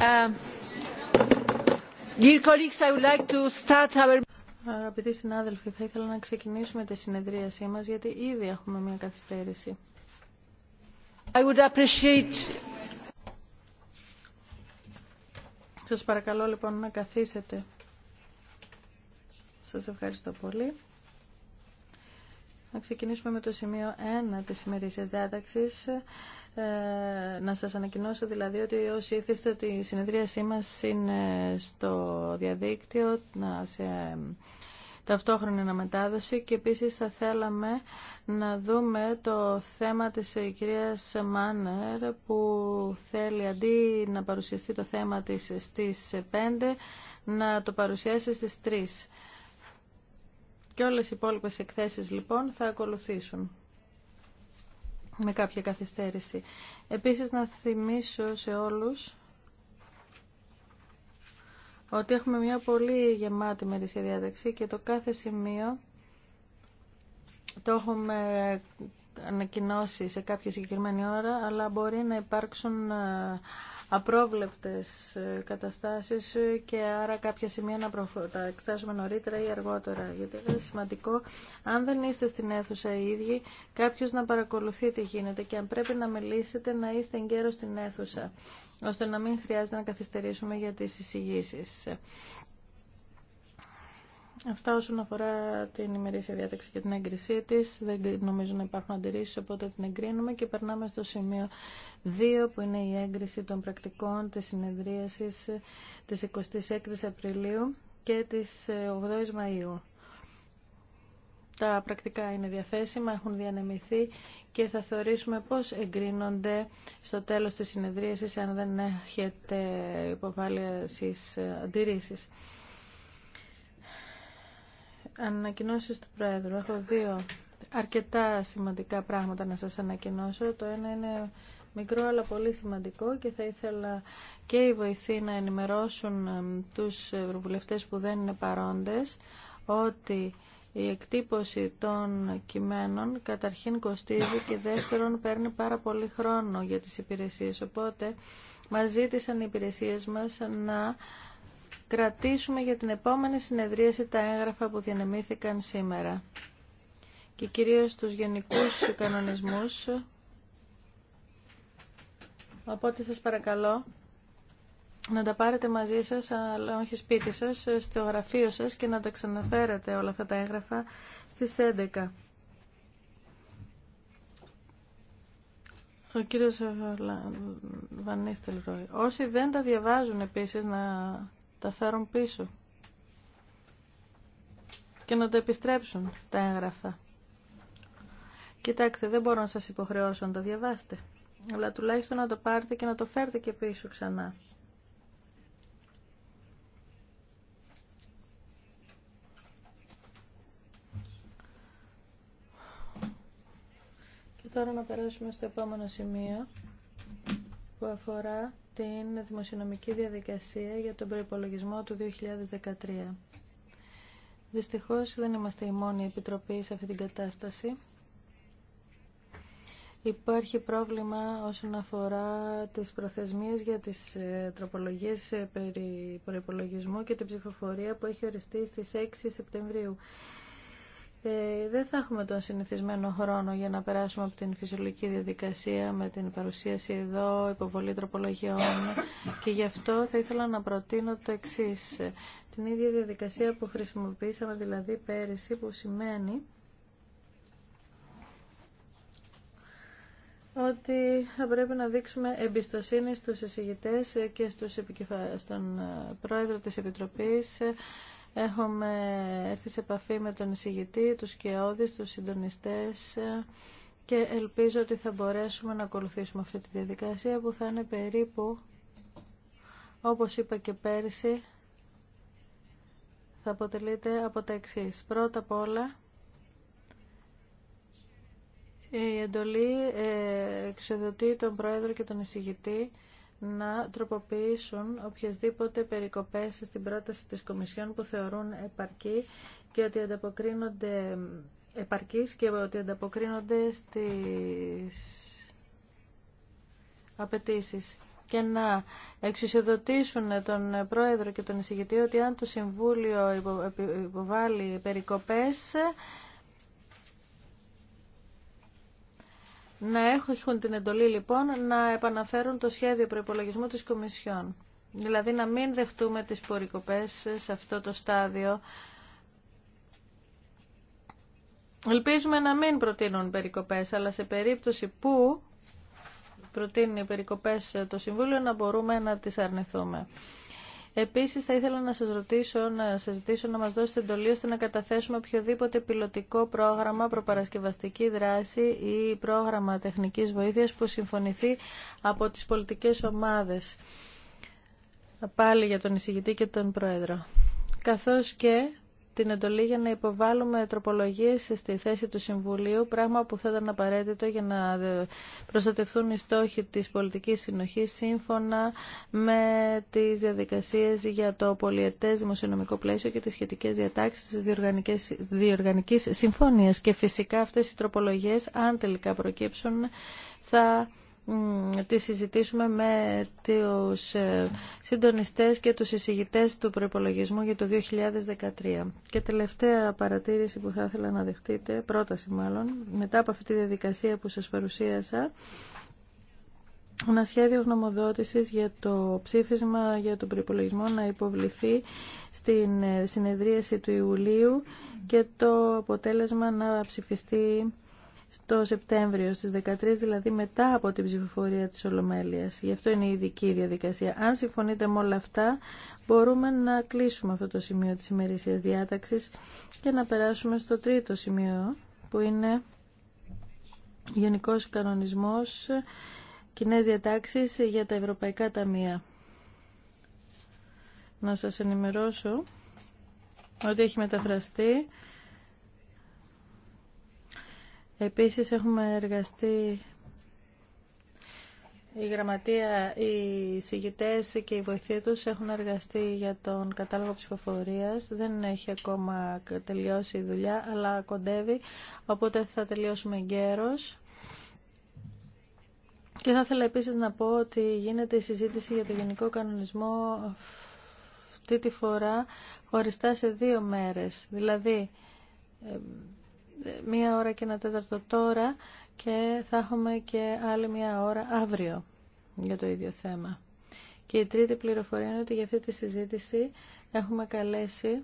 Um, Αγαπητοί συνάδελφοι, θα ήθελα να ξεκινήσουμε τη συνεδρίασή μας γιατί ήδη έχουμε μια καθυστέρηση. I Σας παρακαλώ λοιπόν να καθίσετε. Σας ευχαριστώ πολύ. Να ξεκινήσουμε με το σημείο 1 της ημερήσιας διάταξης ε, να σας ανακοινώσω δηλαδή ότι όσοι ήθεστε ότι η συνεδρίασή μας είναι στο διαδίκτυο να σε ταυτόχρονη αναμετάδοση και επίσης θα θέλαμε να δούμε το θέμα της ε, κυρίας Μάνερ που θέλει αντί να παρουσιαστεί το θέμα της ε, στις 5 να το παρουσιάσει στις 3. Και όλες οι υπόλοιπες εκθέσεις λοιπόν θα ακολουθήσουν με κάποια καθυστέρηση. Επίσης να θυμίσω σε όλους ότι έχουμε μια πολύ γεμάτη μερίσια διάταξη και το κάθε σημείο το έχουμε ανακοινώσει σε κάποια συγκεκριμένη ώρα, αλλά μπορεί να υπάρξουν ε, απρόβλεπτες ε, καταστάσεις ε, και άρα κάποια σημεία να προφω... τα εξετάσουμε νωρίτερα ή αργότερα. Γιατί είναι σημαντικό, αν δεν είστε στην αίθουσα οι ίδιοι, κάποιος να παρακολουθεί τι γίνεται και αν πρέπει να μιλήσετε να είστε εγκαίρος στην αίθουσα, ώστε να μην χρειάζεται να καθυστερήσουμε για τις εισηγήσεις. Αυτά όσον αφορά την ημερήσια διάταξη και την έγκρισή τη. Δεν νομίζω να υπάρχουν αντιρρήσει, οπότε την εγκρίνουμε και περνάμε στο σημείο 2, που είναι η έγκριση των πρακτικών τη συνεδρίαση τη 26η Απριλίου και τη 8η ε, Μαου. Τα πρακτικά είναι διαθέσιμα, έχουν διανεμηθεί και θα θεωρήσουμε πώς εγκρίνονται στο τέλος της συνεδρίασης αν δεν έχετε υποβάλει εσείς ε, αντιρρήσεις. Ανακοινώσει του Πρόεδρου. Έχω δύο αρκετά σημαντικά πράγματα να σας ανακοινώσω. Το ένα είναι μικρό αλλά πολύ σημαντικό και θα ήθελα και η βοηθή να ενημερώσουν τους ευρωβουλευτές που δεν είναι παρόντες ότι η εκτύπωση των κειμένων καταρχήν κοστίζει και δεύτερον παίρνει πάρα πολύ χρόνο για τις υπηρεσίες. Οπότε μας ζήτησαν οι υπηρεσίες μας να κρατήσουμε για την επόμενη συνεδρίαση τα έγγραφα που διανεμήθηκαν σήμερα και κυρίως τους γενικούς κανονισμούς. Οπότε σας παρακαλώ να τα πάρετε μαζί σας, αλλά όχι σπίτι σας, στο γραφείο σας και να τα ξαναφέρετε όλα αυτά τα έγγραφα στις 11. Ο κύριος Βανίστελ Όσοι δεν τα διαβάζουν επίσης να τα φέρουν πίσω και να τα επιστρέψουν τα έγγραφα. Κοιτάξτε, δεν μπορώ να σας υποχρεώσω να τα διαβάσετε, αλλά τουλάχιστον να το πάρετε και να το φέρετε και πίσω ξανά. Και τώρα να περάσουμε στο επόμενο σημείο που αφορά την δημοσιονομική διαδικασία για τον προϋπολογισμό του 2013. Δυστυχώς δεν είμαστε η μόνη επιτροπή σε αυτή την κατάσταση. Υπάρχει πρόβλημα όσον αφορά τις προθεσμίες για τις ε, τροπολογίες ε, περί προϋπολογισμού και την ψηφοφορία που έχει οριστεί στις 6 Σεπτεμβρίου. Ε, δεν θα έχουμε τον συνηθισμένο χρόνο για να περάσουμε από την φυσιολογική διαδικασία με την παρουσίαση εδώ, υποβολή τροπολογιών και γι' αυτό θα ήθελα να προτείνω το εξή. Την ίδια διαδικασία που χρησιμοποιήσαμε δηλαδή πέρυσι που σημαίνει ότι θα πρέπει να δείξουμε εμπιστοσύνη στους εισηγητές και στους στον ε, πρόεδρο της Επιτροπής Έχουμε έρθει σε επαφή με τον εισηγητή, τους σκιώδεις, τους συντονιστές και ελπίζω ότι θα μπορέσουμε να ακολουθήσουμε αυτή τη διαδικασία που θα είναι περίπου, όπως είπα και πέρυσι, θα αποτελείται από τα εξή. Πρώτα απ' όλα, η εντολή ε, εξοδοτεί τον Πρόεδρο και τον εισηγητή να τροποποιήσουν οποιασδήποτε περικοπές στην πρόταση της Κομισιόν που θεωρούν επαρκή και ότι ανταποκρίνονται επαρκής και ότι ανταποκρίνονται στις απαιτήσεις. και να εξουσιοδοτήσουν τον Πρόεδρο και τον εισηγητή ότι αν το Συμβούλιο υποβάλει περικοπές Να έχουν την εντολή λοιπόν να επαναφέρουν το σχέδιο προπολογισμού της Κομισιόν. Δηλαδή να μην δεχτούμε τις πορικοπές σε αυτό το στάδιο. Ελπίζουμε να μην προτείνουν περικοπές, αλλά σε περίπτωση που προτείνει περικοπές το Συμβούλιο να μπορούμε να τις αρνηθούμε. Επίσης θα ήθελα να σας ρωτήσω, να σας ζητήσω να μας δώσετε εντολή ώστε να καταθέσουμε οποιοδήποτε πιλωτικό πρόγραμμα, προπαρασκευαστική δράση ή πρόγραμμα τεχνικής βοήθειας που συμφωνηθεί από τις πολιτικές ομάδες. Πάλι για τον εισηγητή και τον Πρόεδρο. Καθώς και την εντολή για να υποβάλουμε τροπολογίε στη θέση του Συμβουλίου, πράγμα που θα ήταν απαραίτητο για να προστατευτούν οι στόχοι τη πολιτική συνοχή σύμφωνα με τι διαδικασίε για το πολιετέ δημοσιονομικό πλαίσιο και τι σχετικέ διατάξει τη διοργανική συμφωνία. Και φυσικά αυτέ οι τροπολογίε αν τελικά προκύψουν, θα τη συζητήσουμε με τους ε, συντονιστές και τους εισηγητές του προϋπολογισμού για το 2013. Και τελευταία παρατήρηση που θα ήθελα να δεχτείτε, πρόταση μάλλον, μετά από αυτή τη διαδικασία που σας παρουσίασα, ένα σχέδιο γνωμοδότησης για το ψήφισμα για τον προϋπολογισμό να υποβληθεί στην ε, συνεδρίαση του Ιουλίου και το αποτέλεσμα να ψηφιστεί στο Σεπτέμβριο, στις 13 δηλαδή μετά από την ψηφοφορία της Ολομέλειας. Γι' αυτό είναι η ειδική διαδικασία. Αν συμφωνείτε με όλα αυτά, μπορούμε να κλείσουμε αυτό το σημείο της ημερησίας διάταξης και να περάσουμε στο τρίτο σημείο, που είναι Γενικός Κανονισμός Κοινές Διατάξεις για τα Ευρωπαϊκά Ταμεία. Να σας ενημερώσω ότι έχει μεταφραστεί Επίσης έχουμε εργαστεί η γραμματεία, οι συγητές και οι βοηθοί τους έχουν εργαστεί για τον κατάλογο ψηφοφορίας. Δεν έχει ακόμα τελειώσει η δουλειά, αλλά κοντεύει, οπότε θα τελειώσουμε γέρος. Και θα ήθελα επίσης να πω ότι γίνεται η συζήτηση για το γενικό κανονισμό αυτή τη φορά χωριστά σε δύο μέρες. Δηλαδή, μία ώρα και ένα τέταρτο τώρα και θα έχουμε και άλλη μία ώρα αύριο για το ίδιο θέμα. Και η τρίτη πληροφορία είναι ότι για αυτή τη συζήτηση έχουμε καλέσει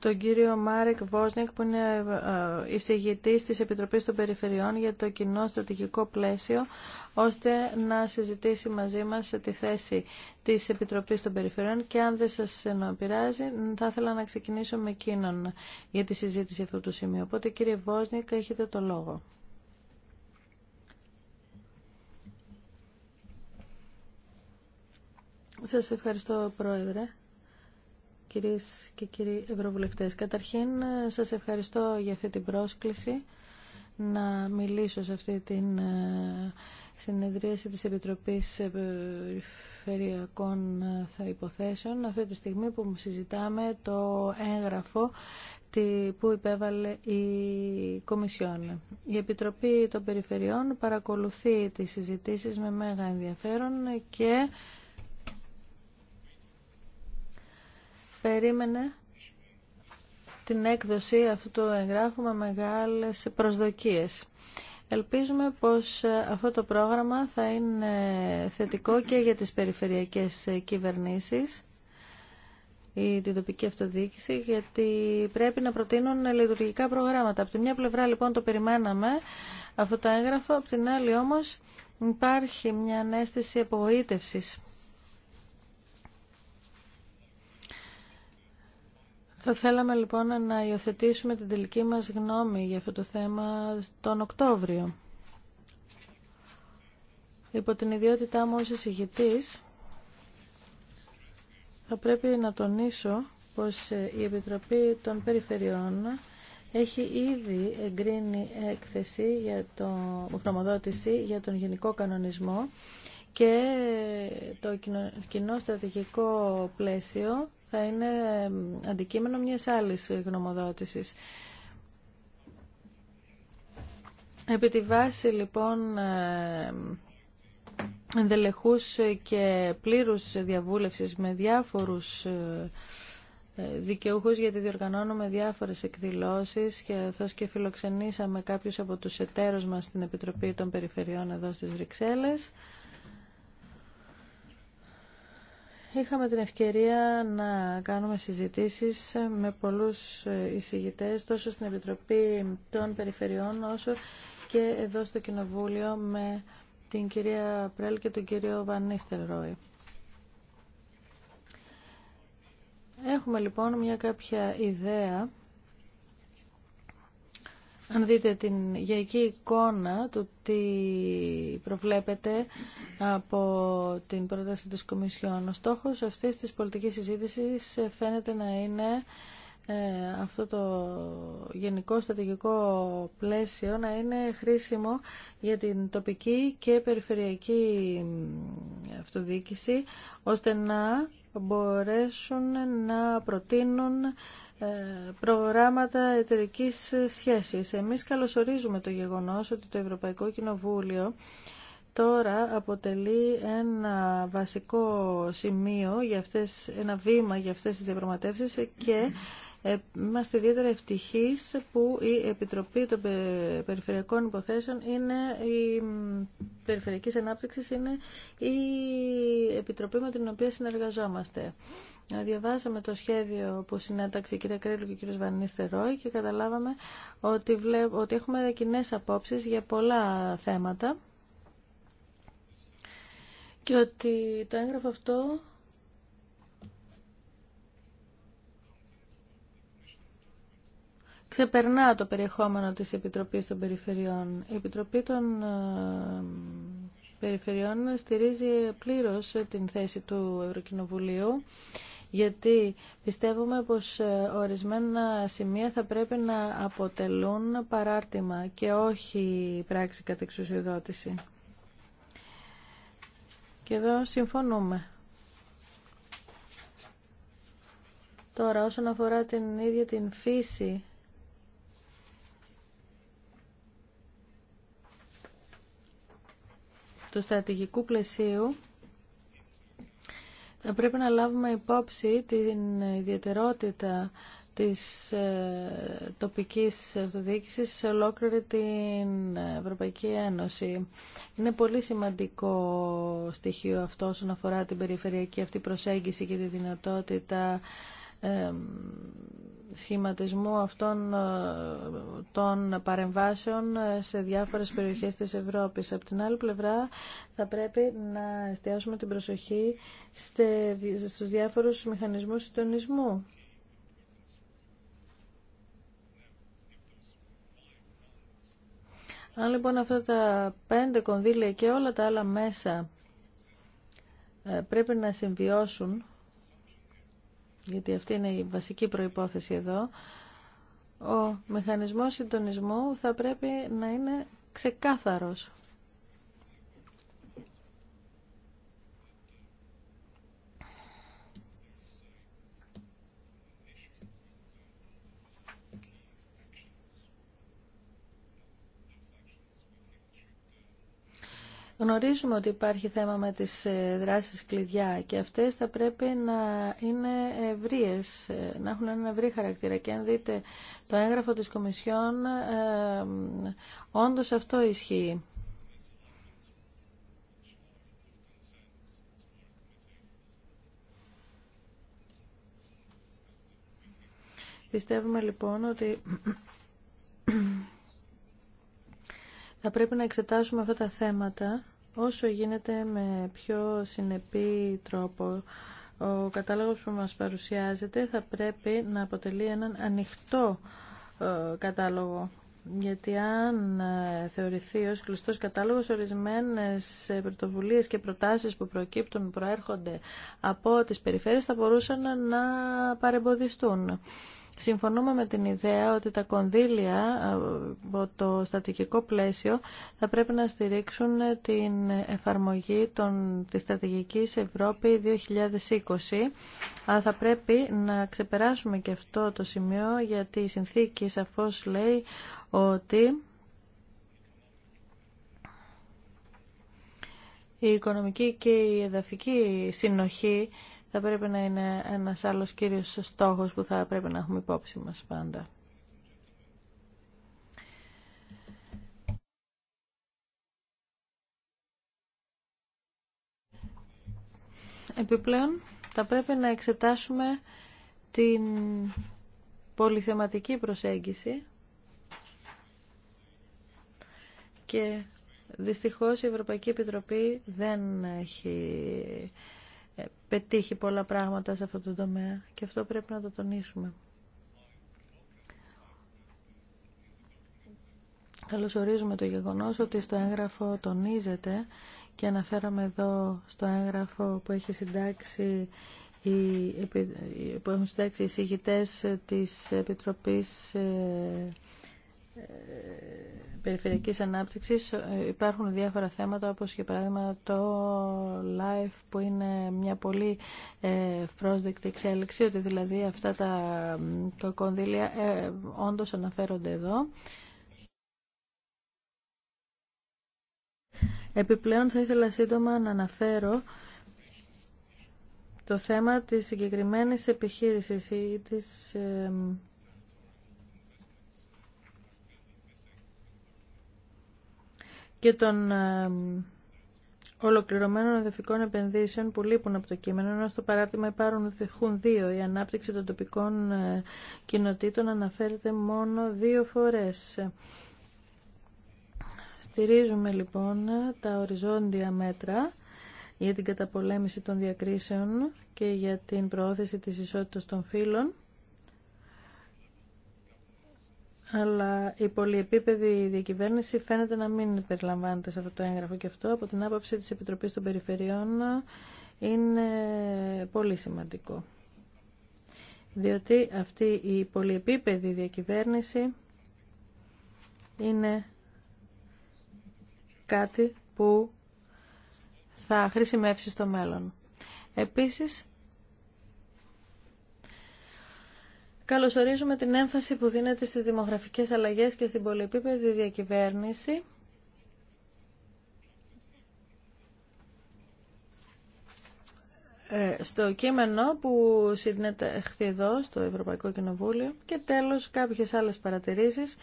τον κύριο Μάρικ Βόσνικ που είναι ε, ε, εισηγητής της Επιτροπής των Περιφερειών για το κοινό στρατηγικό πλαίσιο ώστε να συζητήσει μαζί μας τη θέση της Επιτροπής των Περιφερειών και αν δεν σας ε, πειράζει θα ήθελα να ξεκινήσω με εκείνον για τη συζήτηση αυτού του σημείου. Οπότε κύριε Βόσνικ έχετε το λόγο. Σας ευχαριστώ Πρόεδρε κυρίες και κύριοι ευρωβουλευτές. Καταρχήν, σας ευχαριστώ για αυτή την πρόσκληση να μιλήσω σε αυτή την ε, συνεδρίαση της Επιτροπής Περιφερειακών ε, υποθέσεων αυτή τη στιγμή που συζητάμε το έγγραφο που υπέβαλε η Κομισιόν. Η Επιτροπή των Περιφερειών παρακολουθεί τις συζητήσεις με μέγα ενδιαφέρον και περίμενε την έκδοση αυτού του εγγράφου με μεγάλες προσδοκίες. Ελπίζουμε πως αυτό το πρόγραμμα θα είναι θετικό και για τις περιφερειακές κυβερνήσεις ή την τοπική αυτοδιοίκηση, γιατί πρέπει να προτείνουν λειτουργικά προγράμματα. Από τη μια πλευρά λοιπόν το περιμέναμε αυτό το έγγραφο, από την άλλη όμως υπάρχει μια ανέστηση απογοήτευσης Θα θέλαμε λοιπόν να υιοθετήσουμε την τελική μας γνώμη για αυτό το θέμα τον Οκτώβριο. Υπό την ιδιότητά μου ως εισηγητής, θα πρέπει να τονίσω πως ε, η Επιτροπή των Περιφερειών έχει ήδη εγκρίνει έκθεση για το, χρηματοδότηση για τον γενικό κανονισμό και το κοινό στρατηγικό πλαίσιο θα είναι αντικείμενο μιας άλλης γνωμοδότησης. Επί τη βάση λοιπόν ε, ενδελεχούς και πλήρους διαβούλευσης με διάφορους ε, ε, δικαιούχους γιατί διοργανώνουμε διάφορες εκδηλώσεις και καθώς και φιλοξενήσαμε κάποιους από τους εταίρους μας στην Επιτροπή των Περιφερειών εδώ στις Βρυξέλλες. Είχαμε την ευκαιρία να κάνουμε συζητήσεις με πολλούς εισηγητές τόσο στην Επιτροπή των Περιφερειών όσο και εδώ στο Κοινοβούλιο με την κυρία Πρέλ και τον κύριο Βανίστερ Ρόι. Έχουμε λοιπόν μια κάποια ιδέα αν δείτε την γενική εικόνα του τι προβλέπεται από την πρόταση της Κομισιόν, ο στόχος αυτής της πολιτικής συζήτησης φαίνεται να είναι ε, αυτό το γενικό στρατηγικό πλαίσιο να είναι χρήσιμο για την τοπική και περιφερειακή αυτοδιοίκηση ώστε να μπορέσουν να προτείνουν ε, προγράμματα εταιρική σχέσης. Εμείς καλωσορίζουμε το γεγονός ότι το Ευρωπαϊκό Κοινοβούλιο τώρα αποτελεί ένα βασικό σημείο, για αυτές, ένα βήμα για αυτές τις διαπραγματεύσεις και ε, είμαστε ιδιαίτερα ευτυχείς που η Επιτροπή των Περιφερειακών Υποθέσεων είναι η Περιφερειακής Ανάπτυξης είναι η Επιτροπή με την οποία συνεργαζόμαστε. Ε, διαβάσαμε το σχέδιο που συνέταξε η κυρία Κρέλου και ο κύριος Βανίστεροι και καταλάβαμε ότι, βλέπω ότι έχουμε κοινέ απόψεις για πολλά θέματα και ότι το έγγραφο αυτό περνά το περιεχόμενο της Επιτροπής των Περιφερειών. Η Επιτροπή των ε, Περιφερειών στηρίζει πλήρως την θέση του Ευρωκοινοβουλίου γιατί πιστεύουμε πως ε, ορισμένα σημεία θα πρέπει να αποτελούν παράρτημα και όχι πράξη κατά εξουσιοδότηση. Και εδώ συμφωνούμε. Τώρα όσον αφορά την ίδια την φύση του στρατηγικού πλαισίου θα πρέπει να λάβουμε υπόψη την ιδιαιτερότητα της ε, τοπικής αυτοδιοίκησης σε ολόκληρη την Ευρωπαϊκή Ένωση. Είναι πολύ σημαντικό στοιχείο αυτό όσον αφορά την περιφερειακή αυτή προσέγγιση και τη δυνατότητα ε, σχηματισμού αυτών ε, των παρεμβάσεων ε, σε διάφορες περιοχές της Ευρώπης. Από την άλλη πλευρά θα πρέπει να εστιάσουμε την προσοχή στους διάφορους μηχανισμούς συντονισμού. Αν λοιπόν αυτά τα πέντε κονδύλια και όλα τα άλλα μέσα ε, πρέπει να συμβιώσουν γιατί αυτή είναι η βασική προϋπόθεση εδώ, ο μηχανισμός συντονισμού θα πρέπει να είναι ξεκάθαρος. Γνωρίζουμε ότι υπάρχει θέμα με τις ε, δράσεις κλειδιά και αυτές θα πρέπει να είναι ευρείες, ε, να έχουν ένα ευρύ χαρακτήρα. Και αν δείτε το έγγραφο της Κομισιόν, ε, όντως αυτό ισχύει. Πιστεύουμε λοιπόν ότι θα πρέπει να εξετάσουμε αυτά τα θέματα όσο γίνεται με πιο συνεπή τρόπο. Ο κατάλογος που μας παρουσιάζεται θα πρέπει να αποτελεί έναν ανοιχτό ε, κατάλογο. Γιατί αν ε, θεωρηθεί ως κλειστός κατάλογος ορισμένες ε, πρωτοβουλίες και προτάσεις που προκύπτουν προέρχονται από τις περιφέρειες θα μπορούσαν να παρεμποδιστούν. Συμφωνούμε με την ιδέα ότι τα κονδύλια ε, από το στατικικό πλαίσιο θα πρέπει να στηρίξουν την εφαρμογή των, της στρατηγικής Ευρώπη 2020, αλλά θα πρέπει να ξεπεράσουμε και αυτό το σημείο γιατί η συνθήκη σαφώς λέει ότι η οικονομική και η εδαφική συνοχή θα πρέπει να είναι ένας άλλος κύριος στόχος που θα πρέπει να έχουμε υπόψη μας πάντα. Επιπλέον, θα πρέπει να εξετάσουμε την πολυθεματική προσέγγιση και δυστυχώς η Ευρωπαϊκή Επιτροπή δεν έχει ε, πετύχει πολλά πράγματα σε αυτό το τομέα και αυτό πρέπει να το τονίσουμε. Καλωσορίζουμε το γεγονός ότι στο έγγραφο τονίζεται και αναφέραμε εδώ στο έγγραφο που έχει συντάξει οι, που έχουν συντάξει οι της Επιτροπής ε, περιφερειακής ανάπτυξης ε, υπάρχουν διάφορα θέματα όπως και παράδειγμα το LIFE που είναι μια πολύ φρόσδεκτη ε, εξέλιξη ότι δηλαδή αυτά τα, το κονδύλια ε, όντως αναφέρονται εδώ. Επιπλέον θα ήθελα σύντομα να αναφέρω το θέμα της συγκεκριμένης επιχείρησης ή της... Ε, και των ολοκληρωμένων εδεφικών επενδύσεων που λείπουν από το κείμενο, ενώ στο παράρτημα υπάρχουν δύο. Η ανάπτυξη των τοπικών ε, κοινοτήτων αναφέρεται μόνο δύο φορές. Στηρίζουμε λοιπόν τα οριζόντια μέτρα για την καταπολέμηση των διακρίσεων και για την προώθηση της ισότητας των φύλων αλλά η πολυεπίπεδη διακυβέρνηση φαίνεται να μην περιλαμβάνεται σε αυτό το έγγραφο και αυτό από την άποψη της Επιτροπής των Περιφερειών είναι πολύ σημαντικό. Διότι αυτή η πολυεπίπεδη διακυβέρνηση είναι κάτι που θα χρησιμεύσει στο μέλλον. Επίσης, Καλωσορίζουμε την έμφαση που δίνεται στις δημογραφικές αλλαγές και στην πολυεπίπεδη διακυβέρνηση. Ε, στο κείμενο που χθε εδώ στο Ευρωπαϊκό Κοινοβούλιο και τέλος κάποιες άλλες παρατηρήσεις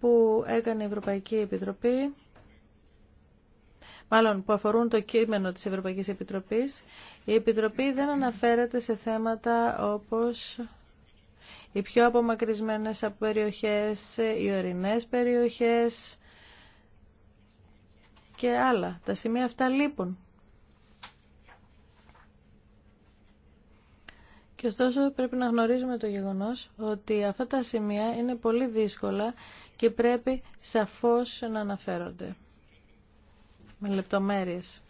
που έκανε η Ευρωπαϊκή Επιτροπή μάλλον που αφορούν το κείμενο της Ευρωπαϊκής Επιτροπής η Επιτροπή δεν αναφέρεται σε θέματα όπως οι πιο απομακρυσμένες από περιοχές, οι ορεινές περιοχές και άλλα. Τα σημεία αυτά λείπουν. Και ωστόσο πρέπει να γνωρίζουμε το γεγονός ότι αυτά τα σημεία είναι πολύ δύσκολα και πρέπει σαφώς να αναφέρονται με λεπτομέρειες.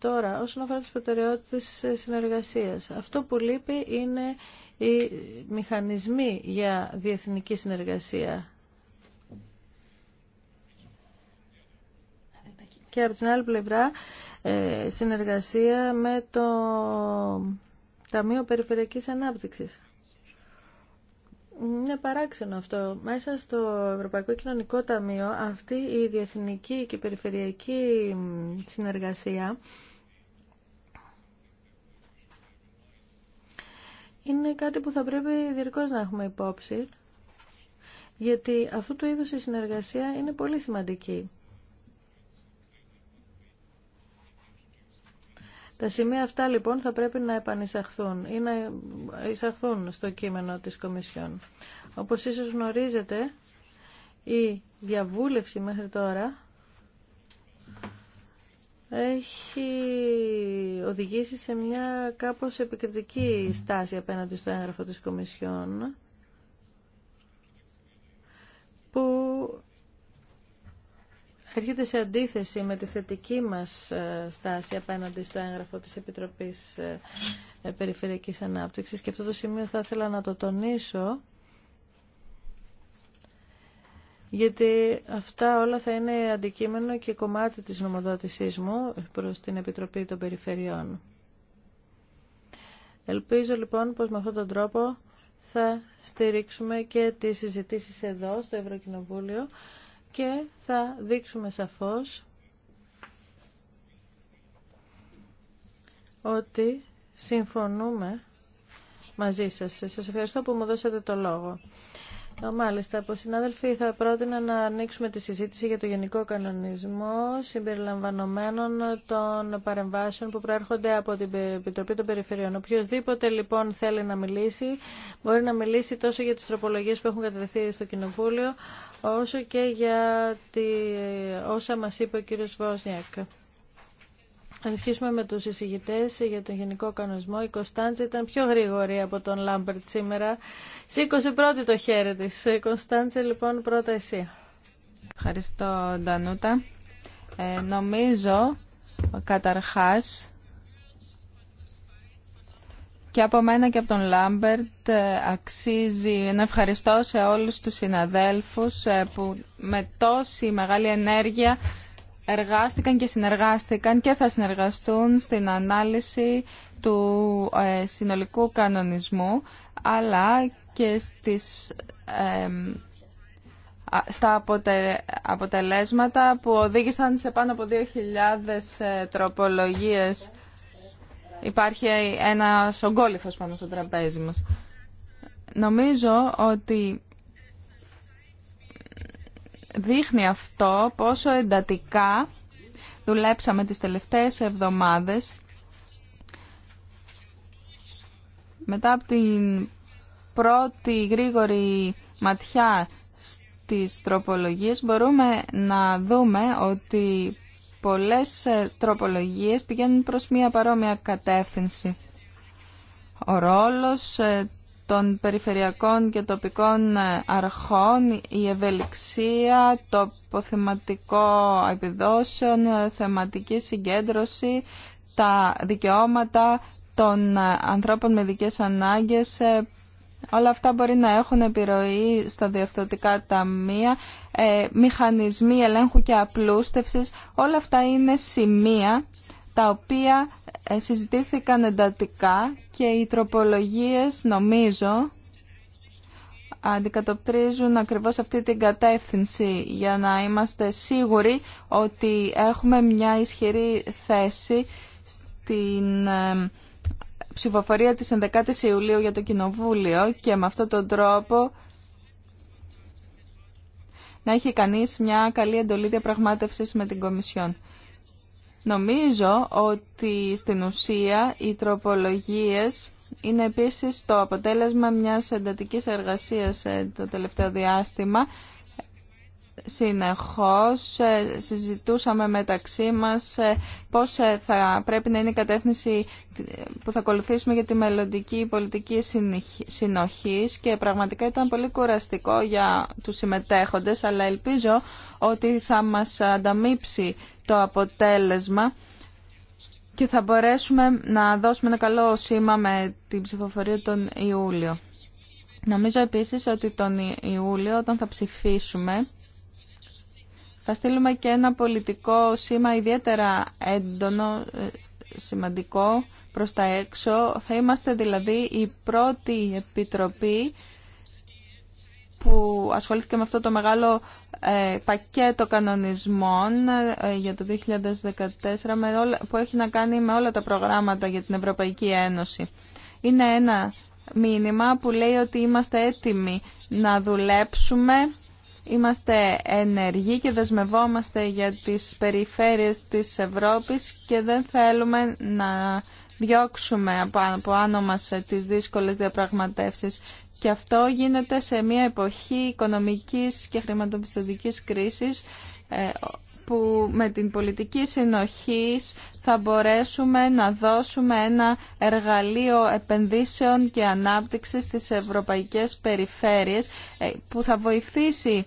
Τώρα, όσον αφορά τις προτεραιότητες συνεργασίας, αυτό που λείπει είναι οι μηχανισμοί για διεθνική συνεργασία. Και από την άλλη πλευρά, ε, συνεργασία με το Ταμείο Περιφερειακής Ανάπτυξης. Είναι παράξενο αυτό. Μέσα στο Ευρωπαϊκό Κοινωνικό Ταμείο αυτή η διεθνική και περιφερειακή συνεργασία είναι κάτι που θα πρέπει διερκώς να έχουμε υπόψη, γιατί αυτού του είδους η συνεργασία είναι πολύ σημαντική. Τα σημεία αυτά λοιπόν θα πρέπει να επανεισαχθούν ή να εισαχθούν στο κείμενο της Κομισιόν. Όπως ίσως γνωρίζετε, η διαβούλευση μέχρι τώρα έχει οδηγήσει σε μια κάπως επικριτική στάση απέναντι στο έγγραφο της Κομισιόν που έρχεται σε αντίθεση με τη θετική μας ε, στάση απέναντι στο έγγραφο της Επιτροπής ε, ε, Περιφερειακής Ανάπτυξης και αυτό το σημείο θα ήθελα να το τονίσω γιατί αυτά όλα θα είναι αντικείμενο και κομμάτι της νομοδότησής μου προς την Επιτροπή των Περιφερειών. Ελπίζω λοιπόν πως με αυτόν τον τρόπο θα στηρίξουμε και τις συζητήσεις εδώ στο Ευρωκοινοβούλιο και θα δείξουμε σαφώς ότι συμφωνούμε μαζί σας. Σας ευχαριστώ που μου δώσατε το λόγο. Μάλιστα, από συνάδελφοι θα πρότεινα να ανοίξουμε τη συζήτηση για το γενικό κανονισμό συμπεριλαμβανομένων των παρεμβάσεων που προέρχονται από την Επιτροπή των Περιφερειών. Οποιοδήποτε λοιπόν θέλει να μιλήσει, μπορεί να μιλήσει τόσο για τις τροπολογίες που έχουν κατατεθεί στο Κοινοβούλιο, όσο και για όσα μας είπε ο κύριος Βόσνιακ αρχίσουμε με τους εισηγητές για τον γενικό κανονισμό. Η Κωνσταντζα ήταν πιο γρήγορη από τον Λάμπερτ σήμερα. Σήκωσε πρώτη το χέρι της. Κωνσταντζα, λοιπόν, πρώτα εσύ. Ευχαριστώ, Ντανούτα. Ε, νομίζω, καταρχάς, και από μένα και από τον Λάμπερτ ε, αξίζει να ευχαριστώ σε όλους τους συναδέλφους ε, που με τόση μεγάλη ενέργεια εργάστηκαν και συνεργάστηκαν και θα συνεργαστούν στην ανάλυση του ε, συνολικού κανονισμού αλλά και στις, στα αποτελέσματα που οδήγησαν σε πάνω από 2.000 ε, τροπολογίες. Υπάρχει ένα ογκόλυφος πάνω στο τραπέζι μας. Νομίζω ότι δείχνει αυτό πόσο εντατικά δουλέψαμε τις τελευταίες εβδομάδες μετά από την πρώτη γρήγορη ματιά στις τροπολογίες μπορούμε να δούμε ότι πολλές ε, τροπολογίες πηγαίνουν προς μια παρόμοια κατεύθυνση. Ο ε, των περιφερειακών και τοπικών ε, αρχών, η ευελιξία, το αποθεματικό επιδόσεων, ε, θεματική συγκέντρωση, τα δικαιώματα των ε, ανθρώπων με δικές ανάγκες, όλα αυτά μπορεί να έχουν επιρροή στα διευθυντικά ταμεία, μηχανισμοί ελέγχου και απλούστευσης, όλα αυτά είναι σημεία τα οποία ε, συζητήθηκαν εντατικά και οι τροπολογίες νομίζω αντικατοπτρίζουν ακριβώς αυτή την κατεύθυνση για να είμαστε σίγουροι ότι έχουμε μια ισχυρή θέση στην ε, ψηφοφορία της 11ης Ιουλίου για το Κοινοβούλιο και με αυτόν τον τρόπο να έχει κανείς μια καλή εντολή διαπραγμάτευσης με την Κομισιόν. Νομίζω ότι στην ουσία οι τροπολογίες είναι επίσης το αποτέλεσμα μιας εντατικής εργασίας ε, το τελευταίο διάστημα. Συνεχώς ε, συζητούσαμε μεταξύ μας ε, πώς θα πρέπει να είναι η κατεύθυνση που θα ακολουθήσουμε για τη μελλοντική πολιτική συνοχής και πραγματικά ήταν πολύ κουραστικό για τους συμμετέχοντες αλλά ελπίζω ότι θα μας ανταμείψει το αποτέλεσμα και θα μπορέσουμε να δώσουμε ένα καλό σήμα με την ψηφοφορία τον Ιούλιο. Νομίζω επίσης ότι τον Ιούλιο όταν θα ψηφίσουμε θα στείλουμε και ένα πολιτικό σήμα ιδιαίτερα έντονο, ε, σημαντικό προς τα έξω. Θα είμαστε δηλαδή η πρώτη επιτροπή που ασχολήθηκε με αυτό το μεγάλο ε, πακέτο κανονισμών ε, για το 2014 με όλα, που έχει να κάνει με όλα τα προγράμματα για την Ευρωπαϊκή Ένωση. Είναι ένα μήνυμα που λέει ότι είμαστε έτοιμοι να δουλέψουμε, είμαστε ενεργοί και δεσμευόμαστε για τις περιφέρειες της Ευρώπης και δεν θέλουμε να διώξουμε από άνω μας τις δύσκολες διαπραγματεύσεις και αυτό γίνεται σε μια εποχή οικονομικής και χρηματοπιστωτικής κρίσης ε, που με την πολιτική συνοχής θα μπορέσουμε να δώσουμε ένα εργαλείο επενδύσεων και ανάπτυξης στις ευρωπαϊκές περιφέρειες ε, που θα βοηθήσει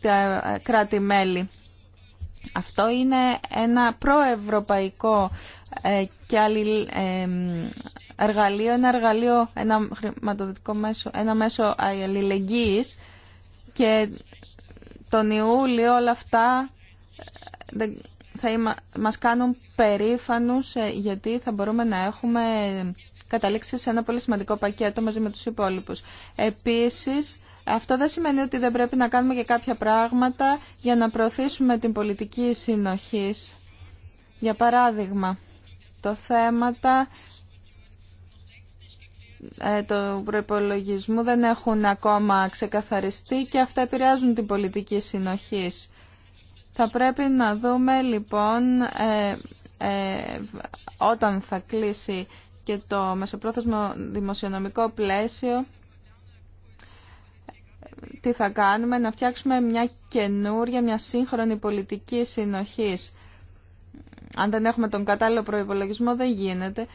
τα κράτη-μέλη. Αυτό είναι ένα προευρωπαϊκό ε, και άλλη εργαλείο, ένα εργαλείο, ένα χρηματοδοτικό μέσο, ένα μέσο αλληλεγγύης και τον Ιούλιο όλα αυτά ε, θα μας κάνουν περήφανους ε, γιατί θα μπορούμε να έχουμε καταλήξει σε ένα πολύ σημαντικό πακέτο μαζί με τους υπόλοιπους. Επίσης, αυτό δεν σημαίνει ότι δεν πρέπει να κάνουμε και κάποια πράγματα για να προωθήσουμε την πολιτική συνοχής. Για παράδειγμα, ε, το θέματα του προϋπολογισμού δεν έχουν ακόμα ξεκαθαριστεί και αυτά επηρεάζουν την πολιτική συνοχής. Θα πρέπει να δούμε λοιπόν ε, ε, όταν θα κλείσει και το μεσοπρόθεσμο δημοσιονομικό πλαίσιο τι θα κάνουμε, να φτιάξουμε μια καινούρια, μια σύγχρονη πολιτική συνοχής αν δεν έχουμε τον κατάλληλο προϋπολογισμό δεν γίνεται.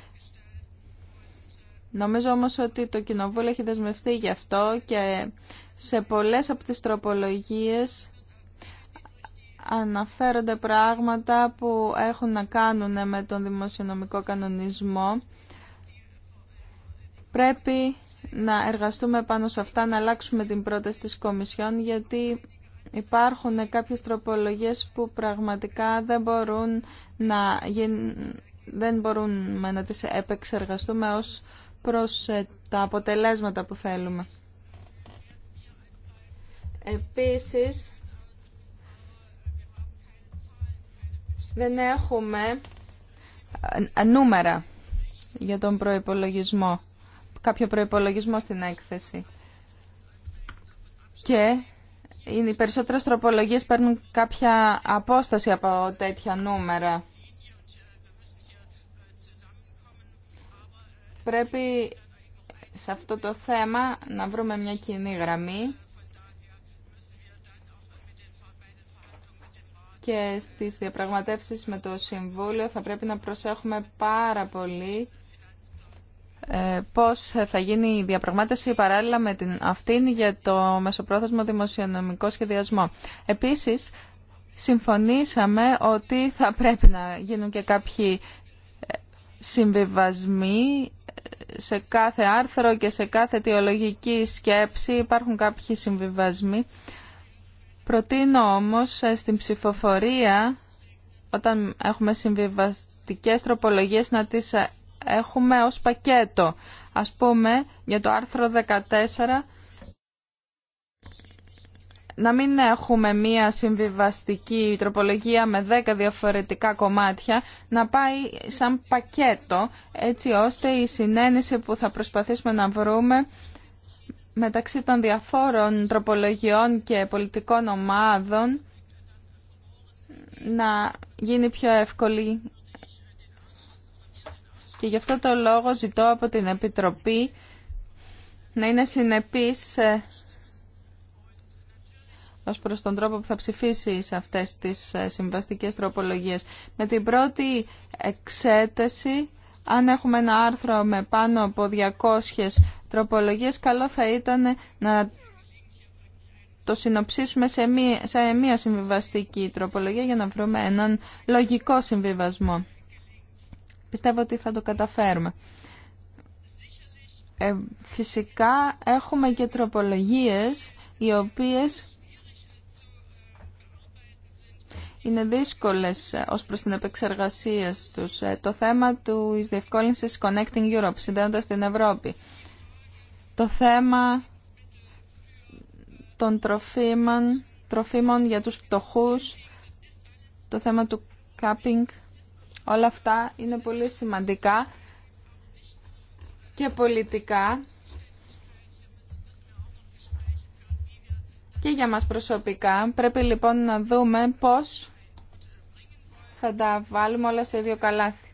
Νομίζω όμως ότι το Κοινοβούλιο έχει δεσμευτεί γι' αυτό και σε πολλές από τις τροπολογίες αναφέρονται πράγματα που έχουν να κάνουν με τον δημοσιονομικό κανονισμό. Πρέπει να εργαστούμε πάνω σε αυτά, να αλλάξουμε την πρόταση της Κομισιόν, γιατί υπάρχουν κάποιες τροπολογίες που πραγματικά δεν μπορούν να, δεν μπορούμε να τις επεξεργαστούμε ως προς ε, τα αποτελέσματα που θέλουμε. Επίσης, δεν έχουμε ε, νούμερα για τον προϋπολογισμό, κάποιο προϋπολογισμό στην έκθεση. Και οι περισσότερες τροπολογίες παίρνουν κάποια απόσταση από τέτοια νούμερα. Πρέπει σε αυτό το θέμα να βρούμε μια κοινή γραμμή και στις διαπραγματεύσεις με το Συμβούλιο θα πρέπει να προσέχουμε πάρα πολύ ε, πώς θα γίνει η διαπραγμάτευση παράλληλα με την αυτήν για το μεσοπρόθεσμο δημοσιονομικό σχεδιασμό. Επίσης, συμφωνήσαμε ότι θα πρέπει να γίνουν και κάποιοι ε, συμβιβασμοί ε, σε κάθε άρθρο και σε κάθε αιτιολογική σκέψη υπάρχουν κάποιοι συμβιβασμοί. Προτείνω όμως στην ψηφοφορία, όταν έχουμε συμβιβαστικές τροπολογίες, να τις έχουμε ως πακέτο. Ας πούμε για το άρθρο 14 να μην έχουμε μία συμβιβαστική τροπολογία με 10 διαφορετικά κομμάτια, να πάει σαν πακέτο, έτσι ώστε η συνένεση που θα προσπαθήσουμε να βρούμε μεταξύ των διαφόρων τροπολογιών και πολιτικών ομάδων να γίνει πιο εύκολη και γι' αυτό το λόγο ζητώ από την Επιτροπή να είναι συνεπής ε, ως προς τον τρόπο που θα ψηφίσει σε αυτές τις ε, συμβαστικές τροπολογίες. Με την πρώτη εξέταση, αν έχουμε ένα άρθρο με πάνω από 200 τροπολογίες, καλό θα ήταν να το συνοψίσουμε σε μία, σε μία συμβιβαστική τροπολογία για να βρούμε έναν λογικό συμβιβασμό. Πιστεύω ότι θα το καταφέρουμε. Ε, φυσικά έχουμε και τροπολογίες οι οποίες είναι δύσκολες ε, ως προς την επεξεργασία τους. Ε, το θέμα του εις διευκόλυνσης Connecting Europe, συνδέοντας την Ευρώπη. Το θέμα των τροφίμων, τροφίμων για τους πτωχούς, το θέμα του «Capping» Όλα αυτά είναι πολύ σημαντικά και πολιτικά και για μας προσωπικά. Πρέπει λοιπόν να δούμε πώς θα τα βάλουμε όλα στο ίδιο καλάθι.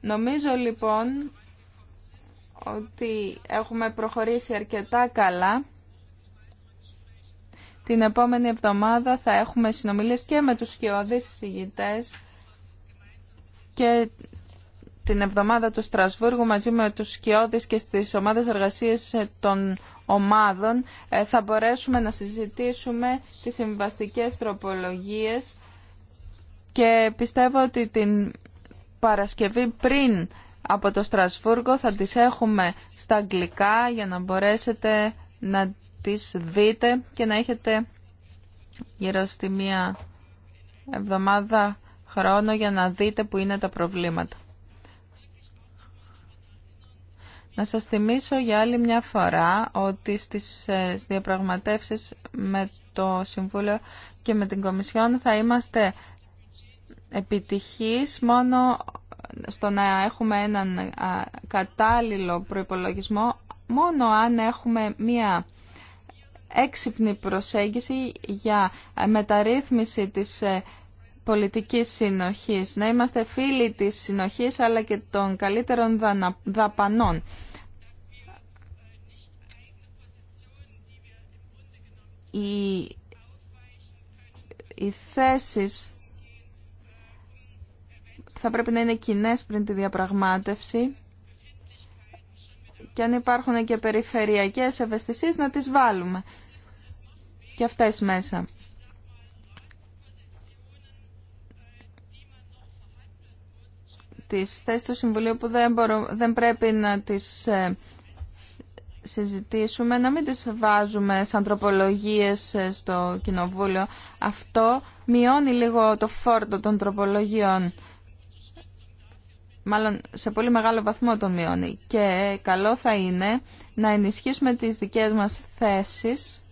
Νομίζω λοιπόν ότι έχουμε προχωρήσει αρκετά καλά την επόμενη εβδομάδα θα έχουμε συνομιλίες και με τους σκιώδεις εισηγητές και την εβδομάδα του Στρασβούργου μαζί με τους σκιώδεις και στις ομάδες εργασίες των ομάδων ε, θα μπορέσουμε να συζητήσουμε τις συμβαστικές τροπολογίες και πιστεύω ότι την Παρασκευή πριν από το Στρασβούργο θα τις έχουμε στα αγγλικά για να μπορέσετε να δείτε και να έχετε γύρω στη μία εβδομάδα χρόνο για να δείτε που είναι τα προβλήματα. Να σας θυμίσω για άλλη μια φορά ότι στις ε, διαπραγματεύσεις με το Συμβούλιο και με την Κομισιόν θα είμαστε επιτυχείς μόνο στο να έχουμε έναν κατάλληλο προϋπολογισμό μόνο αν έχουμε μία έξυπνη προσέγγιση για μεταρρύθμιση της ε, πολιτικής συνοχής. Να είμαστε φίλοι της συνοχής αλλά και των καλύτερων δαπανών. Οι, οι θέσεις θα πρέπει να είναι κοινέ πριν τη διαπραγμάτευση και αν υπάρχουν και περιφερειακές ευαισθησίες να τις βάλουμε και αυτές μέσα. Τις θέσεις του Συμβουλίου που δεν, δεν πρέπει να τις ε, συζητήσουμε, να μην τις βάζουμε σαν τροπολογίες ε, στο Κοινοβούλιο. Αυτό μειώνει λίγο το φόρτο των τροπολογιών μάλλον σε πολύ μεγάλο βαθμό το μειώνει. Και καλό θα είναι να ενισχύσουμε τις δικές μας θέσεις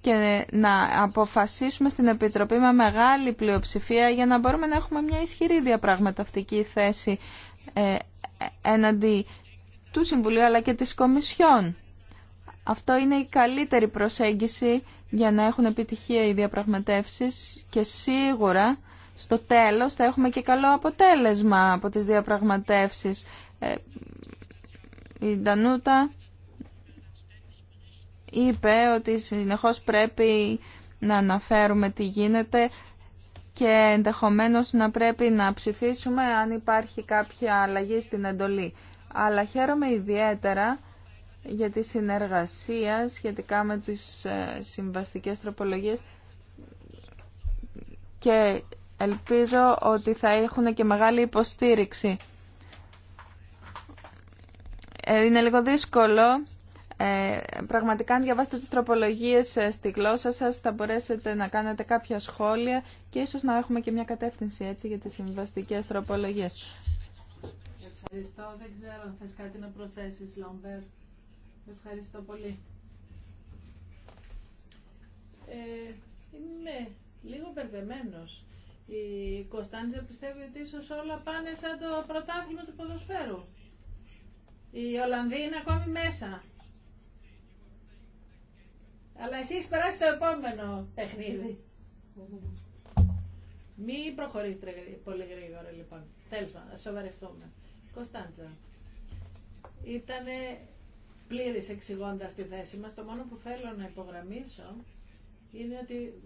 και να αποφασίσουμε στην Επιτροπή με μεγάλη πλειοψηφία για να μπορούμε να έχουμε μια ισχυρή διαπραγματευτική θέση ε, έναντι του Συμβουλίου αλλά και της Κομισιόν. Αυτό είναι η καλύτερη προσέγγιση για να έχουν επιτυχία οι διαπραγματεύσεις και σίγουρα στο τέλος θα έχουμε και καλό αποτέλεσμα από τις διαπραγματεύσεις. Ε, η Ντανούτα είπε ότι συνεχώς πρέπει να αναφέρουμε τι γίνεται και ενδεχομένως να πρέπει να ψηφίσουμε αν υπάρχει κάποια αλλαγή στην εντολή. Αλλά χαίρομαι ιδιαίτερα για τη συνεργασία σχετικά με τις ε, συμβαστικές τροπολογίες και Ελπίζω ότι θα έχουν και μεγάλη υποστήριξη. Ε, είναι λίγο δύσκολο. Ε, πραγματικά, αν διαβάσετε τις τροπολογίες ε, στη γλώσσα σας, θα μπορέσετε να κάνετε κάποια σχόλια και ίσως να έχουμε και μια κατεύθυνση έτσι για τις συμβαστικές τροπολογίες. Ευχαριστώ. Δεν ξέρω αν θες κάτι να προθέσεις, Λόμπερ. Ευχαριστώ πολύ. Ε, είμαι λίγο μπερδεμένος η Κωνσταντζα πιστεύει ότι ίσω όλα πάνε σαν το πρωτάθλημα του ποδοσφαίρου. Η Ολλανδοί είναι ακόμη μέσα. Αλλά εσείς περάσει το επόμενο παιχνίδι. Μη προχωρήσετε πολύ γρήγορα λοιπόν. Τέλος πάντων, ας σοβαρευτούμε. Κωνσταντζα, ήταν πλήρης εξηγώντα τη θέση μας. Το μόνο που θέλω να υπογραμμίσω είναι ότι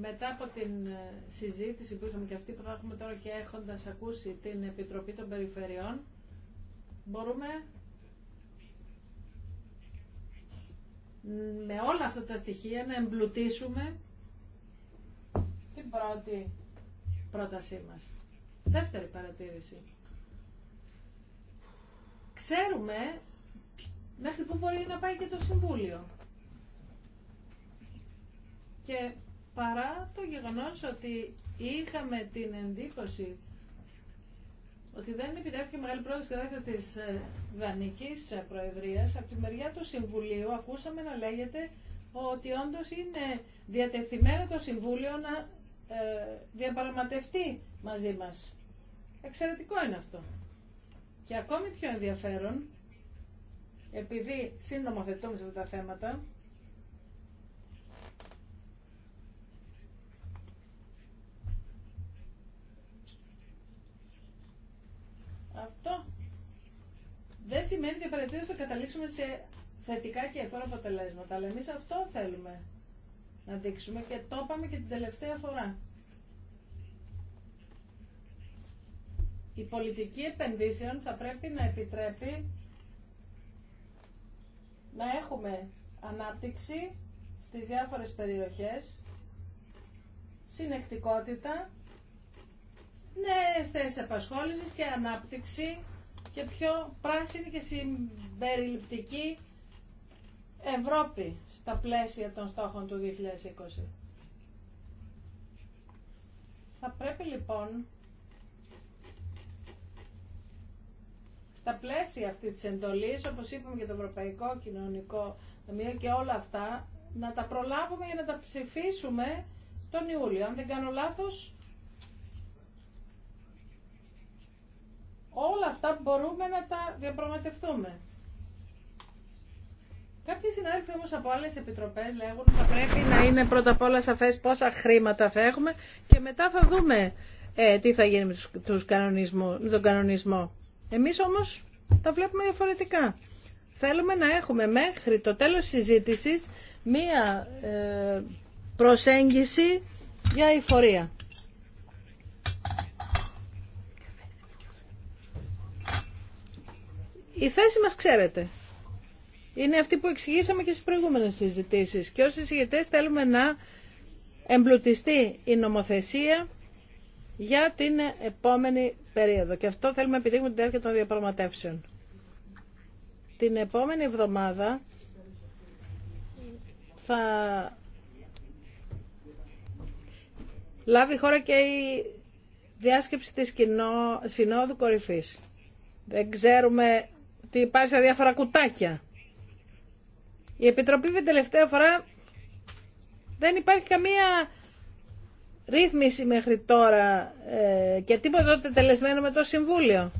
μετά από την ε, συζήτηση που είχαμε και αυτή που θα έχουμε τώρα και έχοντας ακούσει την Επιτροπή των Περιφερειών, μπορούμε με όλα αυτά τα στοιχεία να εμπλουτίσουμε την πρώτη πρότασή μας. Δεύτερη παρατήρηση. Ξέρουμε μέχρι πού μπορεί να πάει και το Συμβούλιο. Και παρά το γεγονός ότι είχαμε την εντύπωση ότι δεν επιτρέφει μεγάλη πρόοδος κατά της ε, Δανικής ε, Προεδρίας. Από τη μεριά του Συμβουλίου ακούσαμε να λέγεται ότι όντως είναι διατεθειμένο το Συμβούλιο να ε, διαπαραματευτεί μαζί μας. Εξαιρετικό είναι αυτό. Και ακόμη πιο ενδιαφέρον, επειδή συνομοθετούμε σε αυτά τα θέματα, Αυτό δεν σημαίνει ότι απαραίτητο θα καταλήξουμε σε θετικά και εφόρα αποτελέσματα, αλλά εμεί αυτό θέλουμε να δείξουμε και το είπαμε και την τελευταία φορά. Η πολιτική επενδύσεων θα πρέπει να επιτρέπει να έχουμε ανάπτυξη στις διάφορες περιοχές, συνεκτικότητα νέες θέσεις απασχόλησης και ανάπτυξη και πιο πράσινη και συμπεριληπτική Ευρώπη στα πλαίσια των στόχων του 2020. Θα πρέπει λοιπόν στα πλαίσια αυτή της εντολής, όπως είπαμε και το Ευρωπαϊκό Κοινωνικό Ταμείο και όλα αυτά, να τα προλάβουμε για να τα ψηφίσουμε τον Ιούλιο. Αν δεν κάνω λάθος, Όλα αυτά μπορούμε να τα διαπραγματευτούμε. Κάποιοι συνάδελφοι όμως από άλλες επιτροπές λέγουν ότι θα πρέπει να είναι πρώτα απ' όλα σαφές πόσα χρήματα θα έχουμε και μετά θα δούμε ε, τι θα γίνει με, τους κανονισμό, με τον κανονισμό. Εμείς όμως τα βλέπουμε διαφορετικά. Θέλουμε να έχουμε μέχρι το τέλος της συζήτησης μία ε, προσέγγιση για η φορεία. Η θέση μας ξέρετε. Είναι αυτή που εξηγήσαμε και στις προηγούμενες συζητήσεις. Και ως συζητητές θέλουμε να εμπλουτιστεί η νομοθεσία για την επόμενη περίοδο. Και αυτό θέλουμε να επιτύχουμε την διάρκεια των διαπραγματεύσεων. Την επόμενη εβδομάδα θα λάβει χώρα και η διάσκεψη της Συνόδου Κορυφής. Δεν ξέρουμε ότι υπάρχει στα διάφορα κουτάκια. Η Επιτροπή την τελευταία φορά δεν υπάρχει καμία ρύθμιση μέχρι τώρα ε, και τίποτα τότε τελεσμένο με το Συμβούλιο.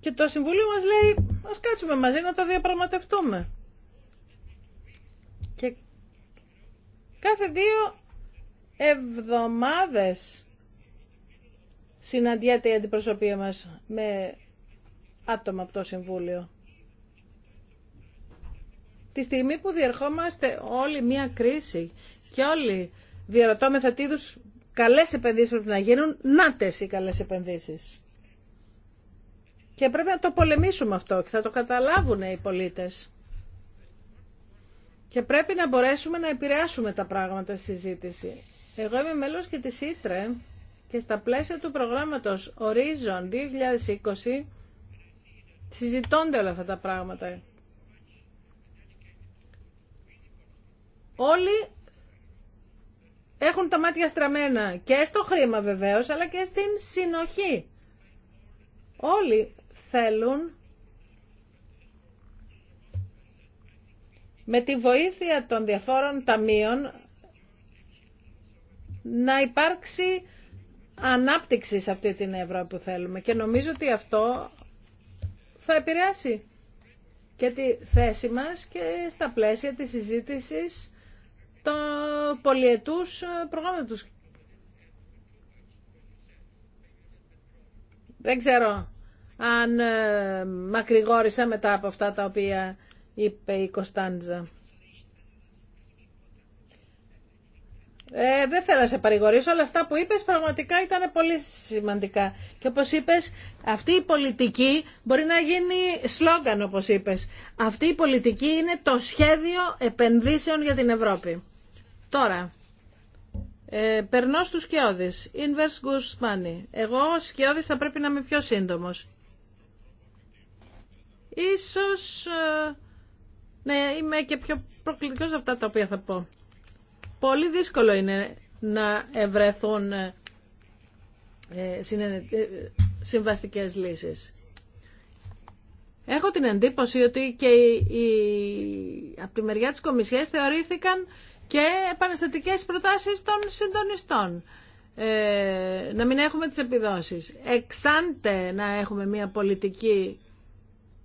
Και το Συμβούλιο μας λέει, ας κάτσουμε μαζί να το διαπραγματευτούμε. Και κάθε δύο εβδομάδες συναντιέται η αντιπροσωπεία μας με άτομα από το Συμβούλιο. Τη στιγμή που διερχόμαστε όλοι μία κρίση και όλοι διαρωτώμεθα τι καλές επενδύσεις πρέπει να γίνουν, νάτες οι καλές επενδύσεις. Και πρέπει να το πολεμήσουμε αυτό και θα το καταλάβουν οι πολίτες. Και πρέπει να μπορέσουμε να επηρεάσουμε τα πράγματα στη συζήτηση. Εγώ είμαι μέλος και της Ήτρε και στα πλαίσια του προγράμματος Horizon 2020 συζητώνται όλα αυτά τα πράγματα. Όλοι έχουν τα μάτια στραμμένα και στο χρήμα βεβαίως, αλλά και στην συνοχή. Όλοι θέλουν με τη βοήθεια των διαφόρων ταμείων να υπάρξει ανάπτυξη σε αυτή την Ευρώπη που θέλουμε. Και νομίζω ότι αυτό θα επηρεάσει και τη θέση μας και στα πλαίσια της συζήτησης των πολιετούς προγράμματος. Δεν ξέρω αν ε, μακρηγόρησα μετά από αυτά τα οποία είπε η Κωνσταντζα. Ε, δεν θέλω να σε παρηγορήσω, αλλά αυτά που είπες πραγματικά ήταν πολύ σημαντικά. Και όπως είπες, αυτή η πολιτική μπορεί να γίνει σλόγγαν, όπως είπες. Αυτή η πολιτική είναι το σχέδιο επενδύσεων για την Ευρώπη. Τώρα, ε, περνώ στους σκιώδεις. Inverse goes money. Εγώ σκιώδης θα πρέπει να είμαι πιο σύντομος. Ίσως, ε, ναι, είμαι και πιο προκλητικός αυτά τα οποία θα πω πολύ δύσκολο είναι να ευρεθούν ε, ε, ε, συμβαστικές λύσεις. Έχω την εντύπωση ότι και οι, από τη μεριά της Κομισιές θεωρήθηκαν και επαναστατικές προτάσεις των συντονιστών. να μην έχουμε τις επιδόσεις. Εξάντε να έχουμε μια πολιτική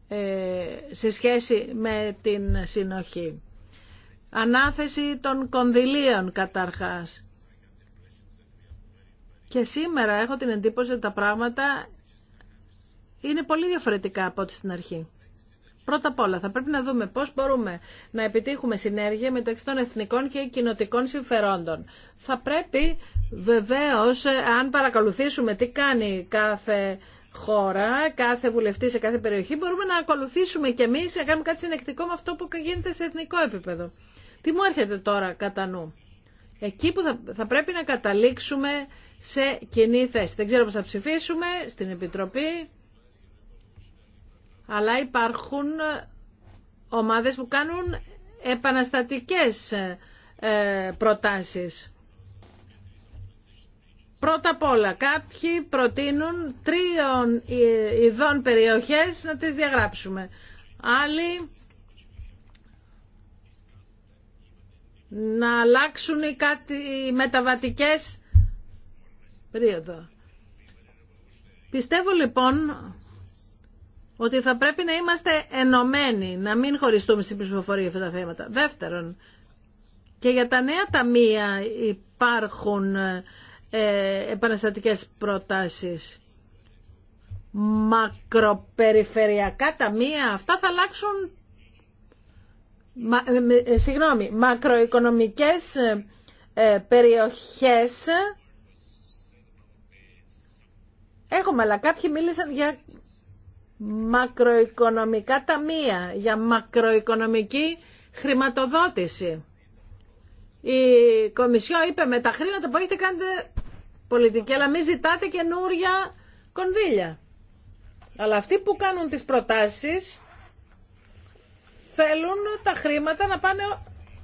ε, σε σχέση με την συνοχή. Ανάθεση των κονδυλίων καταρχάς. Και σήμερα έχω την εντύπωση ότι τα πράγματα είναι πολύ διαφορετικά από ό,τι στην αρχή. Πρώτα απ' όλα θα πρέπει να δούμε πώς μπορούμε να επιτύχουμε συνέργεια μεταξύ των εθνικών και κοινοτικών συμφερόντων. Θα πρέπει βεβαίως, αν παρακολουθήσουμε τι κάνει κάθε χώρα, κάθε βουλευτή σε κάθε περιοχή, μπορούμε να ακολουθήσουμε κι εμείς να κάνουμε κάτι συνεκτικό με αυτό που γίνεται σε εθνικό επίπεδο. Τι μου έρχεται τώρα κατά νου. Εκεί που θα, πρέπει να καταλήξουμε σε κοινή θέση. Δεν ξέρω πώς θα ψηφίσουμε στην Επιτροπή, αλλά υπάρχουν ομάδες που κάνουν επαναστατικές ε, προτάσεις. Πρώτα απ' όλα, κάποιοι προτείνουν τρίων ε, ειδών περιοχές να τις διαγράψουμε. Άλλοι να αλλάξουν οι, κάτι, μεταβατικές περίοδο. Πιστεύω λοιπόν ότι θα πρέπει να είμαστε ενωμένοι, να μην χωριστούμε στην πληροφορία για αυτά τα θέματα. Δεύτερον, και για τα νέα ταμεία υπάρχουν ε, επαναστατικές προτάσεις. Μακροπεριφερειακά ταμεία, αυτά θα αλλάξουν ε, ε, συγγνώμη, μακροοικονομικές ε, περιοχές έχουμε, αλλά κάποιοι μίλησαν για μακροοικονομικά ταμεία, για μακροοικονομική χρηματοδότηση. Η Κομισιό είπε με τα χρήματα που έχετε κάνετε πολιτική, αλλά μην ζητάτε καινούρια κονδύλια. Αλλά αυτοί που κάνουν τις προτάσεις θέλουν τα χρήματα να πάνε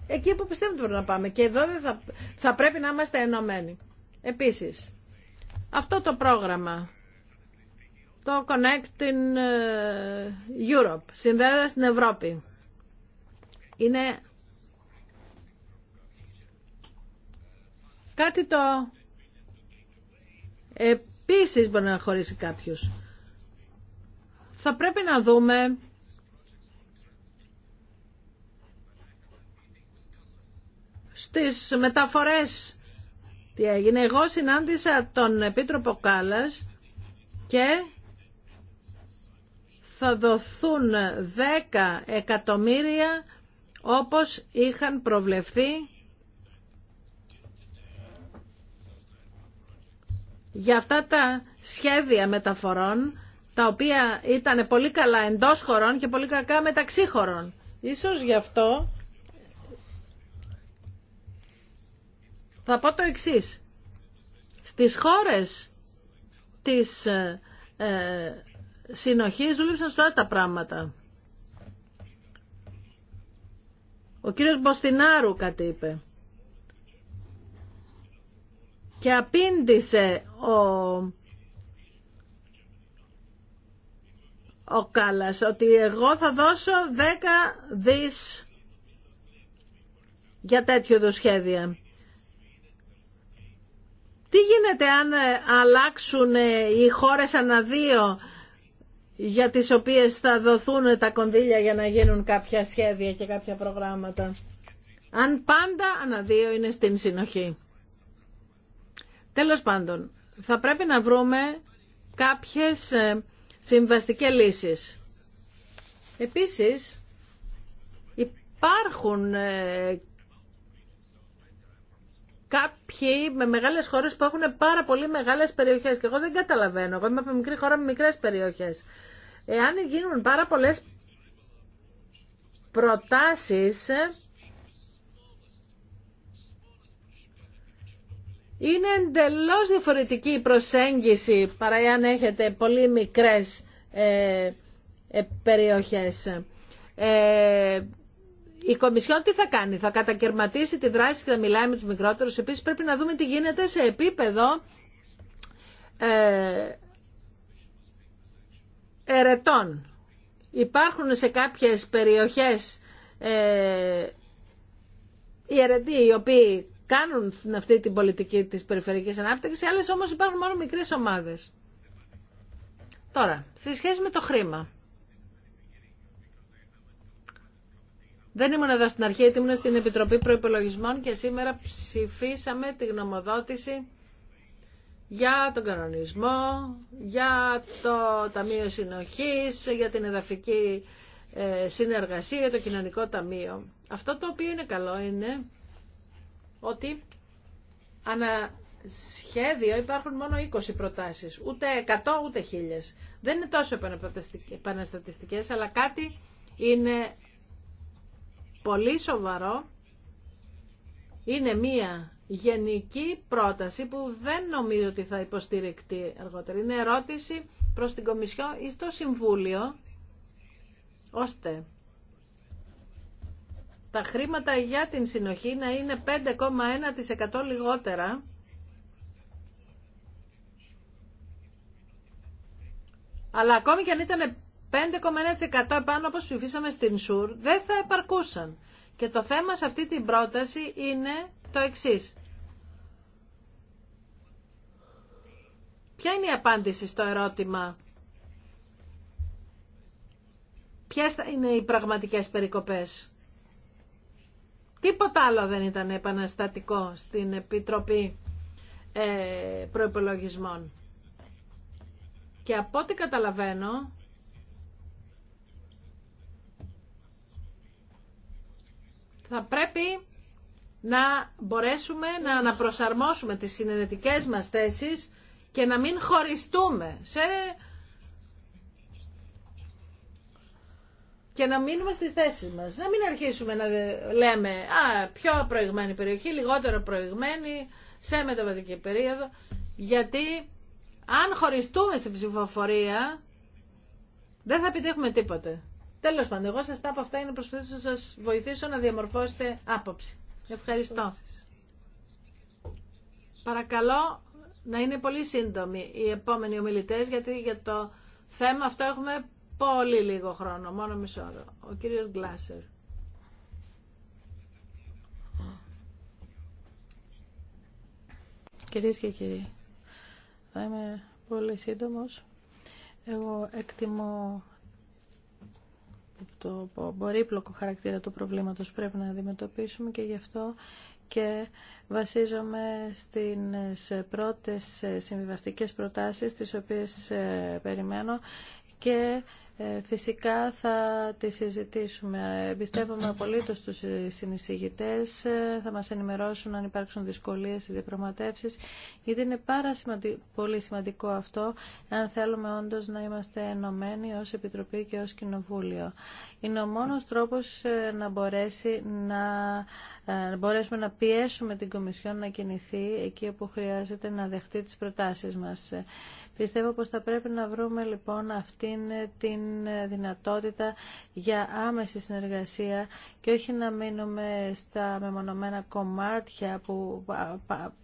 εκεί που πιστεύουν ότι να πάμε. Και εδώ δεν θα, θα πρέπει να είμαστε ενωμένοι. Επίσης, αυτό το πρόγραμμα, το Connecting ε, Europe, συνδέοντας στην Ευρώπη, είναι κάτι το επίσης μπορεί να χωρίσει κάποιους. Θα πρέπει να δούμε στις μεταφορές. Τι έγινε. Εγώ συνάντησα τον Επίτροπο Κάλλας και θα δοθούν 10 εκατομμύρια όπως είχαν προβλεφθεί για αυτά τα σχέδια μεταφορών τα οποία ήταν πολύ καλά εντός χωρών και πολύ κακά μεταξύ χωρών. Ίσως γι' αυτό θα πω το εξής. Στις χώρες της ε, ε συνοχής δούλεψαν σωστά τα πράγματα. Ο κύριος Μποστινάρου κάτι είπε. Και απήντησε ο, ο Κάλλας ότι εγώ θα δώσω 10 δις για τέτοιου σχέδια. Τι γίνεται αν ε, αλλάξουν ε, οι χώρες αναδύο για τις οποίες θα δοθούν τα κονδύλια για να γίνουν κάποια σχέδια και κάποια προγράμματα. Αν πάντα αναδύο είναι στην συνοχή. Τέλος πάντων, θα πρέπει να βρούμε κάποιες ε, συμβαστικές λύσεις. Επίσης, υπάρχουν κάποιοι με μεγάλες χώρες που έχουν πάρα πολύ μεγάλες περιοχές και εγώ δεν καταλαβαίνω, εγώ είμαι από μικρή χώρα με μικρές περιοχές. Εάν γίνουν πάρα πολλές προτάσεις, είναι εντελώς διαφορετική η προσέγγιση παρά εάν έχετε πολύ μικρές ε, ε, περιοχές. Ε, η Κομισιόν τι θα κάνει, θα κατακαιρματίσει τη δράση και θα μιλάει με τους μικρότερους. Επίσης πρέπει να δούμε τι γίνεται σε επίπεδο ε, ερετών. Υπάρχουν σε κάποιες περιοχές ε, οι ερετοί οι οποίοι κάνουν αυτή την πολιτική της περιφερειακής ανάπτυξης, άλλες όμως υπάρχουν μόνο μικρές ομάδες. Τώρα, στη σχέση με το χρήμα. Δεν ήμουν εδώ στην αρχή, ήμουν στην Επιτροπή Προϋπολογισμών και σήμερα ψηφίσαμε τη γνωμοδότηση για τον κανονισμό, για το Ταμείο Συνοχής, για την εδαφική ε, συνεργασία, για το Κοινωνικό Ταμείο. Αυτό το οποίο είναι καλό είναι ότι ανασχέδιο υπάρχουν μόνο 20 προτάσεις, ούτε 100 ούτε 1000. Δεν είναι τόσο επαναστατιστικές, αλλά κάτι είναι πολύ σοβαρό είναι μία γενική πρόταση που δεν νομίζω ότι θα υποστηριχτεί αργότερα. Είναι ερώτηση προς την Κομισιό ή στο Συμβούλιο, ώστε τα χρήματα για την συνοχή να είναι 5,1% λιγότερα αλλά ακόμη και αν ήταν 5,1% πάνω όπως ψηφίσαμε στην ΣΟΥΡ δεν θα επαρκούσαν. Και το θέμα σε αυτή την πρόταση είναι το εξής. Ποια είναι η απάντηση στο ερώτημα ποιες είναι οι πραγματικές περικοπές. Τίποτα άλλο δεν ήταν επαναστατικό στην Επιτροπή ε, Προϋπολογισμών. Και από ό,τι καταλαβαίνω, θα πρέπει να μπορέσουμε να αναπροσαρμόσουμε τις συνενετικές μας θέσεις και να μην χωριστούμε σε... και να μείνουμε στις θέσεις μας. Να μην αρχίσουμε να λέμε α, πιο προηγμένη περιοχή, λιγότερο προηγμένη, σε μεταβατική περίοδο, γιατί αν χωριστούμε στην ψηφοφορία δεν θα επιτύχουμε τίποτε. Τέλος πάντων, εγώ σας τα από αυτά είναι προσπαθήσω να σας βοηθήσω να διαμορφώσετε άποψη. Ευχαριστώ. Παρακαλώ να είναι πολύ σύντομοι οι επόμενοι ομιλητές, γιατί για το θέμα αυτό έχουμε πολύ λίγο χρόνο, μόνο μισό ώρα. Ο κύριος Γκλάσερ. Κυρίες και κύριοι, θα είμαι πολύ σύντομος. Εγώ εκτιμώ το πολύπλοκο χαρακτήρα του προβλήματος πρέπει να αντιμετωπίσουμε και γι' αυτό και βασίζομαι στις πρώτες συμβιβαστικές προτάσεις τις οποίες ε, περιμένω και ε, φυσικά θα τη συζητήσουμε. Εμπιστεύομαι απολύτως τους συνεισηγητές. Ε, θα μας ενημερώσουν αν υπάρξουν δυσκολίες στις διαπραγματεύσεις, γιατί είναι πάρα πολύ σημαντικό αυτό, αν θέλουμε όντως να είμαστε ενωμένοι ως Επιτροπή και ως Κοινοβούλιο. Είναι ο μόνος τρόπος ε, να, μπορέσει να, μπορέσουμε να πιέσουμε την Κομισιόν να κινηθεί εκεί όπου χρειάζεται να δεχτεί τις προτάσεις μας. Πιστεύω πως θα πρέπει να βρούμε λοιπόν αυτήν ε, την ε, δυνατότητα για άμεση συνεργασία και όχι να μείνουμε στα μεμονωμένα κομμάτια που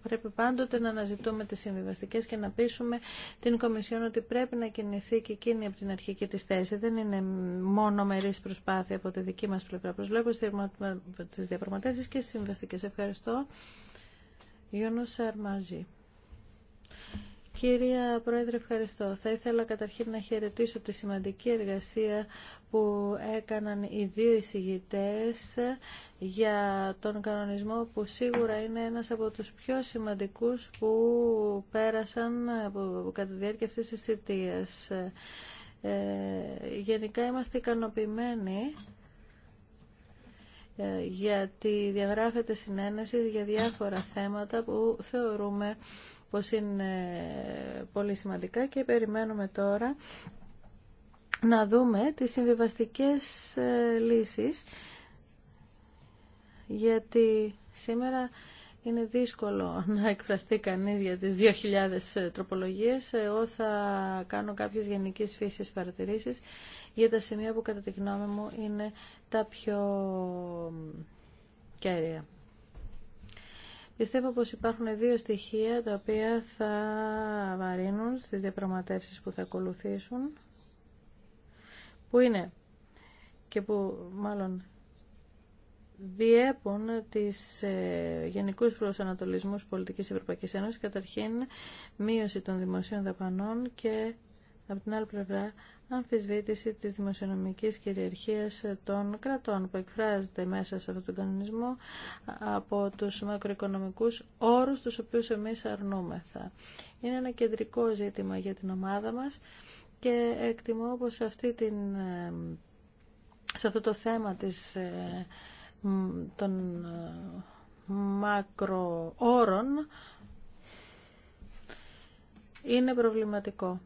πρέπει πάντοτε να αναζητούμε τις συμβιβαστικές και να πείσουμε την Κομισιόν ότι πρέπει να κινηθεί και εκείνη από την αρχική της θέση. Δεν είναι μόνο μερής προσπάθεια από τη δική μας πλευρά. Προσβλέπω στις διαπραγματεύσεις και στις συμβιβαστικές. Ευχαριστώ. Κύρια Πρόεδρε, ευχαριστώ. Θα ήθελα καταρχήν να χαιρετήσω τη σημαντική εργασία που έκαναν οι δύο εισηγητές για τον κανονισμό που σίγουρα είναι ένας από τους πιο σημαντικούς που πέρασαν κατά τη διάρκεια αυτής της θητείας. Ε, γενικά είμαστε ικανοποιημένοι ε, γιατί διαγράφεται συνένεση για διάφορα θέματα που θεωρούμε πως είναι πολύ σημαντικά και περιμένουμε τώρα να δούμε τις συμβιβαστικές ε, λύσεις γιατί σήμερα είναι δύσκολο να εκφραστεί κανείς για τις 2.000 ε, τροπολογίες. Εγώ θα κάνω κάποιες γενικές φύσεις παρατηρήσεις για τα σημεία που κατά τη γνώμη μου είναι τα πιο κέρια. Πιστεύω πως υπάρχουν δύο στοιχεία τα οποία θα βαρύνουν στις διαπραγματεύσεις που θα ακολουθήσουν, που είναι και που μάλλον διέπουν τις ε, γενικούς προσανατολισμούς πολιτικής Ευρωπαϊκής Ένωσης, καταρχήν μείωση των δημοσίων δαπανών και από την άλλη πλευρά αμφισβήτηση της δημοσιονομικής κυριαρχίας των κρατών που εκφράζεται μέσα σε αυτόν τον κανονισμό από τους μακροοικονομικούς όρους τους οποίους εμείς αρνούμεθα. Είναι ένα κεντρικό ζήτημα για την ομάδα μας και εκτιμώ πως σε, αυτή την, σε αυτό το θέμα της, ε, των ε, μακροόρων είναι προβληματικό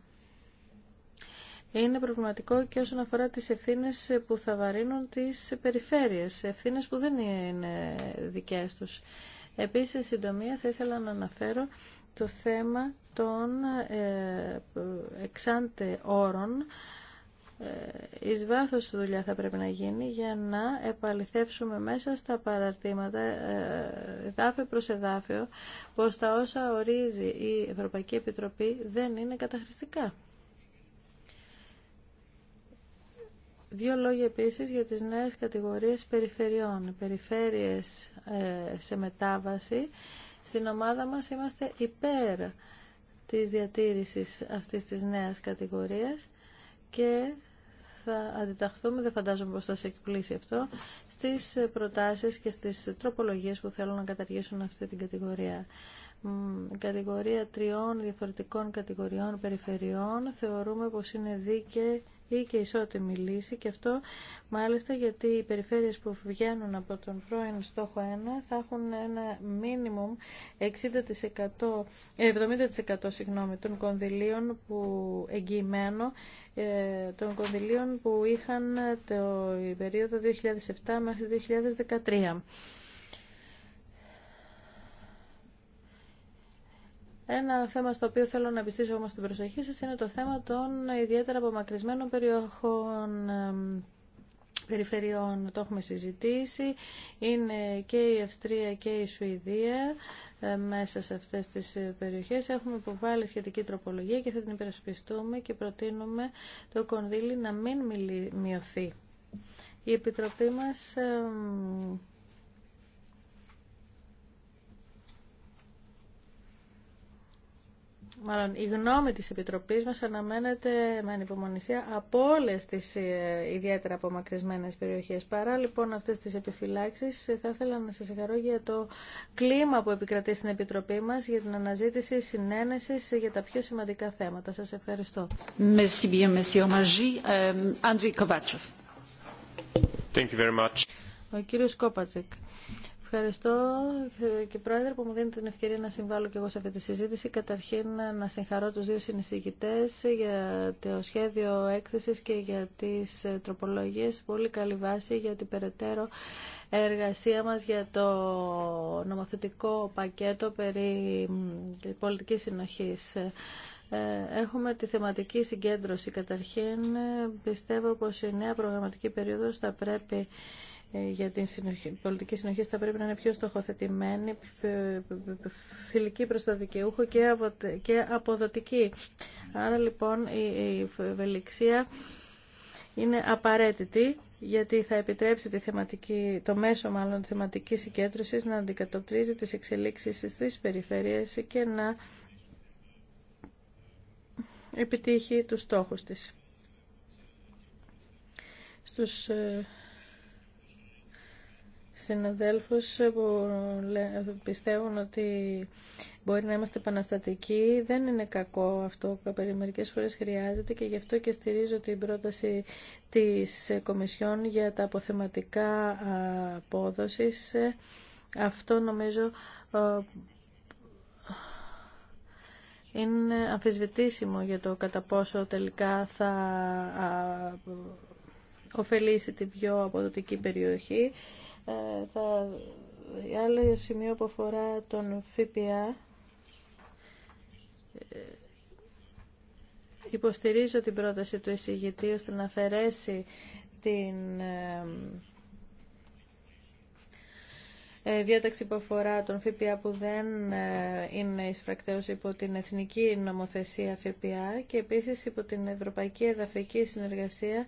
είναι προβληματικό και όσον αφορά τις ευθύνες που θα βαρύνουν τις περιφέρειες, ευθύνες που δεν είναι δικές τους. Επίσης, σε συντομία, θα ήθελα να αναφέρω το θέμα των ε, εξάντε όρων ε, εις βάθος δουλειά θα πρέπει να γίνει για να επαληθεύσουμε μέσα στα παραρτήματα ε, εδάφιο προς εδάφιο πως τα όσα ορίζει η Ευρωπαϊκή Επιτροπή δεν είναι καταχρηστικά. Δύο λόγια επίσης για τις νέες κατηγορίες περιφερειών. Περιφέρειες ε, σε μετάβαση. Στην ομάδα μας είμαστε υπέρ της διατήρησης αυτής της νέας κατηγορίας και θα αντιταχθούμε, δεν φαντάζομαι πως θα σε εκπλήσει αυτό, στις προτάσεις και στις τροπολογίες που θέλουν να καταργήσουν αυτή την κατηγορία κατηγορία τριών διαφορετικών κατηγοριών περιφερειών θεωρούμε πως είναι δίκαιη και ισότιμη λύση και αυτό μάλιστα γιατί οι περιφέρειες που βγαίνουν από τον πρώην στόχο 1 θα έχουν ένα μίνιμουμ 60%, 70% ε, συγγνώμη, των κονδυλίων που εγγυημένο ε, των κονδυλίων που είχαν το η περίοδο 2007 μέχρι 2013. Ένα θέμα στο οποίο θέλω να επιστήσω όμως την προσοχή σας είναι το θέμα των ιδιαίτερα απομακρυσμένων περιοχών περιφερειών. Το έχουμε συζητήσει. Είναι και η Αυστρία και η Σουηδία ε, μέσα σε αυτές τις ε, περιοχές. Έχουμε υποβάλει σχετική τροπολογία και θα την υπερασπιστούμε και προτείνουμε το κονδύλι να μην μειωθεί. Η Επιτροπή μας μάλλον η γνώμη της Επιτροπής μας αναμένεται με ανυπομονησία από όλες τις ε, ιδιαίτερα απομακρυσμένες περιοχές. Παρά λοιπόν αυτές τις επιφυλάξεις ε, θα ήθελα να σας συγχαρώ για το κλίμα που επικρατεί στην Επιτροπή μας για την αναζήτηση συνένεσης ε, για τα πιο σημαντικά θέματα. Σας ευχαριστώ. Ο Ευχαριστώ ε, και Πρόεδρε που μου δίνετε την ευκαιρία να συμβάλλω και εγώ σε αυτή τη συζήτηση. Καταρχήν να συγχαρώ τους δύο συνεισηγητές για το σχέδιο έκθεσης και για τις ε, τροπολογίες. Πολύ καλή βάση για την περαιτέρω εργασία μας για το νομοθετικό πακέτο περί πολιτικής συνοχής. Ε, έχουμε τη θεματική συγκέντρωση. Καταρχήν πιστεύω πως η νέα προγραμματική περίοδος θα πρέπει ε, για την συνοχή, πολιτική συνοχή θα πρέπει να είναι πιο στοχοθετημένη, φιλική προς το δικαιούχο και, αποδοτική. Άρα λοιπόν η, ευελιξία είναι απαραίτητη γιατί θα επιτρέψει τη θεματική, το μέσο μάλλον θεματικής συγκέντρωσης να αντικατοπτρίζει τις εξελίξεις στις περιφέρειες και να επιτύχει τους στόχους της. Στους ε, συναδέλφους που πιστεύουν ότι μπορεί να είμαστε επαναστατικοί. Δεν είναι κακό αυτό. Μερικές φορές χρειάζεται και γι' αυτό και στηρίζω την πρόταση της Κομισιόν για τα αποθεματικά απόδοσης. Αυτό νομίζω ε, είναι αμφισβητήσιμο για το κατά πόσο τελικά θα ε, ωφελήσει την πιο αποδοτική περιοχή. Ε, θα άλλο σημείο που αφορά τον ΦΠΑ ε, υποστηρίζω την πρόταση του εισηγητή ώστε να αφαιρέσει την ε, διάταξη που αφορά τον ΦΠΑ που δεν είναι εισφρακτέως υπό την εθνική νομοθεσία ΦΠΑ και επίσης υπό την Ευρωπαϊκή Εδαφική Συνεργασία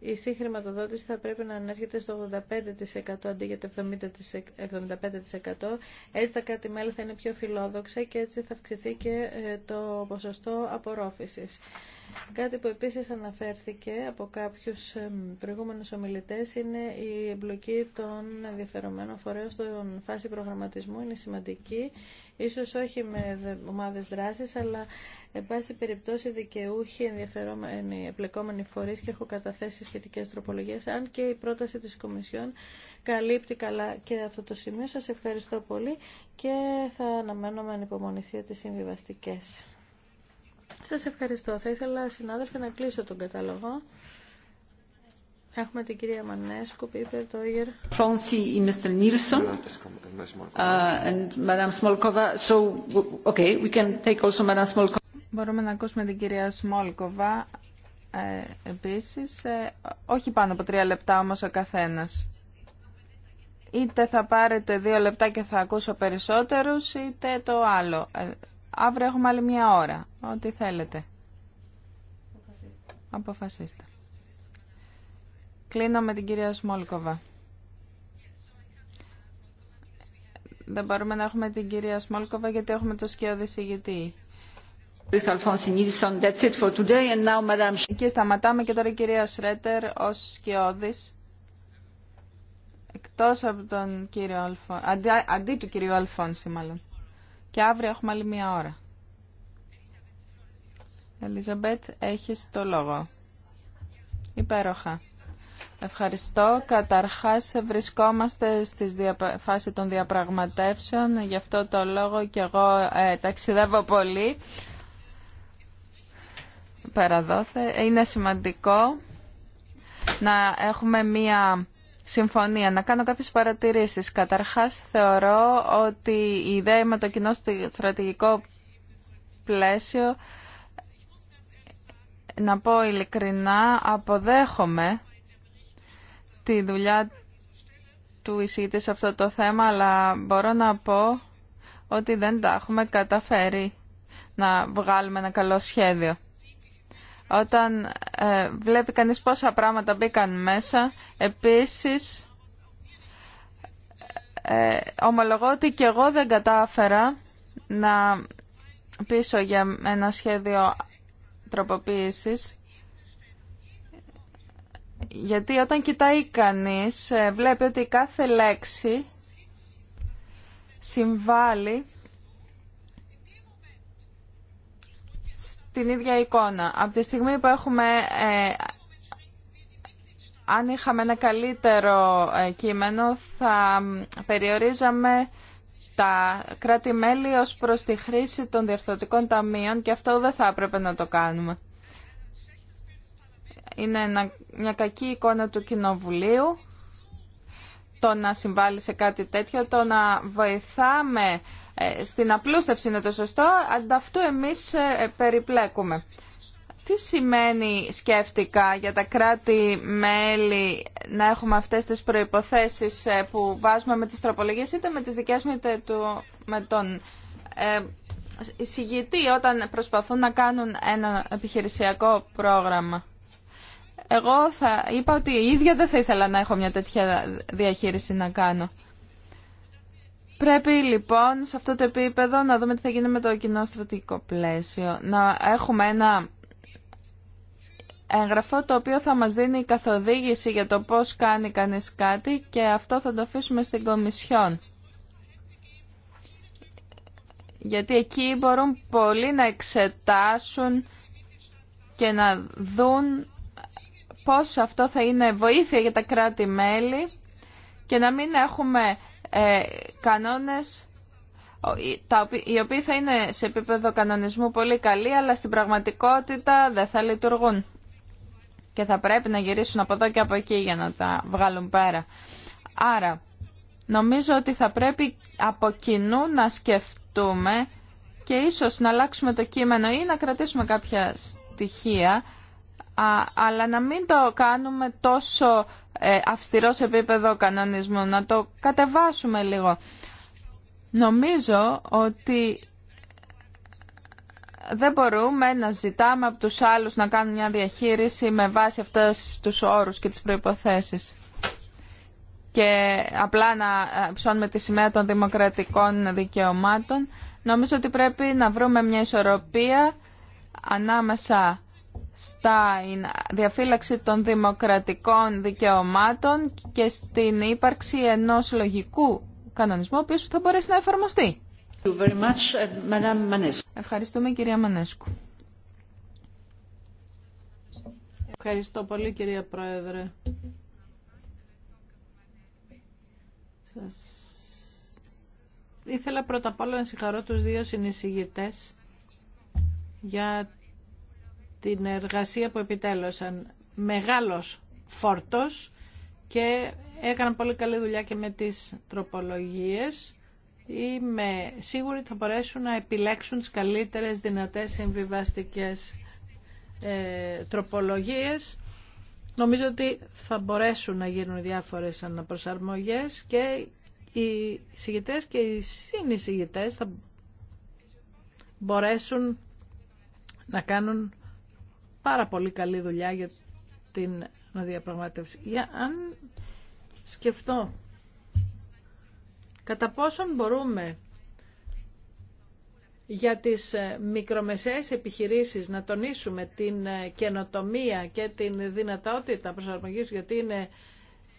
η συγχρηματοδότηση θα πρέπει να ανέρχεται στο 85% αντί για το 75%. Έτσι τα κράτη-μέλη θα είναι πιο φιλόδοξα και έτσι θα αυξηθεί και ε, το ποσοστό απορρόφησης. Κάτι που επίσης αναφέρθηκε από κάποιους προηγούμενους ομιλητές είναι η εμπλοκή των ενδιαφερομένων φορέων στον φάση προγραμματισμού. Είναι σημαντική, ίσως όχι με ομάδες δράσης, αλλά εν πάση περιπτώσει δικαιούχοι ενδιαφερόμενοι εμπλεκόμενοι φορείς και έχω καταθέσει σχετικές τροπολογίες, αν και η πρόταση της Κομισιόν καλύπτει καλά και αυτό το σημείο. Σας ευχαριστώ πολύ και θα αναμένω με ανυπομονησία τις συμβιβαστικές. Σας ευχαριστώ. Θα ήθελα, συνάδελφε, να κλείσω τον κατάλογο. Έχουμε την κυρία Μανέσκου, Πίπερ, Τόγερ. το Mr. Uh, Madame Smolkova. Μπορούμε να ακούσουμε την κυρία Σμόλκοβα ε, επίσης. Ε, όχι πάνω από τρία λεπτά όμως ο καθένας. Είτε θα πάρετε δύο λεπτά και θα ακούσω περισσότερους, είτε το άλλο. Ε, Αύριο έχουμε άλλη μια ώρα. Ό,τι θέλετε. Αποφασίστε. Κλείνω με την κυρία Σμόλκοβα. Δεν μπορούμε να έχουμε την κυρία Σμόλκοβα γιατί έχουμε το σκιώδη συγητή. Εκεί σταματάμε και τώρα η κυρία Σρέτερ ως σκιώδης. Εκτός από τον κύριο Αλφόνση. αντί, αντί του κυρίου Αλφόνση μάλλον και αύριο έχουμε άλλη μία ώρα. Ελίζαμπετ, έχεις το λόγο. Υπέροχα. Ευχαριστώ. Καταρχάς βρισκόμαστε στη φάση των διαπραγματεύσεων. Γι' αυτό το λόγο και εγώ ε, ταξιδεύω πολύ. Παραδόθε. Είναι σημαντικό να έχουμε μία συμφωνία. Να κάνω κάποιες παρατηρήσεις. Καταρχάς, θεωρώ ότι η ιδέα με το κοινό στρατηγικό πλαίσιο, να πω ειλικρινά, αποδέχομαι τη δουλειά του εισηγητή σε αυτό το θέμα, αλλά μπορώ να πω ότι δεν τα έχουμε καταφέρει να βγάλουμε ένα καλό σχέδιο όταν ε, βλέπει κανείς πόσα πράγματα μπήκαν μέσα. Επίσης, ε, ομολογώ ότι και εγώ δεν κατάφερα να πείσω για ένα σχέδιο τροποποίησης. Γιατί όταν κοιτάει κανείς, ε, βλέπει ότι κάθε λέξη συμβάλλει την ίδια εικόνα. Από τη στιγμή που έχουμε ε, αν είχαμε ένα καλύτερο ε, κείμενο θα περιορίζαμε τα κράτη-μέλη ως προς τη χρήση των διορθωτικών ταμείων και αυτό δεν θα έπρεπε να το κάνουμε. Είναι μια κακή εικόνα του Κοινοβουλίου το να συμβάλλει σε κάτι τέτοιο, το να βοηθάμε ε, στην απλούστευση είναι το σωστό, ανταυτού εμείς ε, ε, περιπλέκουμε. Τι σημαίνει σκέφτηκα για τα κράτη-μέλη να έχουμε αυτές τις προϋποθέσεις που βάζουμε με τις τροπολογίες είτε με τις δικές μου είτε με τον ε, όταν προσπαθούν να κάνουν ένα επιχειρησιακό πρόγραμμα. Εγώ θα είπα ότι η ίδια δεν θα ήθελα να έχω μια τέτοια διαχείριση να κάνω. Πρέπει λοιπόν σε αυτό το επίπεδο να δούμε τι θα γίνει με το κοινό στρατηγικό πλαίσιο. Να έχουμε ένα έγγραφο το οποίο θα μας δίνει καθοδήγηση για το πώς κάνει κανείς κάτι και αυτό θα το αφήσουμε στην Κομισιόν. Γιατί εκεί μπορούν πολλοί να εξετάσουν και να δουν πώς αυτό θα είναι βοήθεια για τα κράτη-μέλη και να μην έχουμε ε, κανόνες οι οποίοι θα είναι σε επίπεδο κανονισμού πολύ καλοί, αλλά στην πραγματικότητα δεν θα λειτουργούν και θα πρέπει να γυρίσουν από εδώ και από εκεί για να τα βγάλουν πέρα. Άρα, νομίζω ότι θα πρέπει από κοινού να σκεφτούμε και ίσως να αλλάξουμε το κείμενο ή να κρατήσουμε κάποια στοιχεία αλλά να μην το κάνουμε τόσο ε, αυστηρό σε επίπεδο κανονισμού, να το κατεβάσουμε λίγο. Νομίζω ότι δεν μπορούμε να ζητάμε από τους άλλους να κάνουν μια διαχείριση με βάση αυτές τους όρους και τις προϋποθέσεις και απλά να ε, ψώνουμε τη σημαία των δημοκρατικών δικαιωμάτων. Νομίζω ότι πρέπει να βρούμε μια ισορροπία ανάμεσα στην διαφύλαξη των δημοκρατικών δικαιωμάτων και στην ύπαρξη ενός λογικού κανονισμού, ο θα μπορέσει να εφαρμοστεί. Uh, Ευχαριστούμε, κυρία Μανέσκου. Ευχαριστώ πολύ, κυρία Πρόεδρε. Ήθελα πρώτα απ' όλα να συγχαρώ τους δύο συνεισηγητές για την εργασία που επιτέλωσαν. Μεγάλος φόρτος και έκαναν πολύ καλή δουλειά και με τις τροπολογίες. Είμαι σίγουρη θα μπορέσουν να επιλέξουν τις καλύτερες δυνατές συμβιβαστικές ε, τροπολογίες. Νομίζω ότι θα μπορέσουν να γίνουν διάφορες αναπροσαρμογές και οι συγητές και οι συνεισηγητές θα μπορέσουν να κάνουν πάρα πολύ καλή δουλειά για την διαπραγμάτευση. Για αν σκεφτώ κατά πόσον μπορούμε για τις ε, μικρομεσαίες επιχειρήσεις να τονίσουμε την ε, καινοτομία και την δυνατότητα προσαρμογής γιατί είναι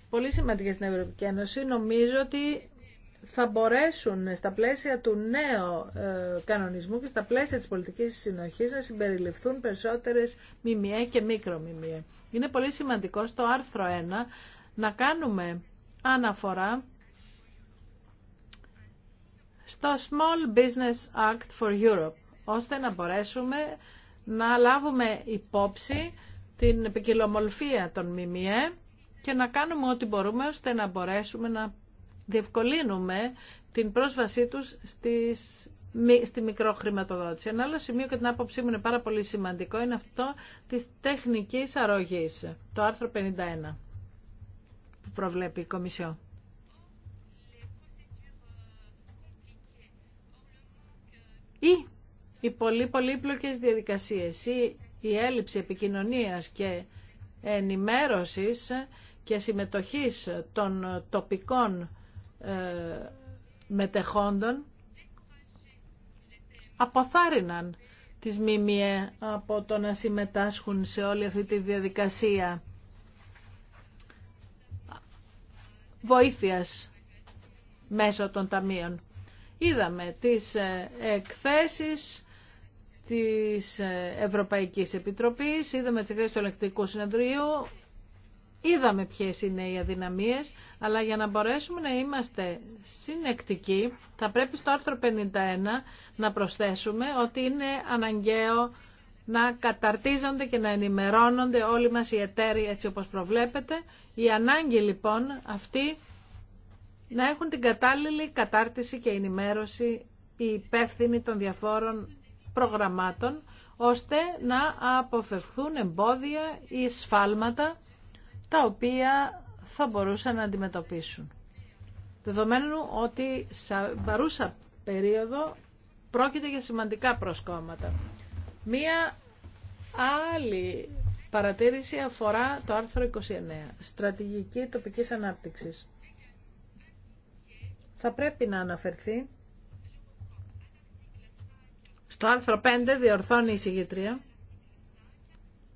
πολύ σημαντικές στην Ευρωπαϊκή Ένωση νομίζω ότι θα μπορέσουν στα πλαίσια του νέου ε, κανονισμού και στα πλαίσια της πολιτικής συνοχής να συμπεριληφθούν περισσότερες μιμιέ και μικρο Είναι πολύ σημαντικό στο άρθρο 1 να κάνουμε αναφορά στο Small Business Act for Europe, ώστε να μπορέσουμε να λάβουμε υπόψη την επικοινωνία των ΜΜΕ και να κάνουμε ό,τι μπορούμε ώστε να μπορέσουμε να διευκολύνουμε την πρόσβασή τους στις στη μικροχρηματοδότηση. Ένα άλλο σημείο και την άποψή μου είναι πάρα πολύ σημαντικό είναι αυτό της τεχνικής αρρωγής, το άρθρο 51 που προβλέπει η Κομισιό. Ή οι πολύ πολύπλοκες διαδικασίες ή η έλλειψη επικοινωνίας και ενημέρωσης και συμμετοχής των τοπικών ε, μετεχόντων αποθάρρυναν τις ΜΜΕ από το να συμμετάσχουν σε όλη αυτή τη διαδικασία βοήθειας μέσω των ταμείων. Είδαμε τις ε, εκθέσεις της ε, Ευρωπαϊκής Επιτροπής, είδαμε τις εκθέσεις του Ελεκτικού Συνεδρίου, Είδαμε ποιες είναι οι αδυναμίες, αλλά για να μπορέσουμε να είμαστε συνεκτικοί, θα πρέπει στο άρθρο 51 να προσθέσουμε ότι είναι αναγκαίο να καταρτίζονται και να ενημερώνονται όλοι μας οι εταίροι έτσι όπως προβλέπετε. Η ανάγκη λοιπόν αυτή να έχουν την κατάλληλη κατάρτιση και ενημέρωση οι υπεύθυνοι των διαφόρων προγραμμάτων, ώστε να αποφευχθούν εμπόδια ή σφάλματα τα οποία θα μπορούσαν να αντιμετωπίσουν. Δεδομένου ότι σε παρούσα περίοδο πρόκειται για σημαντικά προσκόμματα. Μία άλλη παρατήρηση αφορά το άρθρο 29, στρατηγική τοπικής ανάπτυξης. Θα πρέπει να αναφερθεί στο άρθρο 5 διορθώνει η συγγετρία.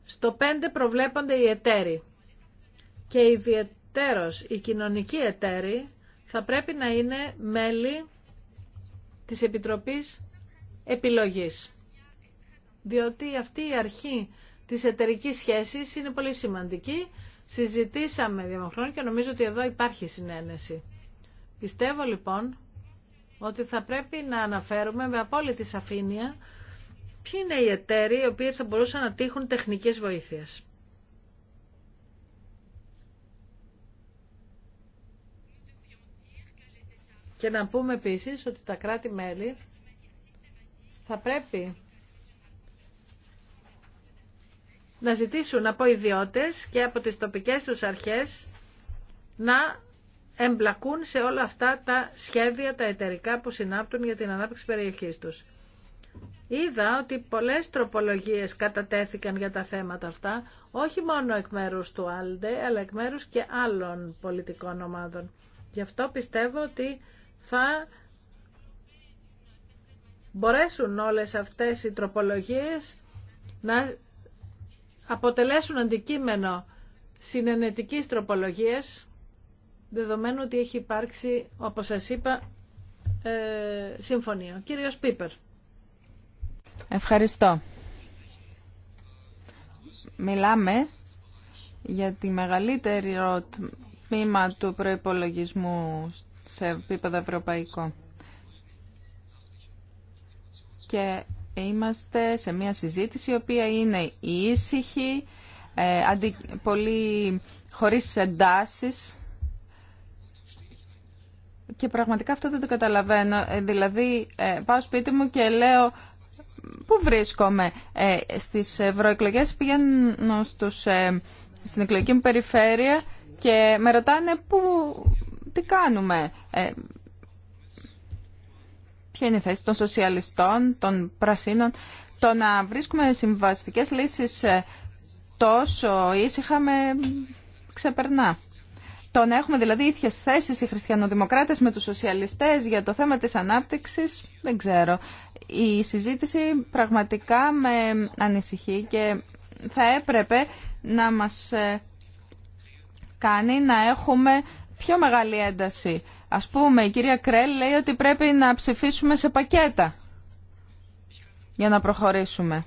Στο 5 προβλέπονται οι εταίροι και ιδιαιτέρως οι κοινωνικοί εταίροι θα πρέπει να είναι μέλη της Επιτροπής Επιλογής. Διότι αυτή η αρχή της εταιρική σχέσης είναι πολύ σημαντική. Συζητήσαμε διαμαχρόνια και νομίζω ότι εδώ υπάρχει συνένεση. Πιστεύω λοιπόν ότι θα πρέπει να αναφέρουμε με απόλυτη σαφήνεια ποιοι είναι οι εταίροι οι οποίοι θα μπορούσαν να τύχουν τεχνικές βοήθειες. Και να πούμε επίσης ότι τα κράτη-μέλη θα πρέπει να ζητήσουν από ιδιώτες και από τις τοπικές τους αρχές να εμπλακούν σε όλα αυτά τα σχέδια, τα εταιρικά που συνάπτουν για την ανάπτυξη περιοχής τους. Είδα ότι πολλές τροπολογίες κατατέθηκαν για τα θέματα αυτά, όχι μόνο εκ μέρους του Άλντε, αλλά εκ μέρους και άλλων πολιτικών ομάδων. Γι' αυτό πιστεύω ότι θα μπορέσουν όλες αυτές οι τροπολογίες να αποτελέσουν αντικείμενο συνενετικής τροπολογίας δεδομένου ότι έχει υπάρξει, όπως σας είπα, ε, συμφωνία. κύριος Πίπερ. Ευχαριστώ. Μιλάμε για τη μεγαλύτερη τμήμα του προϋπολογισμού σε επίπεδο ευρωπαϊκό. Και είμαστε σε μια συζήτηση η οποία είναι ήσυχη, ε, αντι, πολύ χωρίς εντάσεις και πραγματικά αυτό δεν το καταλαβαίνω. Ε, δηλαδή ε, πάω σπίτι μου και λέω πού βρίσκομαι. Στις ευρωεκλογές πηγαίνω στους, στην εκλογική μου περιφέρεια και με ρωτάνε πού τι κάνουμε. Ε, ποια είναι η θέση των σοσιαλιστών, των πρασίνων. Το να βρίσκουμε συμβαστικές λύσεις ε, τόσο ήσυχα με ξεπερνά. Το να έχουμε δηλαδή ίδιες θέσεις οι χριστιανοδημοκράτες με τους σοσιαλιστές για το θέμα της ανάπτυξης, δεν ξέρω. Η συζήτηση πραγματικά με ανησυχεί και θα έπρεπε να μας ε, κάνει να έχουμε πιο μεγάλη ένταση. Ας πούμε, η κυρία Κρέλ λέει ότι πρέπει να ψηφίσουμε σε πακέτα για να προχωρήσουμε.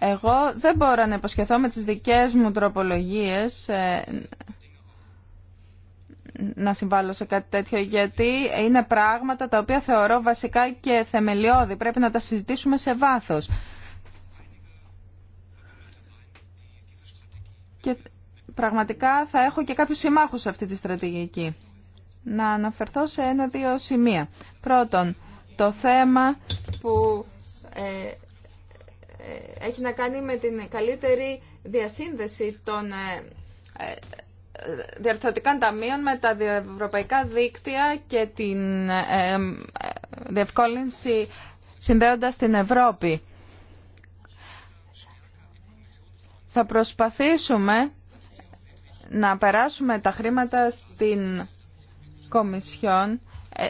Εγώ δεν μπορώ να υποσχεθώ με τις δικές μου τροπολογίες ε, να συμβάλλω σε κάτι τέτοιο, γιατί είναι πράγματα τα οποία θεωρώ βασικά και θεμελιώδη. Πρέπει να τα συζητήσουμε σε βάθος πραγματικά θα έχω και κάποιους συμμάχους σε αυτή τη στρατηγική. Να αναφερθώ σε ένα-δύο σημεία. Πρώτον, το θέμα που ε, ε, έχει να κάνει με την καλύτερη διασύνδεση των ε, διαρθρωτικών ταμείων με τα ευρωπαϊκά δίκτυα και την διευκόλυνση συνδέοντας την Ευρώπη. Θα προσπαθήσουμε να περάσουμε τα χρήματα στην Κομισιόν ε,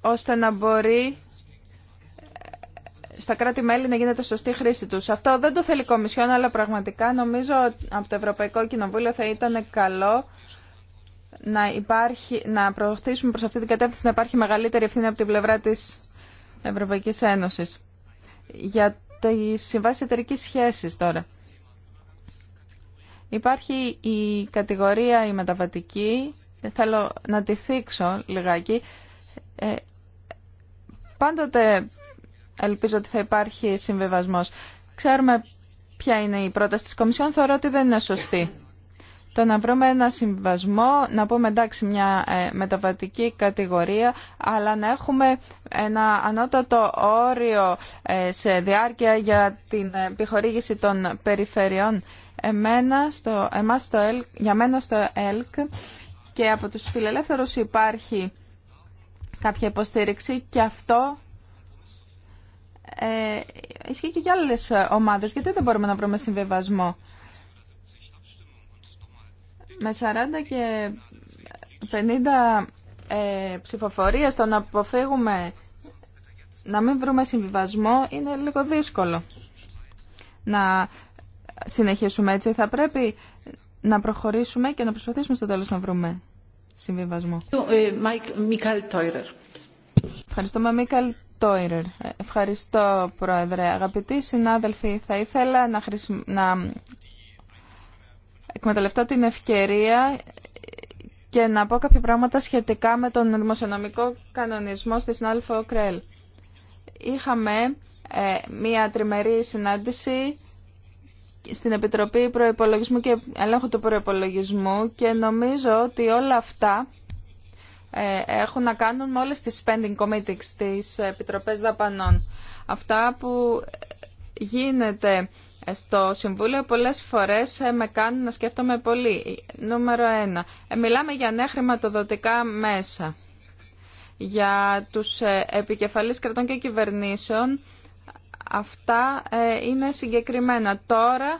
ώστε να μπορεί ε, στα κράτη-μέλη να γίνεται σωστή χρήση τους. Αυτό δεν το θέλει η Κομισιόν, αλλά πραγματικά νομίζω από το Ευρωπαϊκό Κοινοβούλιο θα ήταν καλό να, υπάρχει, να προωθήσουμε προς αυτή την κατεύθυνση να υπάρχει μεγαλύτερη ευθύνη από την πλευρά της Ευρωπαϊκής Ένωσης. Για τη συμβάση εταιρική σχέσης τώρα. Υπάρχει η κατηγορία η μεταβατική, θέλω να τη θίξω λιγάκι. Ε, πάντοτε ελπίζω ότι θα υπάρχει συμβιβασμός. Ξέρουμε ποια είναι η πρόταση της Κομισιόν, θεωρώ ότι δεν είναι σωστή. Το να βρούμε ένα συμβιβασμό, να πούμε εντάξει μια ε, μεταβατική κατηγορία, αλλά να έχουμε ένα ανώτατο όριο ε, σε διάρκεια για την ε, επιχορήγηση των περιφερειών. Εμένα στο, εμάς στο ΕΛ, για μένα στο ΕΛΚ και από τους φιλελεύθερους υπάρχει κάποια υποστήριξη και αυτό ε, ισχύει και για άλλες ομάδες γιατί δεν μπορούμε να βρούμε συμβιβασμό. Με 40 και 50 ε, ψηφοφορίες το να αποφύγουμε να μην βρούμε συμβιβασμό είναι λίγο δύσκολο. Να συνεχίσουμε έτσι. Θα πρέπει να προχωρήσουμε και να προσπαθήσουμε στο τέλος να βρούμε συμβιβασμό. Ε, Ευχαριστούμε, Μίκαλ Τόιρερ. Ε, ευχαριστώ, Πρόεδρε. Αγαπητοί συνάδελφοι, θα ήθελα να, χρησι... να εκμεταλλευτώ την ευκαιρία και να πω κάποια πράγματα σχετικά με τον δημοσιονομικό κανονισμό στη συνάδελφο Κρέλ. Είχαμε ε, μία τριμερή συνάντηση στην Επιτροπή Προϋπολογισμού και Ελέγχου του Προϋπολογισμού και νομίζω ότι όλα αυτά ε, έχουν να κάνουν με όλες τις spending committees, της επιτροπές δαπανών. Αυτά που γίνεται στο Συμβούλιο πολλές φορές ε, με κάνουν να σκέφτομαι πολύ. Νούμερο ένα, ε, μιλάμε για νέα χρηματοδοτικά μέσα για τους επικεφαλείς κρατών και κυβερνήσεων Αυτά ε, είναι συγκεκριμένα. Τώρα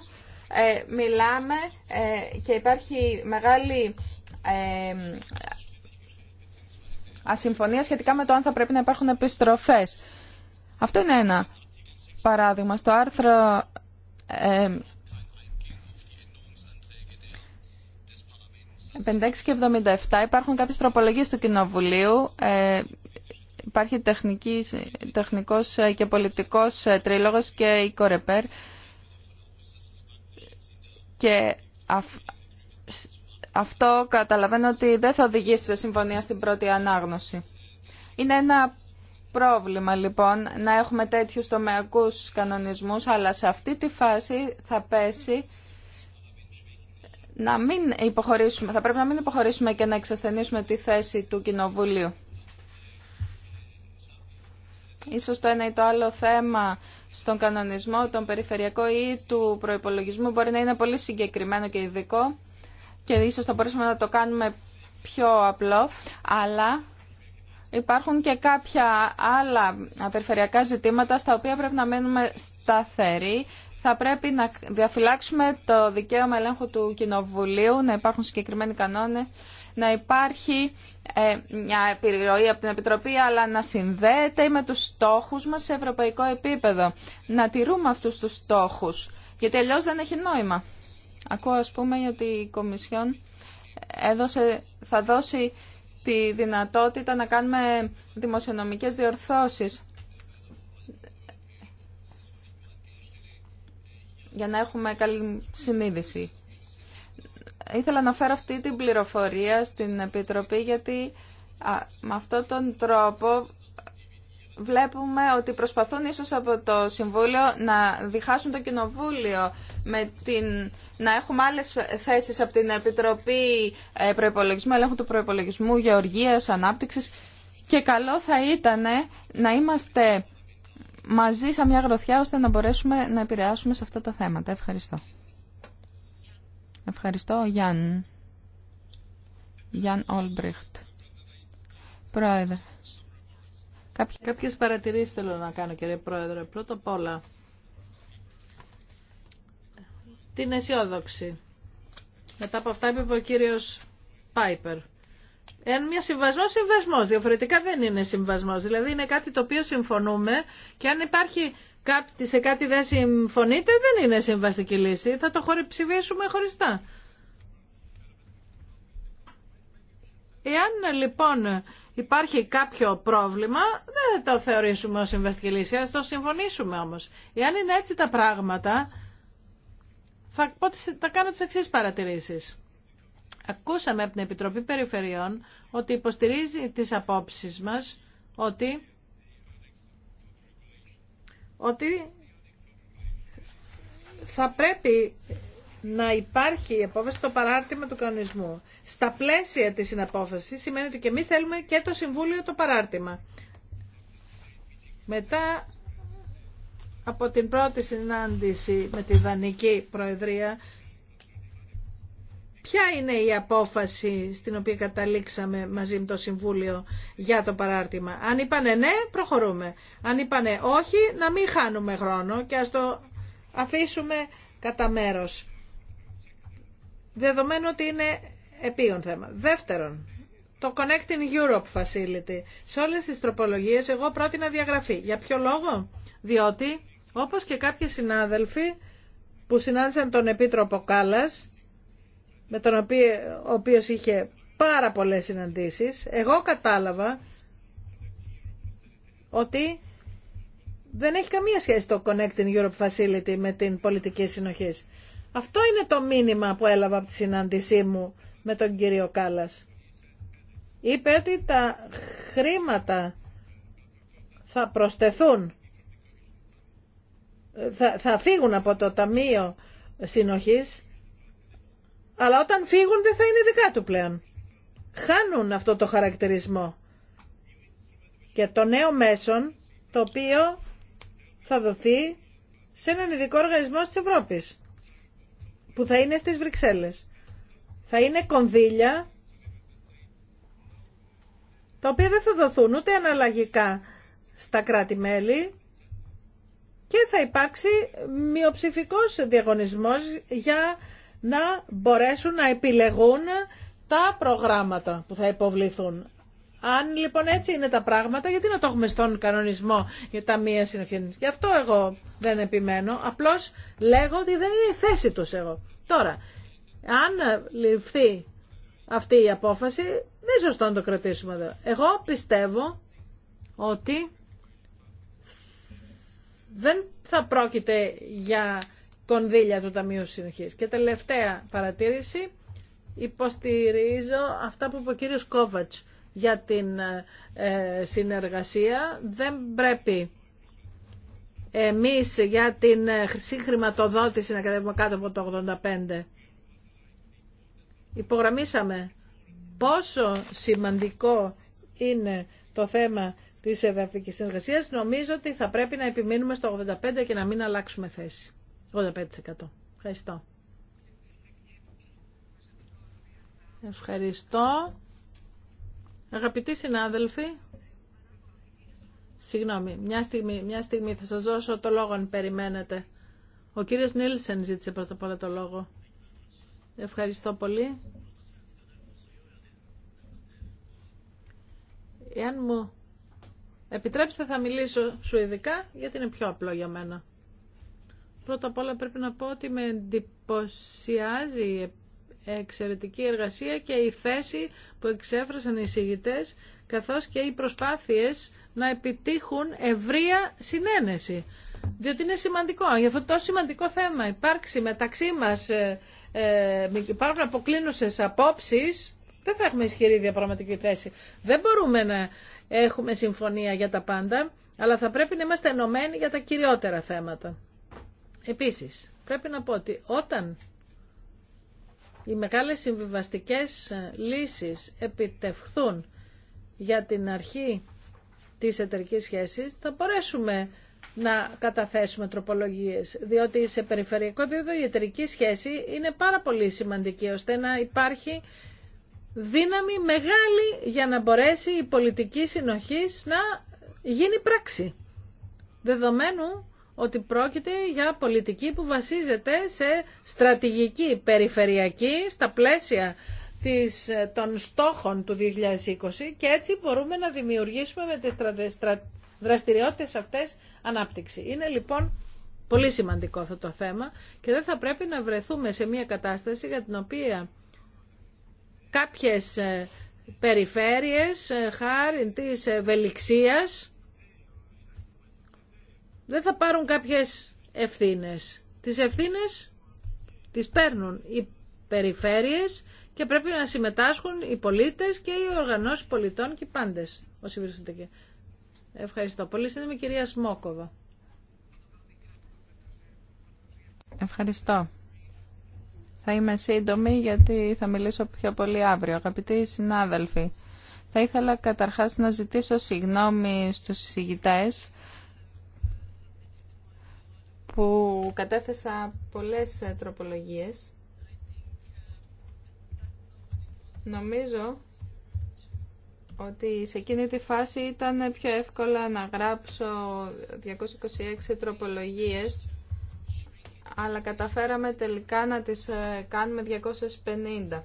ε, μιλάμε ε, και υπάρχει μεγάλη ασυμφωνία σχετικά με το αν θα πρέπει να υπάρχουν επιστροφές. Αυτό είναι ένα παράδειγμα. Στο άρθρο... Ε, 56 και 77 υπάρχουν κάποιες τροπολογίες του Κοινοβουλίου υπάρχει τεχνικής, τεχνικός και πολιτικός ε, τρίλογος και η Κορεπέρ και αυτό καταλαβαίνω ότι δεν θα οδηγήσει σε συμφωνία στην πρώτη ανάγνωση. Είναι ένα πρόβλημα λοιπόν να έχουμε τέτοιους τομεακούς κανονισμούς, αλλά σε αυτή τη φάση θα πέσει να μην υποχωρήσουμε, θα πρέπει να μην υποχωρήσουμε και να εξασθενήσουμε τη θέση του Κοινοβουλίου. Ίσως το ένα ή το άλλο θέμα στον κανονισμό, τον περιφερειακό ή του προϋπολογισμού μπορεί να είναι πολύ συγκεκριμένο και ειδικό και ίσως θα μπορούσαμε να το κάνουμε πιο απλό, αλλά υπάρχουν και κάποια άλλα περιφερειακά ζητήματα στα οποία πρέπει να μένουμε σταθεροί. Θα πρέπει να διαφυλάξουμε το δικαίωμα ελέγχου του Κοινοβουλίου, να υπάρχουν συγκεκριμένοι κανόνες να υπάρχει ε, μια επιρροή από την Επιτροπή, αλλά να συνδέεται με τους στόχους μας σε ευρωπαϊκό επίπεδο. Να τηρούμε αυτούς τους στόχους, γιατί αλλιώς δεν έχει νόημα. Ακούω, ας πούμε, ότι η Κομισιόν έδωσε, θα δώσει τη δυνατότητα να κάνουμε δημοσιονομικές διορθώσεις. για να έχουμε καλή συνείδηση Ήθελα να φέρω αυτή την πληροφορία στην Επιτροπή γιατί με αυτόν τον τρόπο βλέπουμε ότι προσπαθούν ίσως από το Συμβούλιο να διχάσουν το Κοινοβούλιο με την... να έχουμε άλλες θέσεις από την Επιτροπή ε, Προϋπολογισμού, Ελέγχου του Προϋπολογισμού, Γεωργίας, Ανάπτυξης και καλό θα ήταν να είμαστε μαζί σαν μια γροθιά ώστε να μπορέσουμε να επηρεάσουμε σε αυτά τα θέματα. Ευχαριστώ. Ευχαριστώ, Γιάνν. Γιάνν Ολμπριχτ. Πρόεδρε. Κάποιες... Κάποιες παρατηρήσεις θέλω να κάνω, κύριε Πρόεδρε. Πρώτο απ' όλα, την αισιόδοξη. Μετά από αυτά είπε ο κύριος Πάιπερ. Εάν μια συμβασμό, συμβασμό. Διαφορετικά δεν είναι συμβασμό. Δηλαδή είναι κάτι το οποίο συμφωνούμε και αν υπάρχει σε κάτι δεν συμφωνείτε, δεν είναι συμβαστική λύση. Θα το ψηφίσουμε χωριστά. Εάν λοιπόν υπάρχει κάποιο πρόβλημα, δεν θα το θεωρήσουμε ως συμβαστική λύση, ας το συμφωνήσουμε όμως. Εάν είναι έτσι τα πράγματα, θα, θα κάνω τις εξής παρατηρήσεις. Ακούσαμε από την Επιτροπή Περιφερειών ότι υποστηρίζει τις απόψεις μας ότι ότι θα πρέπει να υπάρχει η απόφαση το παράρτημα του κανονισμού. Στα πλαίσια της συναπόφασης σημαίνει ότι και εμείς θέλουμε και το Συμβούλιο το παράρτημα. Μετά από την πρώτη συνάντηση με τη Δανική Προεδρία Ποια είναι η απόφαση στην οποία καταλήξαμε μαζί με το Συμβούλιο για το παράρτημα. Αν είπανε ναι, προχωρούμε. Αν είπανε όχι, να μην χάνουμε χρόνο και ας το αφήσουμε κατά μέρος. Δεδομένου ότι είναι επίγον θέμα. Δεύτερον, το Connecting Europe Facility. Σε όλες τις τροπολογίες εγώ πρότεινα διαγραφή. Για ποιο λόγο? Διότι, όπως και κάποιοι συνάδελφοι που συνάντησαν τον Επίτροπο Κάλλας, με τον οποίο ο οποίος είχε πάρα πολλές συναντήσεις, εγώ κατάλαβα ότι δεν έχει καμία σχέση το Connecting Europe Facility με την πολιτική συνοχή. Αυτό είναι το μήνυμα που έλαβα από τη συνάντησή μου με τον κύριο Κάλλας. Είπε ότι τα χρήματα θα προσθεθούν, θα, θα φύγουν από το Ταμείο Συνοχής αλλά όταν φύγουν δεν θα είναι δικά του πλέον. Χάνουν αυτό το χαρακτηρισμό. Και το νέο μέσον, το οποίο θα δοθεί σε έναν ειδικό οργανισμό της Ευρώπης, που θα είναι στις Βρυξέλλες. Θα είναι κονδύλια, τα οποία δεν θα δοθούν ούτε αναλλαγικά στα κράτη-μέλη, και θα υπάρξει μειοψηφικός διαγωνισμός για να μπορέσουν να επιλεγούν τα προγράμματα που θα υποβληθούν. Αν λοιπόν έτσι είναι τα πράγματα, γιατί να το έχουμε στον κανονισμό για τα μία συνοχή. Γι' αυτό εγώ δεν επιμένω, απλώς λέγω ότι δεν είναι η θέση τους εγώ. Τώρα, αν ληφθεί αυτή η απόφαση, δεν σωστό να το κρατήσουμε εδώ. Εγώ πιστεύω ότι δεν θα πρόκειται για κονδύλια του Ταμείου Συνοχής. Και τελευταία παρατήρηση, υποστηρίζω αυτά που είπε ο κύριος Κόβατς για την ε, συνεργασία. Δεν πρέπει εμείς για την χρυσή ε, χρηματοδότηση να κατέβουμε κάτω από το 85. Υπογραμμίσαμε πόσο σημαντικό είναι το θέμα της εδαφικής συνεργασίας. Νομίζω ότι θα πρέπει να επιμείνουμε στο 85 και να μην αλλάξουμε θέση. 85%. Ευχαριστώ. Ευχαριστώ. Αγαπητοί συνάδελφοι, συγγνώμη, μια στιγμή, μια στιγμή θα σας δώσω το λόγο αν περιμένετε. Ο κύριος Νίλσεν ζήτησε πρώτα απ' όλα το λόγο. Ευχαριστώ πολύ. Εάν μου επιτρέψετε θα μιλήσω σου ειδικά γιατί είναι πιο απλό για μένα. Πρώτα απ' όλα πρέπει να πω ότι με εντυπωσιάζει η εξαιρετική εργασία και η θέση που εξέφρασαν οι συγητές, καθώς και οι προσπάθειες να επιτύχουν ευρεία συνένεση. Διότι είναι σημαντικό, για αυτό το σημαντικό θέμα υπάρξει μεταξύ μας, ε, ε υπάρχουν αποκλίνουσες απόψεις, δεν θα έχουμε ισχυρή διαπραγματική θέση. Δεν μπορούμε να έχουμε συμφωνία για τα πάντα, αλλά θα πρέπει να είμαστε ενωμένοι για τα κυριότερα θέματα. Επίσης, πρέπει να πω ότι όταν οι μεγάλες συμβιβαστικές ε, λύσεις επιτευχθούν για την αρχή της εταιρικής σχέσης, θα μπορέσουμε να καταθέσουμε τροπολογίες, διότι σε περιφερειακό επίπεδο η εταιρική σχέση είναι πάρα πολύ σημαντική, ώστε να υπάρχει δύναμη μεγάλη για να μπορέσει η πολιτική συνοχής να γίνει πράξη. Δεδομένου ότι πρόκειται για πολιτική που βασίζεται σε στρατηγική περιφερειακή στα πλαίσια της, ε, των στόχων του 2020 και έτσι μπορούμε να δημιουργήσουμε με τις δραστηριότητες αυτές ανάπτυξη. Είναι λοιπόν πολύ σημαντικό αυτό το θέμα και δεν θα πρέπει να βρεθούμε σε μια κατάσταση για την οποία κάποιες ε, περιφέρειες ε, χάρη της ευελιξίας δεν θα πάρουν κάποιες ευθύνες. Τις ευθύνες τις παίρνουν οι περιφέρειες και πρέπει να συμμετάσχουν οι πολίτες και οι οργανώσεις πολιτών και οι πάντες όσοι βρίσκονται Ευχαριστώ. Πολύ σύντομη κυρία Σμόκοβα. Ευχαριστώ. Θα είμαι σύντομη γιατί θα μιλήσω πιο πολύ αύριο. Αγαπητοί συνάδελφοι, θα ήθελα καταρχάς να ζητήσω συγγνώμη στους συζητητές που κατέθεσα πολλές ε, τροπολογίες. Νομίζω ότι σε εκείνη τη φάση ήταν πιο εύκολα να γράψω 226 τροπολογίες, αλλά καταφέραμε τελικά να τις ε, κάνουμε 250.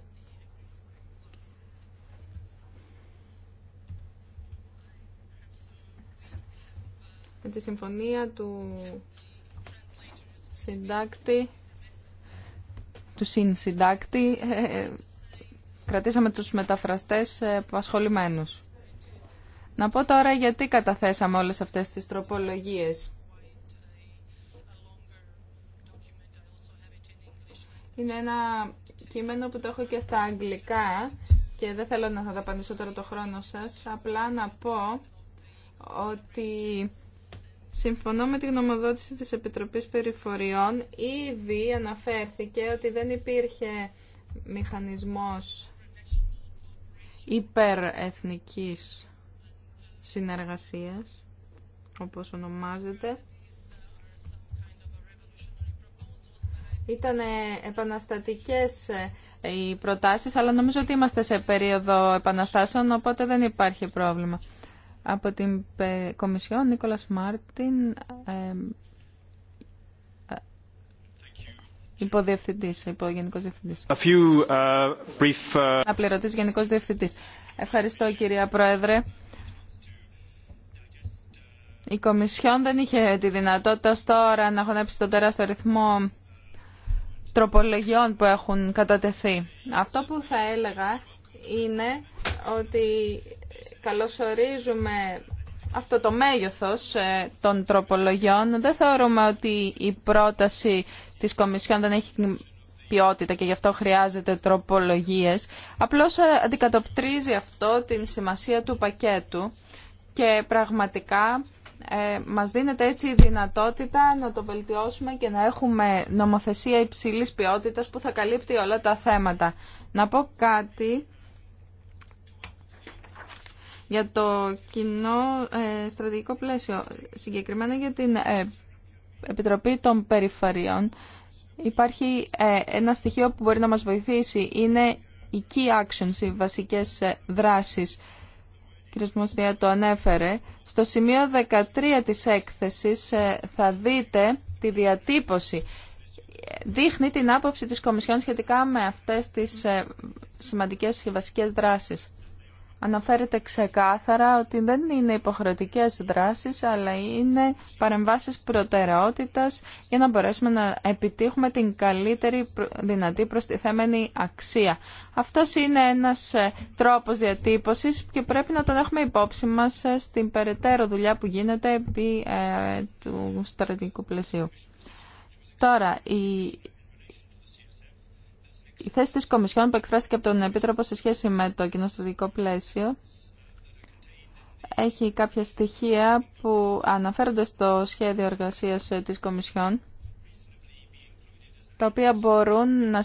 Με τη συμφωνία του συντάκτη, του συνσυντάκτη, ε, ε, κρατήσαμε τους μεταφραστές ε, απασχολημένους. Να πω τώρα γιατί καταθέσαμε όλες αυτές τις τροπολογίες. Είναι ένα κείμενο που το έχω και στα αγγλικά και δεν θέλω να θα δαπανίσω τώρα το χρόνο σας. Απλά να πω ότι Συμφωνώ με τη γνωμοδότηση της Επιτροπής Περιφοριών. Ήδη αναφέρθηκε ότι δεν υπήρχε μηχανισμός υπερεθνικής συνεργασίας, όπως ονομάζεται. Ήταν επαναστατικές ε, οι προτάσεις, αλλά νομίζω ότι είμαστε σε περίοδο επαναστάσεων, οπότε δεν υπάρχει πρόβλημα. Από την Κομισιόν, Νίκολας Μάρτιν, ε, ε, υποδιευθυντής, υπογενικός διευθυντής. A few, uh, uh, γενικός Ευχαριστώ κυρία Πρόεδρε. Η Κομισιόν δεν είχε τη δυνατότητα ως τώρα να χωνέψει τον τεράστιο ρυθμό τροπολογιών που έχουν κατατεθεί. Αυτό που θα έλεγα είναι ότι καλωσορίζουμε αυτό το μέγεθος ε, των τροπολογιών. Δεν θεωρούμε ότι η πρόταση της Κομισιόν δεν έχει ποιότητα και γι' αυτό χρειάζεται τροπολογίες. Απλώς ε, αντικατοπτρίζει αυτό την σημασία του πακέτου και πραγματικά ε, μας δίνεται έτσι η δυνατότητα να το βελτιώσουμε και να έχουμε νομοθεσία υψηλής ποιότητας που θα καλύπτει όλα τα θέματα. Να πω κάτι για το κοινό ε, στρατηγικό πλαίσιο, συγκεκριμένα για την ε, Επιτροπή των Περιφερειών, υπάρχει ε, ένα στοιχείο που μπορεί να μας βοηθήσει. Είναι οι key actions, οι βασικές δράσεις. κ. το ανέφερε. Στο σημείο 13 της έκθεσης θα δείτε τη διατύπωση. Δείχνει την άποψη της Κομισιόν σχετικά με αυτές τις σημαντικές και βασικές δράσεις αναφέρεται ξεκάθαρα ότι δεν είναι υποχρεωτικές δράσεις, αλλά είναι παρεμβάσεις προτεραιότητας για να μπορέσουμε να επιτύχουμε την καλύτερη δυνατή προστιθέμενη αξία. Αυτός είναι ένας ε, τρόπος διατύπωσης και πρέπει να τον έχουμε υπόψη μας ε, στην περαιτέρω δουλειά που γίνεται επί ε, του στρατηγικού πλαισίου. Τώρα, η η θέση της Κομισιόν που εκφράστηκε από τον Επίτροπο σε σχέση με το κοινοστατικό πλαίσιο έχει κάποια στοιχεία που αναφέρονται στο σχέδιο εργασίας της Κομισιόν τα οποία μπορούν να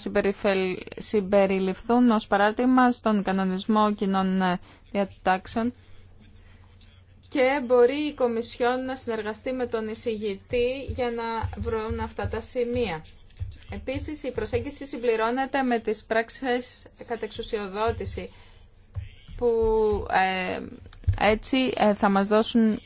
συμπεριληφθούν ως παράδειγμα στον κανονισμό κοινών διατάξεων και μπορεί η Κομισιόν να συνεργαστεί με τον εισηγητή για να βρουν αυτά τα σημεία. Επίσης, η προσέγγιση συμπληρώνεται με τις πράξεις κατεξουσιοδότηση που ε, έτσι ε, θα μας δώσουν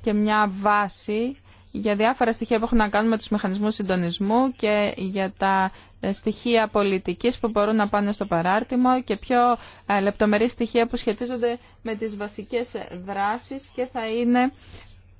και μια βάση για διάφορα στοιχεία που έχουν να κάνουν με τους μηχανισμούς συντονισμού και για τα στοιχεία πολιτικής που μπορούν να πάνε στο παράρτημα και πιο ε, λεπτομερή στοιχεία που σχετίζονται με τις βασικές δράσεις και θα είναι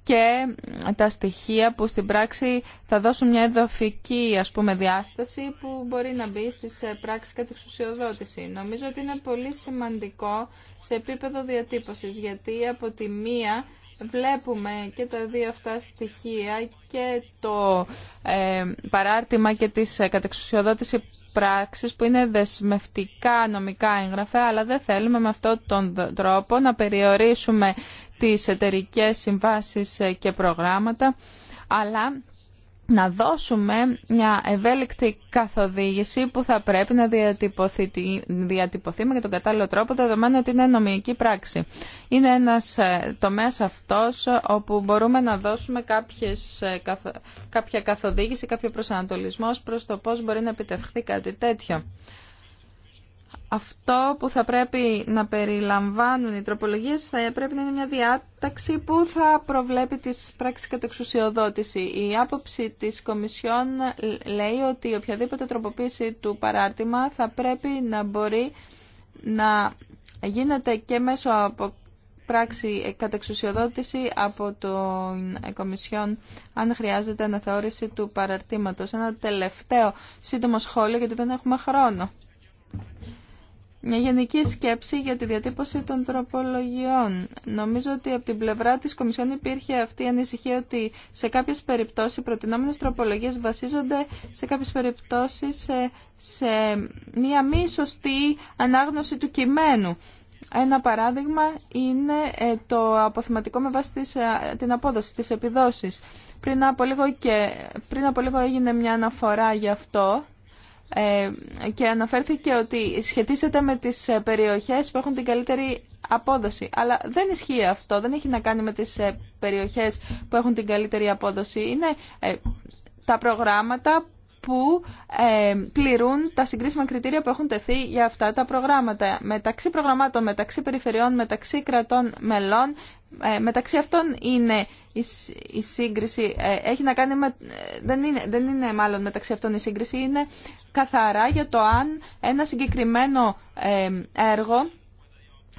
και τα στοιχεία που στην πράξη θα δώσουν μια εδαφική ας πούμε, διάσταση που μπορεί να μπει στις ε, πράξεις κατά εξουσιοδότηση. Νομίζω ότι είναι πολύ σημαντικό σε επίπεδο διατύπωσης γιατί από τη μία βλέπουμε και τα δύο αυτά στοιχεία και το ε, παράρτημα και της ε, κατεξουσιοδότηση πράξης που είναι δεσμευτικά νομικά έγγραφα αλλά δεν θέλουμε με αυτόν τον τρόπο να περιορίσουμε στις εταιρικέ συμβάσεις ε, και προγράμματα, αλλά να δώσουμε μια ευέλικτη καθοδήγηση που θα πρέπει να διατυπωθεί, διατυπωθεί με τον κατάλληλο τρόπο, δεδομένου ότι είναι νομική πράξη. Είναι ένας ε, τομέας αυτός ε, όπου μπορούμε να δώσουμε κάποιες, κάποια καθοδήγηση, κάποιο προσανατολισμό προς το πώς μπορεί να επιτευχθεί κάτι τέτοιο αυτό που θα πρέπει να περιλαμβάνουν οι τροπολογίες θα πρέπει να είναι μια διάταξη που θα προβλέπει τις πράξεις κατεξουσιοδότηση. Η άποψη της Κομισιόν λέει ότι οποιαδήποτε τροποποίηση του παράρτημα θα πρέπει να μπορεί να γίνεται και μέσω από πράξη κατεξουσιοδότηση από τον Κομισιόν αν χρειάζεται αναθεώρηση του παραρτήματος. Ένα τελευταίο σύντομο σχόλιο γιατί δεν έχουμε χρόνο. Μια γενική σκέψη για τη διατύπωση των τροπολογιών. Νομίζω ότι από την πλευρά τη Κομισιόν υπήρχε αυτή η ανησυχία ότι σε κάποιες περιπτώσεις οι προτινόμενε τροπολογίες βασίζονται σε κάποιες περιπτώσεις σε, μια μη σωστή ανάγνωση του κειμένου. Ένα παράδειγμα είναι ε, το αποθυματικό με βάση ε, την απόδοση, τις επιδόσεις. και, πριν από λίγο έγινε μια αναφορά γι' αυτό ε, και αναφέρθηκε ότι σχετίζεται με τις ε, περιοχές που έχουν την καλύτερη απόδοση. Αλλά δεν ισχύει αυτό, δεν έχει να κάνει με τις ε, περιοχές που έχουν την καλύτερη απόδοση. Είναι τα προγράμματα που πληρούν τα συγκρίσιμα κριτήρια που έχουν τεθεί για αυτά τα προγράμματα. Μεταξύ προγραμμάτων, μεταξύ περιφερειών, μεταξύ κρατών μελών, ε, μεταξύ αυτών είναι η σύγκριση. Ε, έχει να κάνει με... Ε, δεν, είναι, δεν είναι μάλλον μεταξύ αυτών η σύγκριση, είναι καθαρά για το αν ένα συγκεκριμένο έργο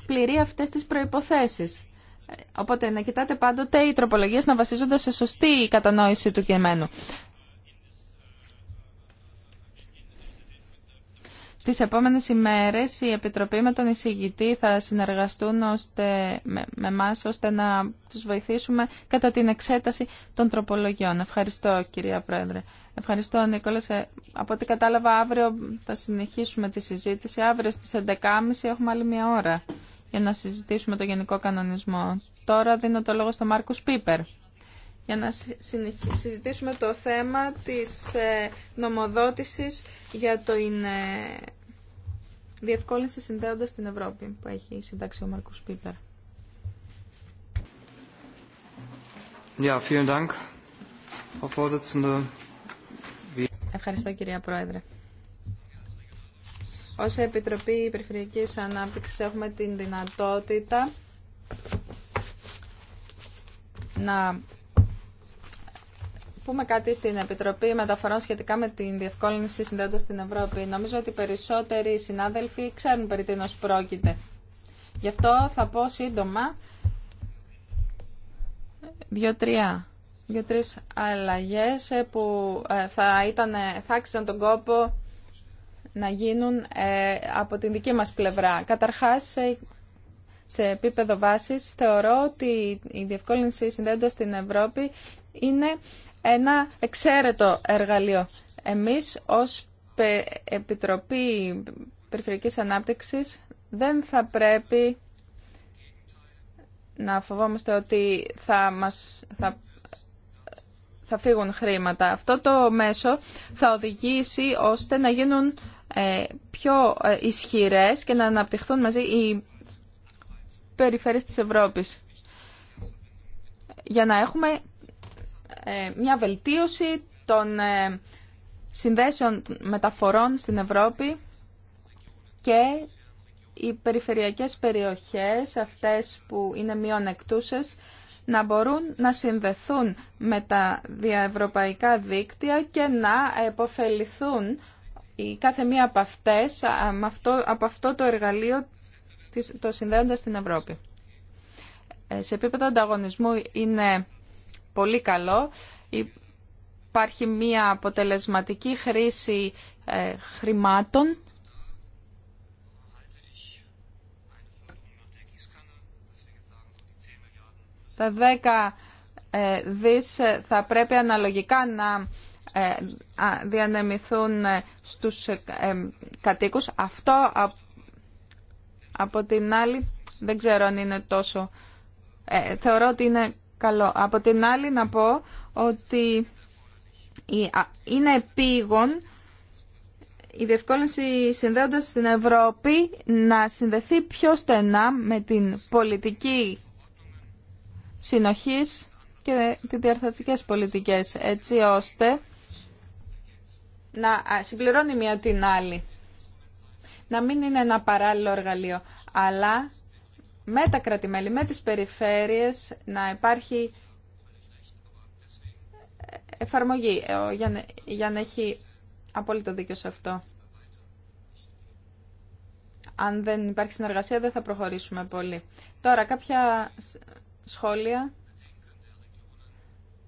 πληρεί αυτές τις προϋποθέσεις. Οπότε να κοιτάτε πάντοτε οι τροπολογίες να βασίζονται σε σωστή κατανόηση του κειμένου. Τις επόμενες ημέρες η Επιτροπή με τον εισηγητή θα συνεργαστούν με, εμά ώστε να τους βοηθήσουμε κατά την εξέταση των τροπολογιών. Ευχαριστώ κυρία Πρόεδρε. Ευχαριστώ Νίκολα. Ε, από ό,τι κατάλαβα αύριο θα συνεχίσουμε τη συζήτηση. Αύριο στις 11.30 έχουμε άλλη μια ώρα για να συζητήσουμε το γενικό κανονισμό. Τώρα δίνω το λόγο στον Μάρκο Πίπερ για να συζητήσουμε το θέμα της ε, νομοδότησης για το είναι διευκόλυνση συνδέοντας την Ευρώπη που έχει συντάξει ο Μαρκούς Πίπερ. Ja, vielen Dank. Ευχαριστώ κυρία Πρόεδρε. Ως Επιτροπή Περιφερειακής Ανάπτυξης έχουμε την δυνατότητα να πούμε κάτι στην Επιτροπή Μεταφορών σχετικά με την διευκόλυνση συνδέοντα στην Ευρώπη. Νομίζω ότι περισσότεροι συνάδελφοι ξέρουν περί τίνο πρόκειται. Γι' αυτό θα πω σύντομα δύο-τρία. δυο αλλαγές που ε, θα, ήταν, θα άξιζαν τον κόπο να γίνουν ε, από την δική μας πλευρά. Καταρχάς, ε, σε επίπεδο βάσης, θεωρώ ότι η διευκόλυνση συνδέοντας στην Ευρώπη είναι ένα εξαίρετο εργαλείο. Εμείς ως Επιτροπή Περιφερειακής Ανάπτυξης δεν θα πρέπει να φοβόμαστε ότι θα, μας, θα, θα φύγουν χρήματα. Αυτό το μέσο θα οδηγήσει ώστε να γίνουν ε, πιο ε, ισχυρές και να αναπτυχθούν μαζί οι περιφέρειες της Ευρώπης. Για να έχουμε ε, μια βελτίωση των ε, συνδέσεων μεταφορών στην Ευρώπη και οι περιφερειακές περιοχές, αυτές που είναι μειονεκτούσες, να μπορούν να συνδεθούν με τα διαευρωπαϊκά δίκτυα και να επωφεληθούν η κάθε μία από αυτές από αυτό το εργαλείο το συνδέοντας στην Ευρώπη. Ε, σε επίπεδο ανταγωνισμού είναι πολύ καλό. Υπάρχει μια αποτελεσματική χρήση ε, χρημάτων. Τα 10 ε, δις ε, θα πρέπει αναλογικά να διανεμηθούν στους κατοίκους. Αυτό από την άλλη δεν ξέρω αν είναι τόσο... Θεωρώ ότι είναι καλό. Από την άλλη να πω ότι είναι επίγον η διευκόλυνση συνδέοντας στην Ευρώπη να συνδεθεί πιο στενά με την πολιτική συνοχής και τις διαρθρωτικές πολιτικές, έτσι ώστε να συμπληρώνει μία την άλλη. Να μην είναι ένα παράλληλο εργαλείο, αλλά με τα κρατημέλη, με τις περιφέρειες να υπάρχει εφαρμογή. Ε, για να έχει απόλυτο δίκιο σε αυτό. Αν δεν υπάρχει συνεργασία δεν θα προχωρήσουμε πολύ. Τώρα κάποια σχόλια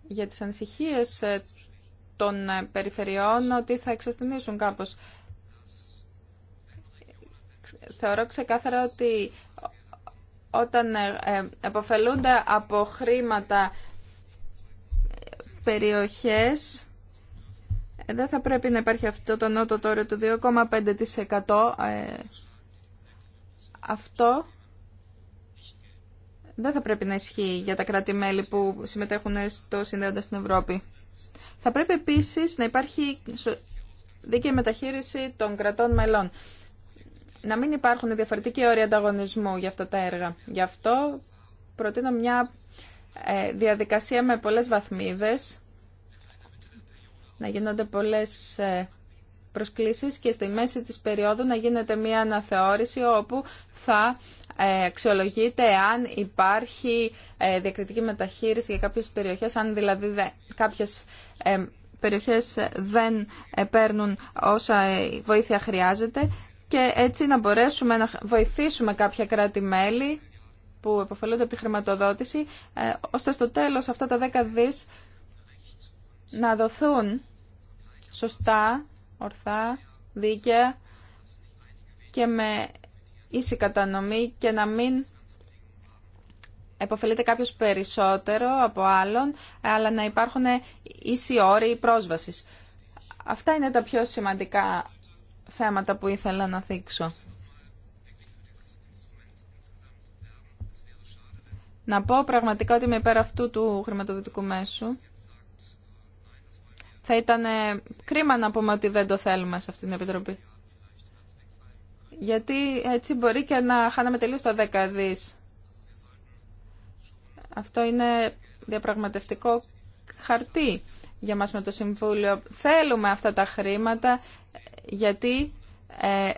για τις ανησυχίες ε, των ε, περιφερειών ότι θα εξασθενήσουν κάπως. Θεωρώ ξεκάθαρα ότι όταν αποφελούνται ε, ε, από χρήματα περιοχές ε, δεν θα πρέπει να υπάρχει αυτό το νότο τώρα του 2,5% αυτό δεν θα πρέπει να ισχύει για τα κράτη-μέλη που συμμετέχουν στο Συνδέοντα στην Ευρώπη. Θα πρέπει επίσης να υπάρχει δίκαιη μεταχείριση των κρατών μελών να μην υπάρχουν διαφορετικοί όροι ανταγωνισμού για αυτά τα έργα. Γι' αυτό προτείνω μια ε, διαδικασία με πολλές βαθμίδες, να γίνονται πολλές ε, προσκλήσεις και στη μέση της περίοδου να γίνεται μια αναθεώρηση όπου θα ε, αξιολογείται αν υπάρχει διακριτική μεταχείριση για κάποιες περιοχές, αν δηλαδή κάποιες περιοχές δεν παίρνουν όσα βοήθεια χρειάζεται και έτσι να μπορέσουμε να βοηθήσουμε κάποια κράτη-μέλη που επωφελούνται από τη χρηματοδότηση, ε, ώστε στο τέλος αυτά τα δέκα δις να δοθούν σωστά, ορθά, δίκαια και με ίση κατανομή και να μην επωφελείται κάποιος περισσότερο από άλλον, αλλά να υπάρχουν ίσοι όροι πρόσβασης. Αυτά είναι τα πιο σημαντικά θέματα που ήθελα να θίξω. Να πω πραγματικά ότι με υπέρ αυτού του χρηματοδοτικού μέσου. Θα ήταν ε, κρίμα να πούμε ότι δεν το θέλουμε σε αυτή την Επιτροπή. Γιατί έτσι μπορεί και να χάναμε τελείως το 10 Αυτό είναι διαπραγματευτικό χαρτί για μας με το Συμβούλιο. Θέλουμε αυτά τα χρήματα, γιατί ε,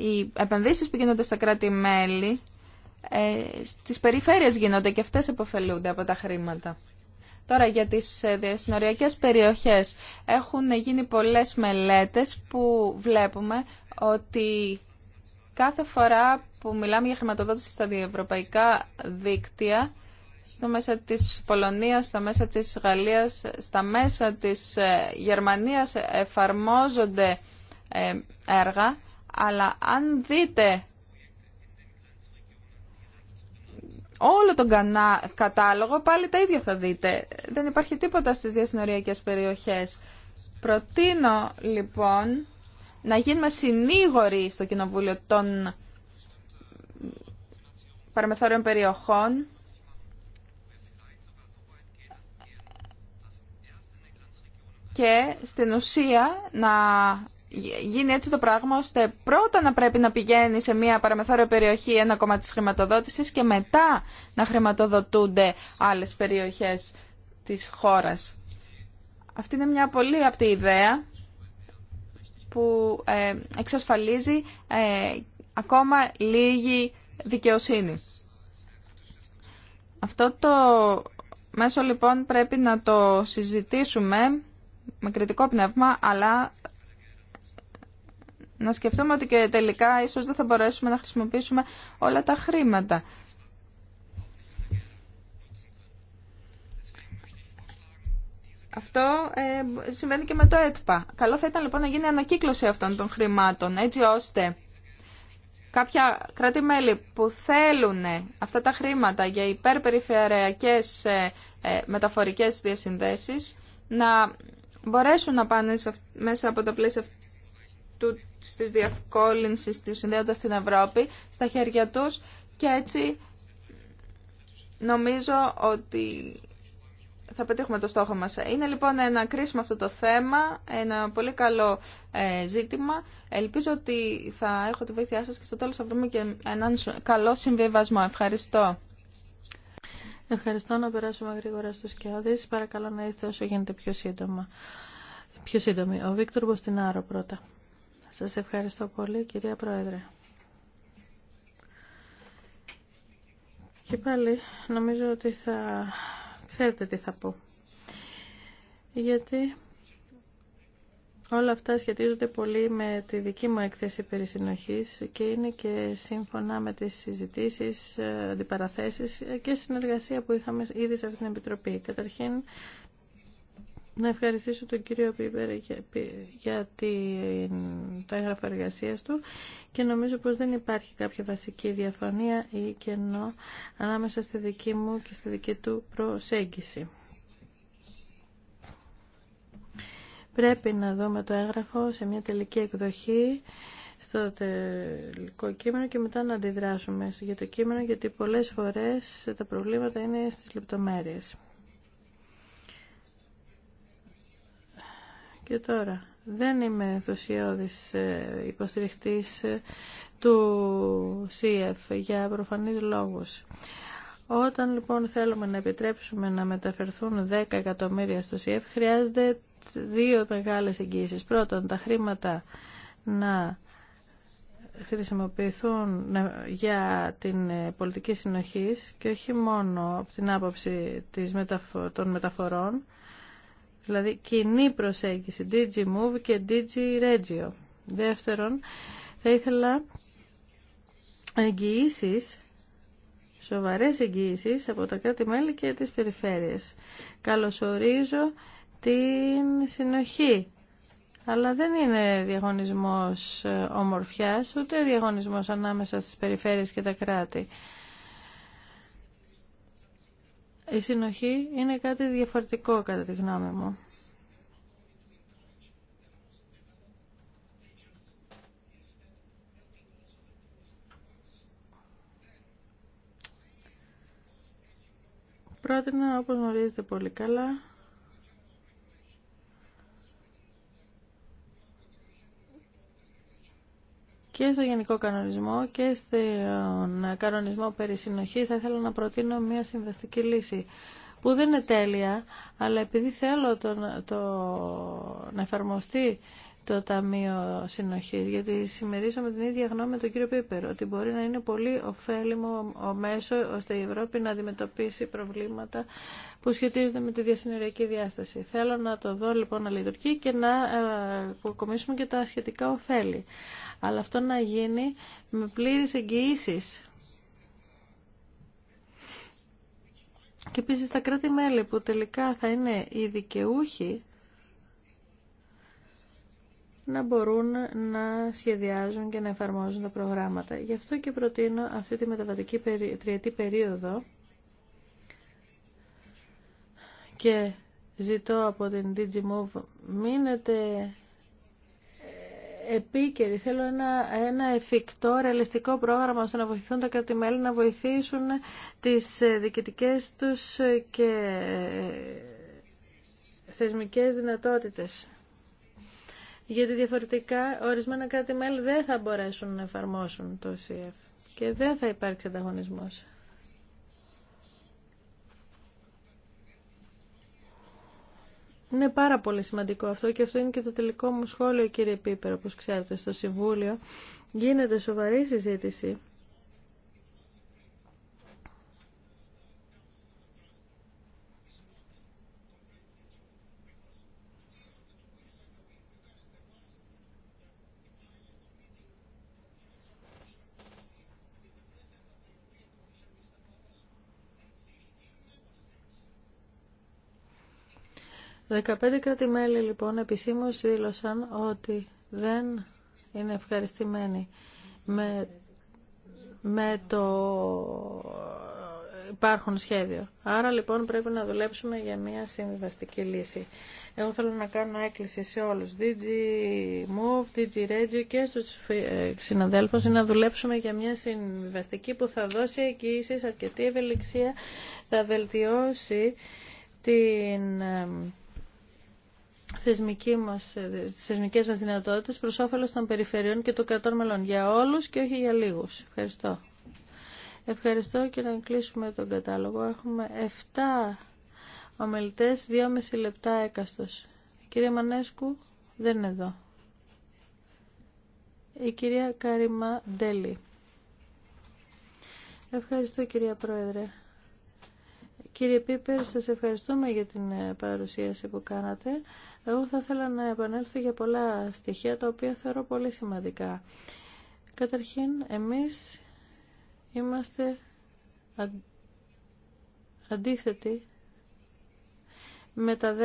οι επενδύσεις που γίνονται στα κράτη-μέλη ε, στις περιφέρειες γίνονται και αυτές επωφελούνται από τα χρήματα. Τώρα για τις ε, συνοριακές περιοχές έχουν γίνει πολλές μελέτες που βλέπουμε ότι κάθε φορά που μιλάμε για χρηματοδότηση στα διευρωπαϊκά δίκτυα, στα μέσα της Πολωνίας, στα μέσα της Γαλλίας, στα μέσα της ε, Γερμανίας εφαρμόζονται ε, έργα, αλλά αν δείτε όλο τον κατάλογο, πάλι τα ίδια θα δείτε. Δεν υπάρχει τίποτα στις διασυνοριακές περιοχές. Προτείνω λοιπόν να γίνουμε συνήγοροι στο Κοινοβούλιο των παραμεθόριων περιοχών και στην ουσία να γίνει έτσι το πράγμα ώστε πρώτα να πρέπει να πηγαίνει σε μια παραμεθόρια περιοχή ένα κόμμα της χρηματοδότησης και μετά να χρηματοδοτούνται άλλες περιοχές της χώρας. Αυτή είναι μια πολύ απτή ιδέα που ε, εξασφαλίζει ε, ακόμα λίγη δικαιοσύνη. Αυτό το μέσο λοιπόν πρέπει να το συζητήσουμε με κριτικό πνεύμα, αλλά να σκεφτούμε ότι και τελικά ίσως δεν θα μπορέσουμε να χρησιμοποιήσουμε όλα τα χρήματα. Αυτό ε, συμβαίνει και με το ΕΤΠΑ. Καλό θα ήταν λοιπόν να γίνει ανακύκλωση αυτών των χρημάτων, έτσι ώστε κάποια κράτη-μέλη που θέλουν αυτά τα χρήματα για υπερπεριφερειακές ε, ε μεταφορικές διασυνδέσεις να μπορέσουν να πάνε μέσα από τα πλαίσια του, της διευκόλυνσης της συνδέοντας την Ευρώπη στα χέρια τους και έτσι νομίζω ότι θα πετύχουμε το στόχο μας. Είναι λοιπόν ένα κρίσιμο αυτό το θέμα, ένα πολύ καλό ε, ζήτημα. Ελπίζω ότι θα έχω τη βοήθειά σας και στο τέλος θα βρούμε και έναν καλό συμβιβασμό. Ευχαριστώ. Ευχαριστώ να περάσουμε γρήγορα στους κοιόδες. Παρακαλώ να είστε όσο γίνεται πιο σύντομα. Πιο σύντομη. Ο Βίκτορ Μποστινάρο πρώτα. Σας ευχαριστώ πολύ κυρία Πρόεδρε. Και πάλι νομίζω ότι θα ξέρετε τι θα πω. Γιατί όλα αυτά σχετίζονται πολύ με τη δική μου έκθεση περί συνοχής και είναι και σύμφωνα με τις συζητήσεις, ε, αντιπαραθέσεις και συνεργασία που είχαμε ήδη σε αυτή την Επιτροπή. Καταρχήν να ευχαριστήσω τον κύριο Πίπερ για το τα έγγραφα εργασία του και νομίζω πως δεν υπάρχει κάποια βασική διαφωνία ή κενό ανάμεσα στη δική μου και στη δική του προσέγγιση. Πρέπει να δούμε το έγγραφο σε μια τελική εκδοχή στο τελικό κείμενο και μετά να αντιδράσουμε για το κείμενο γιατί πολλές φορές τα προβλήματα είναι στις λεπτομέρειες. Και τώρα, δεν είμαι ενθουσιώδης ε, υποστηριχτής ε, του ΣΥΕΦ για προφανείς λόγους. Όταν λοιπόν θέλουμε να επιτρέψουμε να μεταφερθούν 10 εκατομμύρια στο ΣΥΕΦ χρειάζεται δύο μεγάλες εγγύησεις. Πρώτον, τα χρήματα να χρησιμοποιηθούν για την ε, πολιτική συνοχής και όχι μόνο από την άποψη των μεταφορών, δηλαδή κοινή προσέγγιση DG Move και DG Regio. Δεύτερον, θα ήθελα εγγυήσει, σοβαρές εγγυήσει από τα κράτη-μέλη και τις περιφέρειες. Καλωσορίζω την συνοχή αλλά δεν είναι διαγωνισμός ε, ομορφιάς, ούτε διαγωνισμός ανάμεσα στις περιφέρειες και τα κράτη. Η συνοχή είναι κάτι διαφορετικό κατά τη γνώμη μου. Πρότεινα, όπως γνωρίζετε πολύ καλά, και στο Γενικό Κανονισμό και στον Κανονισμό περί συνοχής θα ήθελα να προτείνω μια συμβαστική λύση που δεν είναι τέλεια, αλλά επειδή θέλω το, το να εφαρμοστεί το Ταμείο Συνοχής, γιατί συμμερίζομαι την ίδια γνώμη με τον κύριο Πίπερ, ότι μπορεί να είναι πολύ ωφέλιμο ο μέσο ώστε η Ευρώπη να αντιμετωπίσει προβλήματα που σχετίζονται με τη διασυνοριακή διάσταση. Θέλω να το δω λοιπόν να λειτουργεί και να ε, αποκομίσουμε και τα σχετικά ωφέλη. Αλλά αυτό να γίνει με πλήρε εγγυήσει. Και επίση τα κράτη-μέλη που τελικά θα είναι οι δικαιούχοι να μπορούν να σχεδιάζουν και να εφαρμόζουν τα προγράμματα. Γι' αυτό και προτείνω αυτή τη μεταβατική τριετή περίοδο και ζητώ από την DigiMove μείνετε ε, επίκαιροι. Θέλω ένα, ένα εφικτό, ρεαλιστικό πρόγραμμα ώστε να βοηθούν τα κρατημέλη να βοηθήσουν τις ε, διοικητικές τους και ε, θεσμικές δυνατότητες γιατί διαφορετικά ορισμένα κράτη-μέλη δεν θα μπορέσουν να εφαρμόσουν το CF και δεν θα υπάρξει ανταγωνισμός. Είναι πάρα πολύ σημαντικό αυτό και αυτό είναι και το τελικό μου σχόλιο κύριε Πίπερ, όπως ξέρετε, στο Συμβούλιο γίνεται σοβαρή συζήτηση 15 κράτη-μέλη λοιπόν επισήμως δήλωσαν ότι δεν είναι ευχαριστημένοι με, με το υπάρχουν σχέδιο. Άρα λοιπόν πρέπει να δουλέψουμε για μια συμβιβαστική λύση. Εγώ θέλω να κάνω έκκληση σε όλους, DG Move, DG Regio και στους ε, συναδέλφους να δουλέψουμε για μια συμβιβαστική που θα δώσει εγγύηση αρκετή ευελιξία, θα βελτιώσει την ε, θεσμική μας, ε, τις θεσμικές μας δυνατότητες προς όφελος των περιφερειών και των κρατών μελών. Για όλους και όχι για λίγους. Ευχαριστώ. Ευχαριστώ και να κλείσουμε τον κατάλογο. Έχουμε 7 ομιλητές, 2,5 λεπτά έκαστος. Η κυρία Μανέσκου δεν είναι εδώ. Η κυρία Κάριμα Ντέλη. Ευχαριστώ κυρία Πρόεδρε. Κύριε Πίπερ, σας ευχαριστούμε για την ε, παρουσίαση που κάνατε. Εγώ θα ήθελα να επανέλθω για πολλά στοιχεία τα οποία θεωρώ πολύ σημαντικά. Καταρχήν, εμείς είμαστε αντίθετοι με τα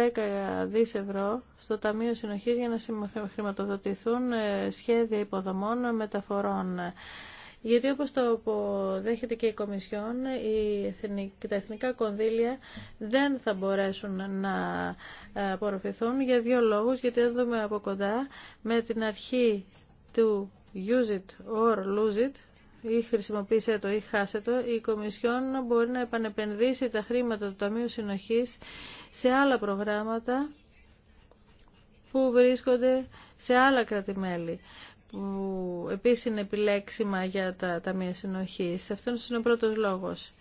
10 δις ευρώ στο Ταμείο Συνοχής για να χρηματοδοτηθούν ε, σχέδια υποδομών μεταφορών γιατί όπως το αποδέχεται και η Κομισιόν, τα εθνικά κονδύλια δεν θα μπορέσουν να απορροφηθούν για δύο λόγους, γιατί αν δούμε από κοντά με την αρχή του use it or lose it, ή χρησιμοποίησε το ή χάσε το, η Κομισιόν μπορεί να επανεπενδύσει τα χρήματα του Ταμείου Συνοχής σε άλλα προγράμματα που βρίσκονται σε άλλα κρατημέλη που επίσης είναι επιλέξιμα για τα ταμεία συνοχής. Αυτό είναι ο πρώτος λόγος.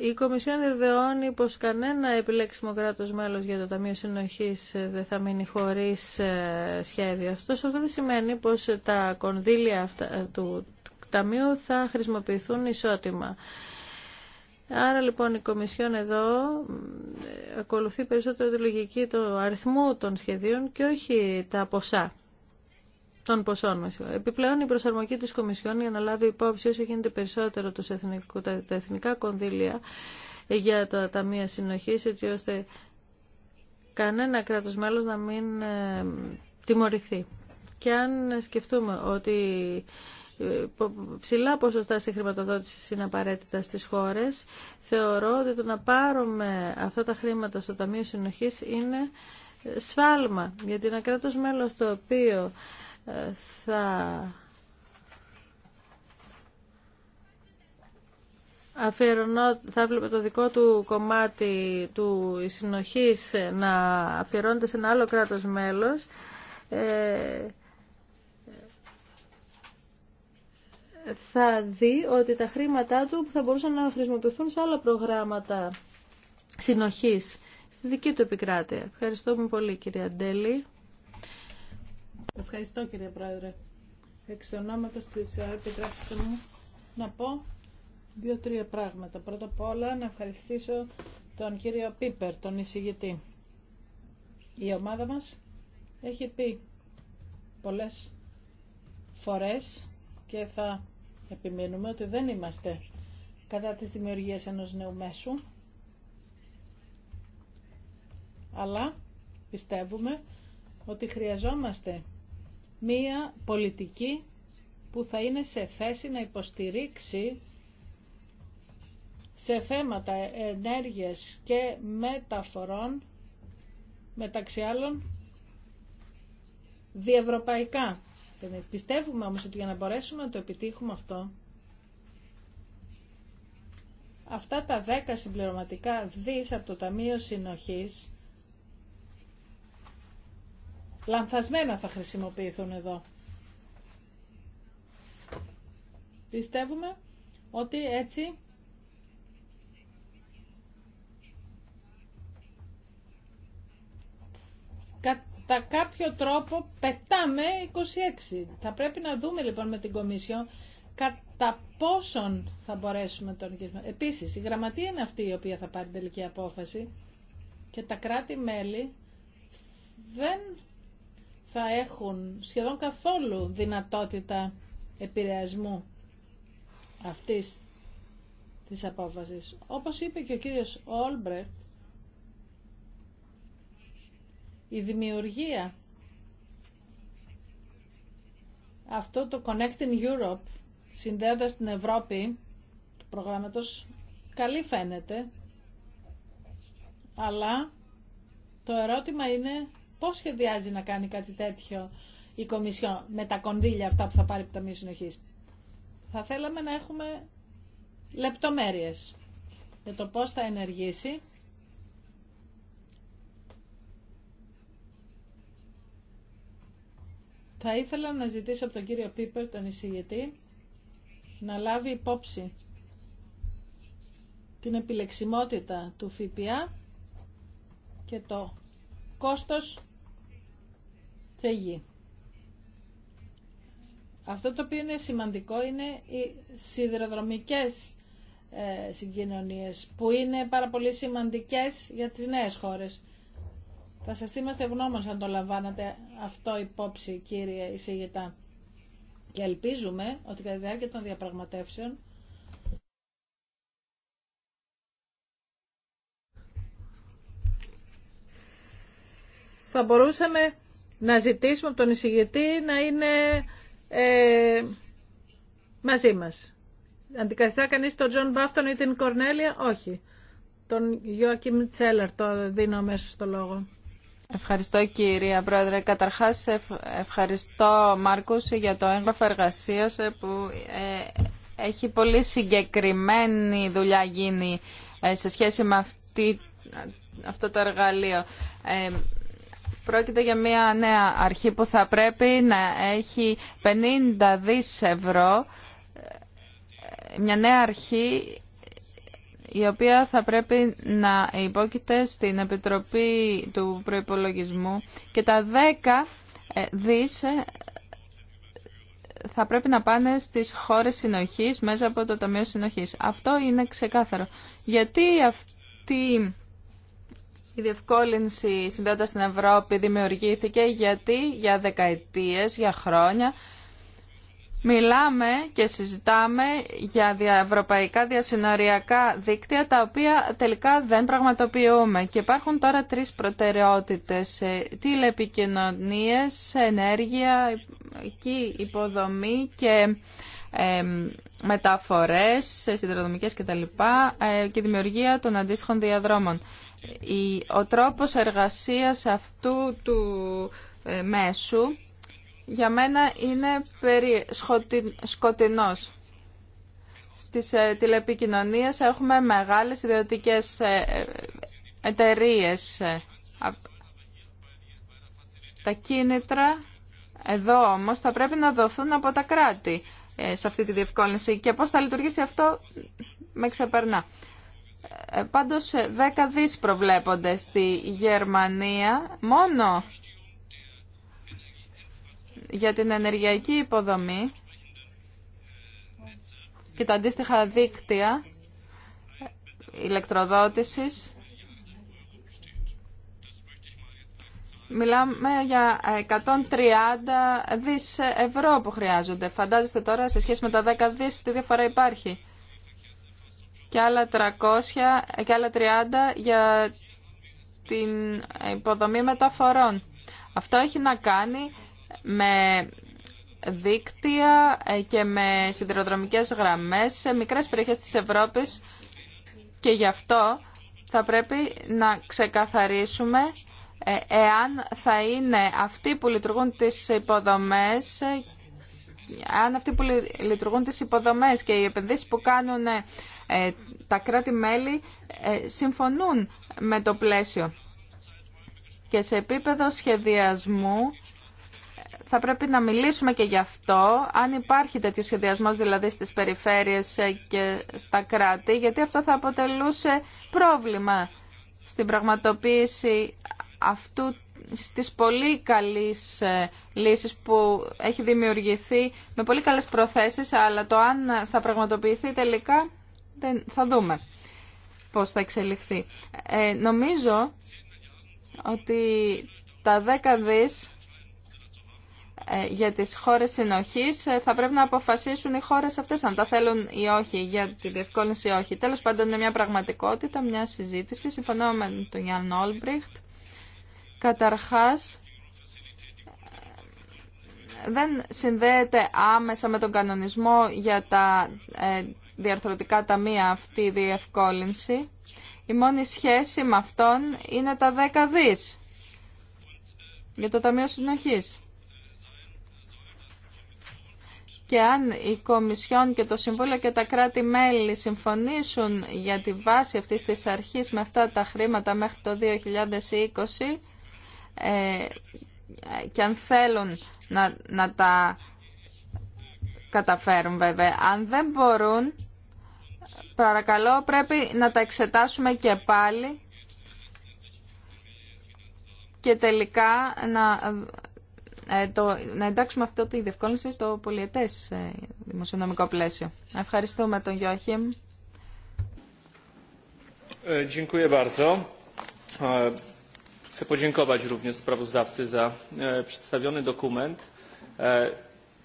Η Κομισιόν βεβαιώνει πως κανένα επιλέξιμο κράτος μέλος για το Ταμείο Συνοχής ε, δεν θα μείνει χωρίς ε, σχέδιο. αυτό δεν σημαίνει πως τα κονδύλια ε, του Ταμείου θα χρησιμοποιηθούν ισότιμα. Άρα λοιπόν η Κομισιόν εδώ ακολουθεί περισσότερο τη λογική του αριθμού των σχεδίων και όχι τα ποσά των ποσών Επιπλέον, η προσαρμογή της Κομισιόν για να λάβει υπόψη όσο γίνεται περισσότερο τα, τα εθνικά κονδύλια για τα ταμεία συνοχής, έτσι ώστε κανένα κράτος μέλος να μην ε, τιμωρηθεί. Και αν σκεφτούμε ότι ε, ψηλά ποσοστά σε χρηματοδότηση είναι απαραίτητα στις χώρες, θεωρώ ότι το να πάρουμε αυτά τα χρήματα στο Ταμείο Συνοχής είναι ε, σφάλμα, γιατί ένα κράτος μέλος το οποίο θα αφιερωνό, θα έβλεπε το δικό του κομμάτι του συνοχής να αφιερώνεται σε ένα άλλο κράτος μέλος, ε, θα δει ότι τα χρήματά του θα μπορούσαν να χρησιμοποιηθούν σε άλλα προγράμματα συνοχής στη δική του επικράτεια. Ευχαριστώ πολύ κυρία Ντέλη. Ευχαριστώ κύριε Πρόεδρε. Εξ ονόματος της επιτρέψτε μου να πω δύο-τρία πράγματα. Πρώτα απ' όλα να ευχαριστήσω τον κύριο Πίπερ, τον εισηγητή. Η ομάδα μας έχει πει πολλές φορές και θα επιμείνουμε ότι δεν είμαστε κατά της δημιουργίας ενός νέου μέσου, αλλά πιστεύουμε ότι χρειαζόμαστε μία πολιτική που θα είναι σε θέση να υποστηρίξει σε θέματα ενέργειας και μεταφορών, μεταξύ άλλων, διευρωπαϊκά. Ε, πιστεύουμε όμως ότι για να μπορέσουμε να το επιτύχουμε αυτό, αυτά τα δέκα συμπληρωματικά δις από το Ταμείο Συνοχής λανθασμένα θα χρησιμοποιηθούν εδώ. Πιστεύουμε ότι έτσι κατά κάποιο τρόπο πετάμε 26. Θα πρέπει να δούμε λοιπόν με την Κομίσιο κατά πόσον θα μπορέσουμε τον το Επίσης, η γραμματεία είναι αυτή η οποία θα πάρει την τελική απόφαση και τα κράτη-μέλη δεν θα έχουν σχεδόν καθόλου δυνατότητα επηρεασμού αυτής της απόφασης. Όπως είπε και ο κύριος Όλμπρεχτ, η δημιουργία αυτό το Connecting Europe, συνδέοντας την Ευρώπη του προγράμματος, καλή φαίνεται, αλλά το ερώτημα είναι πώς σχεδιάζει να κάνει κάτι τέτοιο η Κομισιό με τα κονδύλια αυτά που θα πάρει από τα μη Θα θέλαμε να έχουμε λεπτομέρειες για το πώς θα ενεργήσει. Θα ήθελα να ζητήσω από τον κύριο Πίπερ, τον εισηγητή, να λάβει υπόψη την επιλεξιμότητα του ΦΠΑ και το κόστος αυτό το οποίο είναι σημαντικό είναι οι σιδηροδρομικές ε, συγκοινωνίες που είναι πάρα πολύ σημαντικές για τις νέες χώρες. Θα σας είμαστε ευγνώμονες αν το λαμβάνατε αυτό υπόψη κύριε εισηγητά. Και ελπίζουμε ότι κατά τη διάρκεια των διαπραγματεύσεων θα μπορούσαμε να ζητήσουμε από τον εισηγητή να είναι ε, μαζί μας. Αντικαθιστά κανείς τον Τζον Μπάφτον ή την Κορνέλια, όχι. Τον Γιώκιμ Τσέλλαρ το δίνω μέσα στο λόγο. Ευχαριστώ κυρία Πρόεδρε. Καταρχάς ευχαριστώ Μάρκους για το έγγραφο εργασίας ε, που ε, έχει πολύ συγκεκριμένη δουλειά γίνει ε, σε σχέση με αυτή, αυτό το εργαλείο. Πρόκειται για μια νέα αρχή που θα πρέπει να έχει 50 δις ευρώ. Μια νέα αρχή η οποία θα πρέπει να υπόκειται στην Επιτροπή του Προϋπολογισμού και τα 10 ε, δις ε, θα πρέπει να πάνε στις χώρες συνοχής μέσα από το Ταμείο Συνοχής. Αυτό είναι ξεκάθαρο. Γιατί αυτή η διευκόλυνση συνδέοντας στην Ευρώπη δημιουργήθηκε γιατί για δεκαετίες, για χρόνια μιλάμε και συζητάμε για ευρωπαϊκά διασυνοριακά δίκτυα τα οποία τελικά δεν πραγματοποιούμε. Και υπάρχουν τώρα τρεις προτεραιότητες. Ε, τηλεπικοινωνίες, ενέργεια, υποδομή και μεταφορές, ε, συνδρομικές κτλ. Ε, και δημιουργία των αντίστοιχων διαδρόμων ο τρόπος εργασίας αυτού του ε, μέσου για μένα είναι περί... σκοτεινός. Στις ε, τηλεπικοινωνίες έχουμε μεγάλες ιδιωτικές ε, εταιρείες. Τα κίνητρα εδώ όμως θα πρέπει να δοθούν από τα κράτη σε αυτή τη διευκόλυνση. Και πώς θα λειτουργήσει αυτό με ξεπερνά. Ε, πάντως 10 ε, δις προβλέπονται στη Γερμανία μόνο για την ενεργειακή υποδομή και τα αντίστοιχα δίκτυα ηλεκτροδότησης. Μιλάμε για 130 δις ευρώ που χρειάζονται. Φαντάζεστε τώρα σε σχέση με τα 10 δις τι διαφορά υπάρχει και άλλα 300 και άλλα 30 για την υποδομή μεταφορών. Αυτό έχει να κάνει με δίκτυα ε, και με σιδηροδρομικές γραμμές σε μικρές περιοχές της Ευρώπης και γι' αυτό θα πρέπει να ξεκαθαρίσουμε ε, εάν θα είναι αυτοί που λειτουργούν τις υποδομές αν ε, αυτοί που λειτουργούν τις υποδομές και οι επενδύσεις που κάνουν ε, τα κράτη-μέλη ε, συμφωνούν με το πλαίσιο. Και σε επίπεδο σχεδιασμού θα πρέπει να μιλήσουμε και γι' αυτό, αν υπάρχει τέτοιο σχεδιασμός δηλαδή στις περιφέρειες ε, και στα κράτη, γιατί αυτό θα αποτελούσε πρόβλημα στην πραγματοποίηση αυτού της πολύ καλής λύσης που έχει δημιουργηθεί με πολύ καλές προθέσεις, αλλά το αν θα πραγματοποιηθεί τελικά δεν, θα δούμε πώς θα εξελιχθεί. Ε, νομίζω ότι τα δέκα δις ε, για τις χώρες συνοχής ε, θα πρέπει να αποφασίσουν οι χώρες αυτές αν τα θέλουν ή όχι για τη διευκόλυνση ή όχι. Τέλος πάντων είναι μια πραγματικότητα, μια συζήτηση. Συμφωνώ με τον Γιάνν Όλμπριχτ. Καταρχάς δεν συνδέεται άμεσα με τον κανονισμό για τα ε, διαρθρωτικά ταμεία αυτή η διευκόλυνση. Η μόνη σχέση με αυτόν είναι τα 10 δις για το Ταμείο Συνοχής. Και αν η Κομισιόν και το Συμβούλιο και τα κράτη-μέλη συμφωνήσουν για τη βάση αυτής της αρχής με αυτά τα χρήματα μέχρι το 2020 ε, και αν θέλουν να, να τα καταφέρουν βέβαια. Αν δεν μπορούν, παρακαλώ πρέπει να τα εξετάσουμε και πάλι και τελικά να, ε, το, να εντάξουμε αυτό τη διευκόλυνση στο πολιετές ε, δημοσιονομικό πλαίσιο. Ευχαριστούμε τον Γιώχημ. Ε, dziękuję bardzo. Ε, chcę podziękować również sprawozdawcy za ε, przedstawiony dokument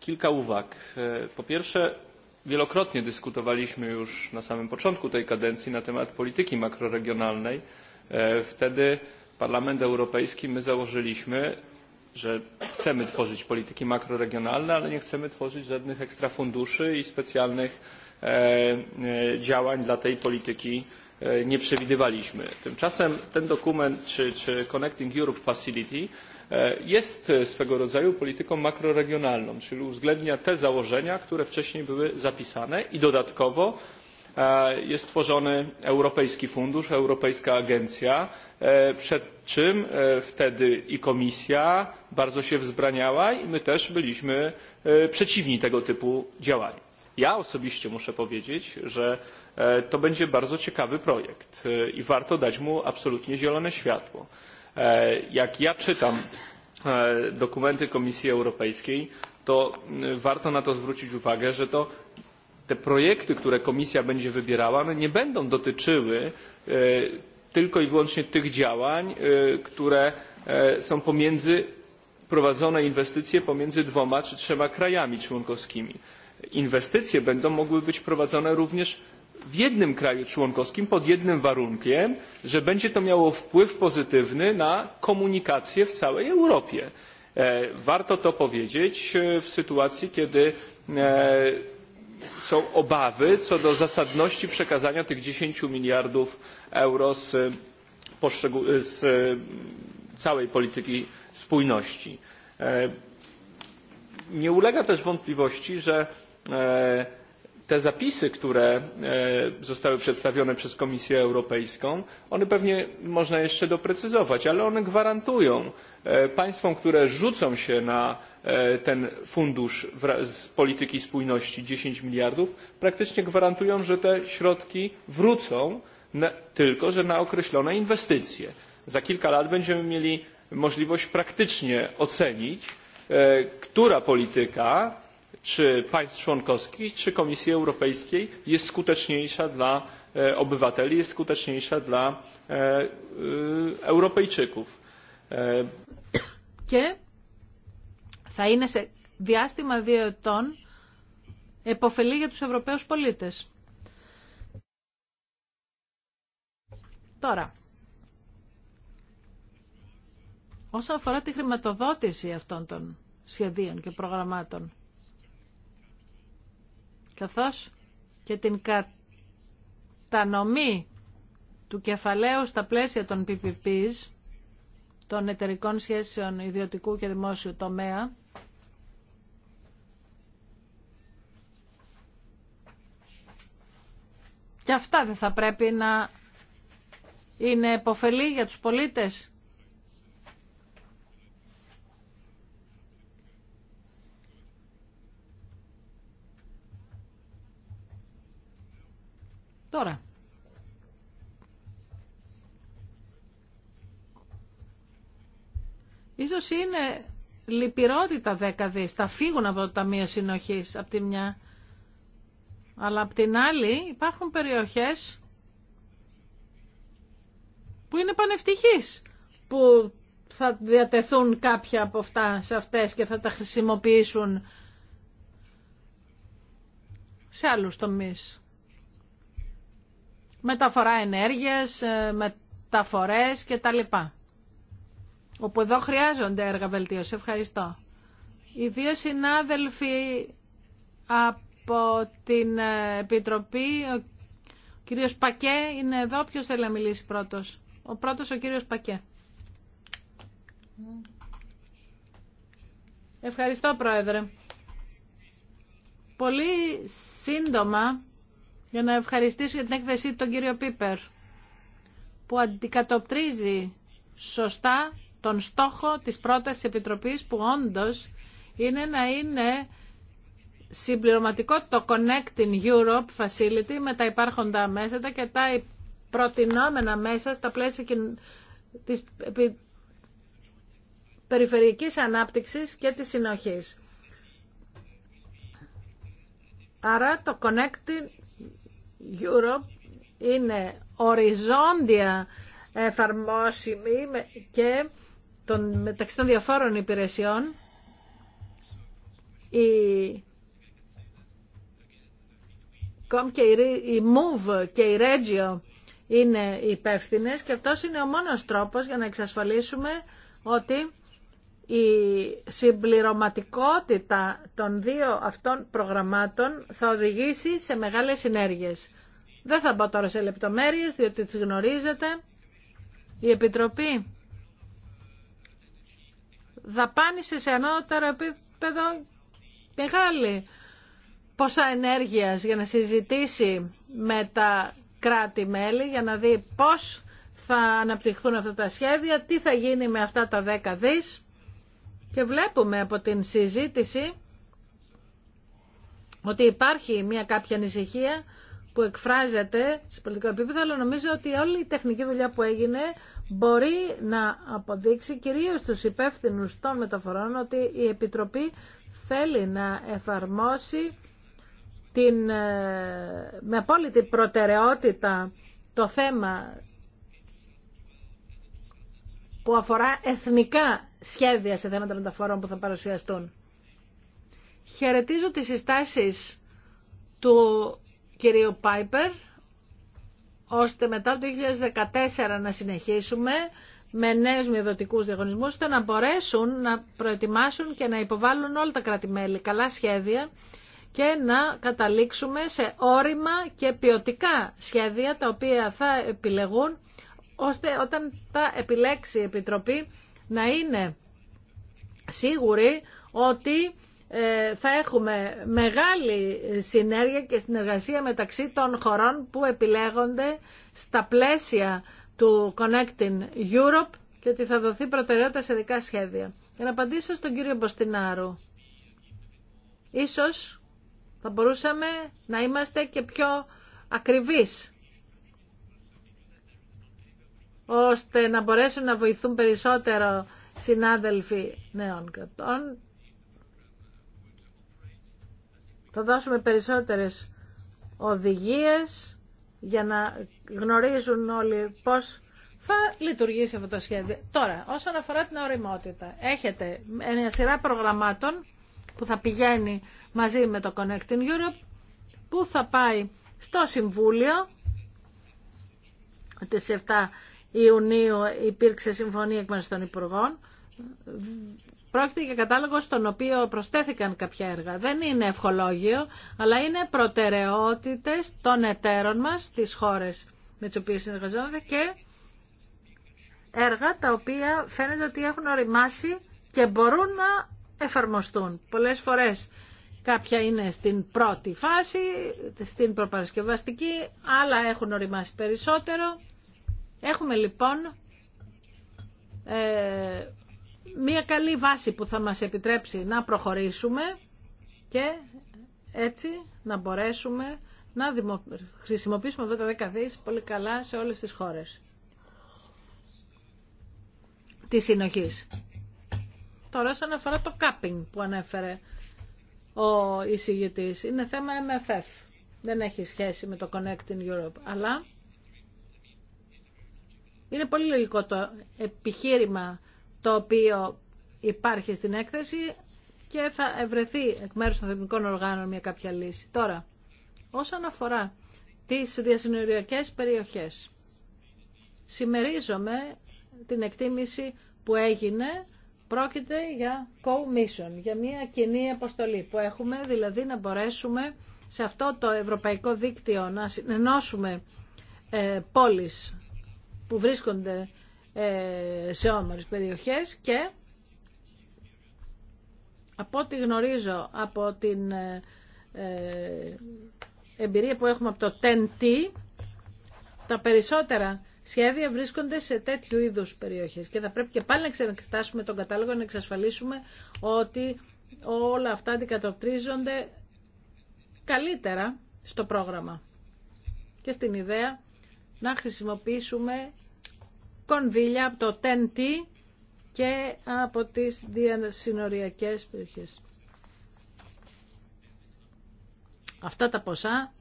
kilka uwag. Po pierwsze, wielokrotnie dyskutowaliśmy już na samym początku tej kadencji na temat polityki makroregionalnej. Wtedy Parlament Europejski my założyliśmy, że chcemy tworzyć polityki makroregionalne, ale nie chcemy tworzyć żadnych ekstrafunduszy i specjalnych działań dla tej polityki nie przewidywaliśmy. Tymczasem ten dokument, czy Connecting Europe Facility, jest swego rodzaju polityką makroregionalną, czyli uwzględnia te założenia, które wcześniej były zapisane i dodatkowo jest tworzony Europejski Fundusz, Europejska Agencja, przed czym wtedy i Komisja bardzo się wzbraniała i my też byliśmy przeciwni tego typu działaniom. Ja osobiście muszę powiedzieć, że to będzie bardzo ciekawy projekt i warto dać mu absolutnie zielone światło. Jak ja czytam dokumenty Komisji Europejskiej, to warto na to zwrócić uwagę, że to te projekty, które Komisja będzie wybierała, nie będą dotyczyły tylko i wyłącznie tych działań, które są pomiędzy prowadzone inwestycje pomiędzy dwoma czy trzema krajami członkowskimi. Inwestycje będą mogły być prowadzone również w jednym kraju członkowskim pod jednym warunkiem że będzie to miało wpływ pozytywny na komunikację w całej europie. warto to powiedzieć w sytuacji kiedy są obawy co do zasadności przekazania tych dziesięć miliardów euro z całej polityki spójności. nie ulega też wątpliwości że te zapisy, które zostały przedstawione przez Komisję Europejską, one pewnie można jeszcze doprecyzować, ale one gwarantują państwom, które rzucą się na ten fundusz z polityki spójności 10 miliardów, praktycznie gwarantują, że te środki wrócą tylko, że na określone inwestycje. Za kilka lat będziemy mieli możliwość praktycznie ocenić, która polityka czy państw członkowskich czy Komisji Europejskiej jest skuteczniejsza dla e, obywateli, jest skuteczniejsza dla e, e, Europejczyków. Και θα είναι σε διάστημα δύο ετών επωφελή για τους Ευρωπαίους πολίτες. Τώρα, όσον αφορά τη χρηματοδότηση αυτών των σχεδίων και προγραμμάτων, καθώς και την κατανομή του κεφαλαίου στα πλαίσια των PPPs, των εταιρικών σχέσεων ιδιωτικού και δημόσιου τομέα, Και αυτά δεν θα πρέπει να είναι επωφελή για τους πολίτες. Τώρα, ίσως είναι λυπηρότητα δέκα δις. Θα φύγουν από το Ταμείο Συνοχής από τη μια. Αλλά από την άλλη υπάρχουν περιοχές που είναι πανευτυχείς που θα διατεθούν κάποια από αυτά σε αυτές και θα τα χρησιμοποιήσουν σε άλλους τομείς μεταφορά ενέργειας, ε, μεταφορές λοιπά. Όπου εδώ χρειάζονται έργα βελτίωση. Ευχαριστώ. Οι δύο συνάδελφοι από την ε, Επιτροπή, ο κύριος Πακέ είναι εδώ. Ποιος θέλει να μιλήσει πρώτος. Ο πρώτος ο κύριος Πακέ. Ευχαριστώ, Πρόεδρε. Πολύ σύντομα για να ευχαριστήσω για την έκθεσή τον κύριο Πίπερ που αντικατοπτρίζει σωστά τον στόχο της πρότασης Επιτροπής που όντως είναι να είναι συμπληρωματικό το Connecting Europe Facility με τα υπάρχοντα μέσα τα και τα προτινόμενα μέσα στα πλαίσια της περιφερειακής ανάπτυξης και της συνοχής. Άρα το Connecting Europe είναι οριζόντια εφαρμόσιμη και των, μεταξύ των διαφόρων υπηρεσιών η COM και η MOVE και η REGIO είναι υπεύθυνε και αυτός είναι ο μόνος τρόπος για να εξασφαλίσουμε ότι η συμπληρωματικότητα των δύο αυτών προγραμμάτων θα οδηγήσει σε μεγάλες συνέργειες. Δεν θα μπω τώρα σε λεπτομέρειες, διότι τις γνωρίζετε. Η Επιτροπή δαπάνησε σε ανώτερο επίπεδο μεγάλη πόσα ενέργειας για να συζητήσει με τα κράτη-μέλη, για να δει πώς θα αναπτυχθούν αυτά τα σχέδια, τι θα γίνει με αυτά τα δέκα δις. Και βλέπουμε από την συζήτηση ότι υπάρχει μια κάποια ανησυχία που εκφράζεται σε πολιτικό επίπεδο, αλλά νομίζω ότι όλη η τεχνική δουλειά που έγινε μπορεί να αποδείξει κυρίως τους υπεύθυνους των μεταφορών ότι η Επιτροπή θέλει να εφαρμόσει την, ε, με απόλυτη προτεραιότητα το θέμα που αφορά εθνικά σχέδια σε θέματα μεταφορών που θα παρουσιαστούν. Χαιρετίζω τις συστάσεις του κυρίου Πάιπερ, ώστε μετά το 2014 να συνεχίσουμε με νέους μειοδοτικούς διαγωνισμούς, ώστε να μπορέσουν να προετοιμάσουν και να υποβάλουν όλα τα κρατημέλη καλά σχέδια και να καταλήξουμε σε όριμα και ποιοτικά σχέδια τα οποία θα επιλεγούν ώστε όταν τα επιλέξει η Επιτροπή να είναι σίγουροι ότι ε, θα έχουμε μεγάλη συνέργεια και συνεργασία μεταξύ των χωρών που επιλέγονται στα πλαίσια του Connecting Europe και ότι θα δοθεί προτεραιότητα σε δικά σχέδια. Για να απαντήσω στον κύριο Μποστινάρου. Ίσως θα μπορούσαμε να είμαστε και πιο ακριβείς ώστε να μπορέσουν να βοηθούν περισσότερο συνάδελφοι νέων κατών. Θα δώσουμε περισσότερες οδηγίες για να γνωρίζουν όλοι πώς θα λειτουργήσει αυτό το σχέδιο. Τώρα, όσον αφορά την οριμότητα, έχετε μια σειρά προγραμμάτων που θα πηγαίνει μαζί με το Connecting Europe, που θα πάει στο Συμβούλιο τις 7 Ιουνίου υπήρξε συμφωνία εκ μέρους των Υπουργών. Πρόκειται για κατάλογο στον οποίο προσθέθηκαν κάποια έργα. Δεν είναι ευχολόγιο, αλλά είναι προτεραιότητες των εταίρων μας τις χώρες με τις οποίες συνεργαζόμαστε και έργα τα οποία φαίνεται ότι έχουν οριμάσει και μπορούν να εφαρμοστούν. Πολλές φορές κάποια είναι στην πρώτη φάση, στην προπαρασκευαστική, άλλα έχουν οριμάσει περισσότερο Έχουμε λοιπόν ε, μία καλή βάση που θα μας επιτρέψει να προχωρήσουμε και έτσι να μπορέσουμε να χρησιμοποιήσουμε αυτά τα δέκα πολύ καλά σε όλες τις χώρες της συνοχής. Τώρα να αφορά το κάπινγκ που ανέφερε ο εισηγητής, είναι θέμα MFF. Δεν έχει σχέση με το Connecting Europe, αλλά είναι πολύ λογικό το επιχείρημα το οποίο υπάρχει στην έκθεση και θα ευρεθεί εκ μέρους των θετικών οργάνων μια κάποια λύση. Τώρα, όσον αφορά τις διασυνοριακές περιοχές, συμμερίζομαι την εκτίμηση που έγινε πρόκειται για co-mission, για μια κοινή αποστολή που έχουμε, δηλαδή να μπορέσουμε σε αυτό το ευρωπαϊκό δίκτυο να συνενώσουμε ε, πόλεις που βρίσκονται ε, σε όμορες περιοχές και από ό,τι γνωρίζω από την ε, ε, εμπειρία που έχουμε από το TEN-T, τα περισσότερα σχέδια βρίσκονται σε τέτοιου είδους περιοχές και θα πρέπει και πάλι να εξετάσουμε τον κατάλογο να εξασφαλίσουμε ότι όλα αυτά αντικατοπτρίζονται καλύτερα στο πρόγραμμα και στην ιδέα να χρησιμοποιήσουμε κονδύλια από το TNT και από τις διασυνοριακές περιοχές. Αυτά τα ποσά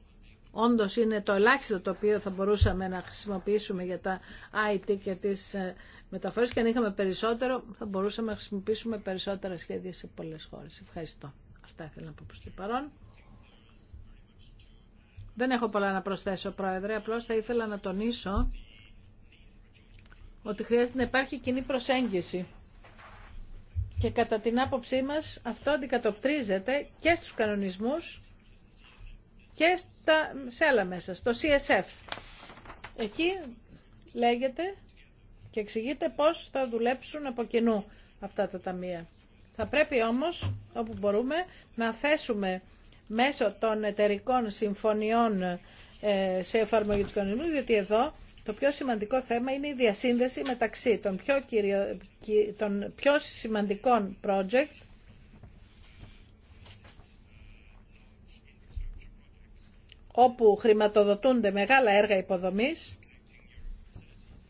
όντως είναι το ελάχιστο το οποίο θα μπορούσαμε να χρησιμοποιήσουμε για τα IT και τις ε, μεταφορές και αν είχαμε περισσότερο θα μπορούσαμε να χρησιμοποιήσουμε περισσότερα σχέδια σε πολλές χώρες. Ευχαριστώ. Αυτά ήθελα να πω προς το παρόν. Δεν έχω πολλά να προσθέσω, Πρόεδρε. Απλώς θα ήθελα να τονίσω ότι χρειάζεται να υπάρχει κοινή προσέγγιση. Και κατά την άποψή μας αυτό αντικατοπτρίζεται και στους κανονισμούς και στα, σε άλλα μέσα, στο CSF. Εκεί λέγεται και εξηγείται πώς θα δουλέψουν από κοινού αυτά τα ταμεία. Θα πρέπει όμως, όπου μπορούμε, να θέσουμε μέσω των εταιρικών συμφωνιών ε, σε εφαρμογή του κανονισμού, διότι εδώ το πιο σημαντικό θέμα είναι η διασύνδεση μεταξύ των πιο, κυριο... των πιο σημαντικών project όπου χρηματοδοτούνται μεγάλα έργα υποδομής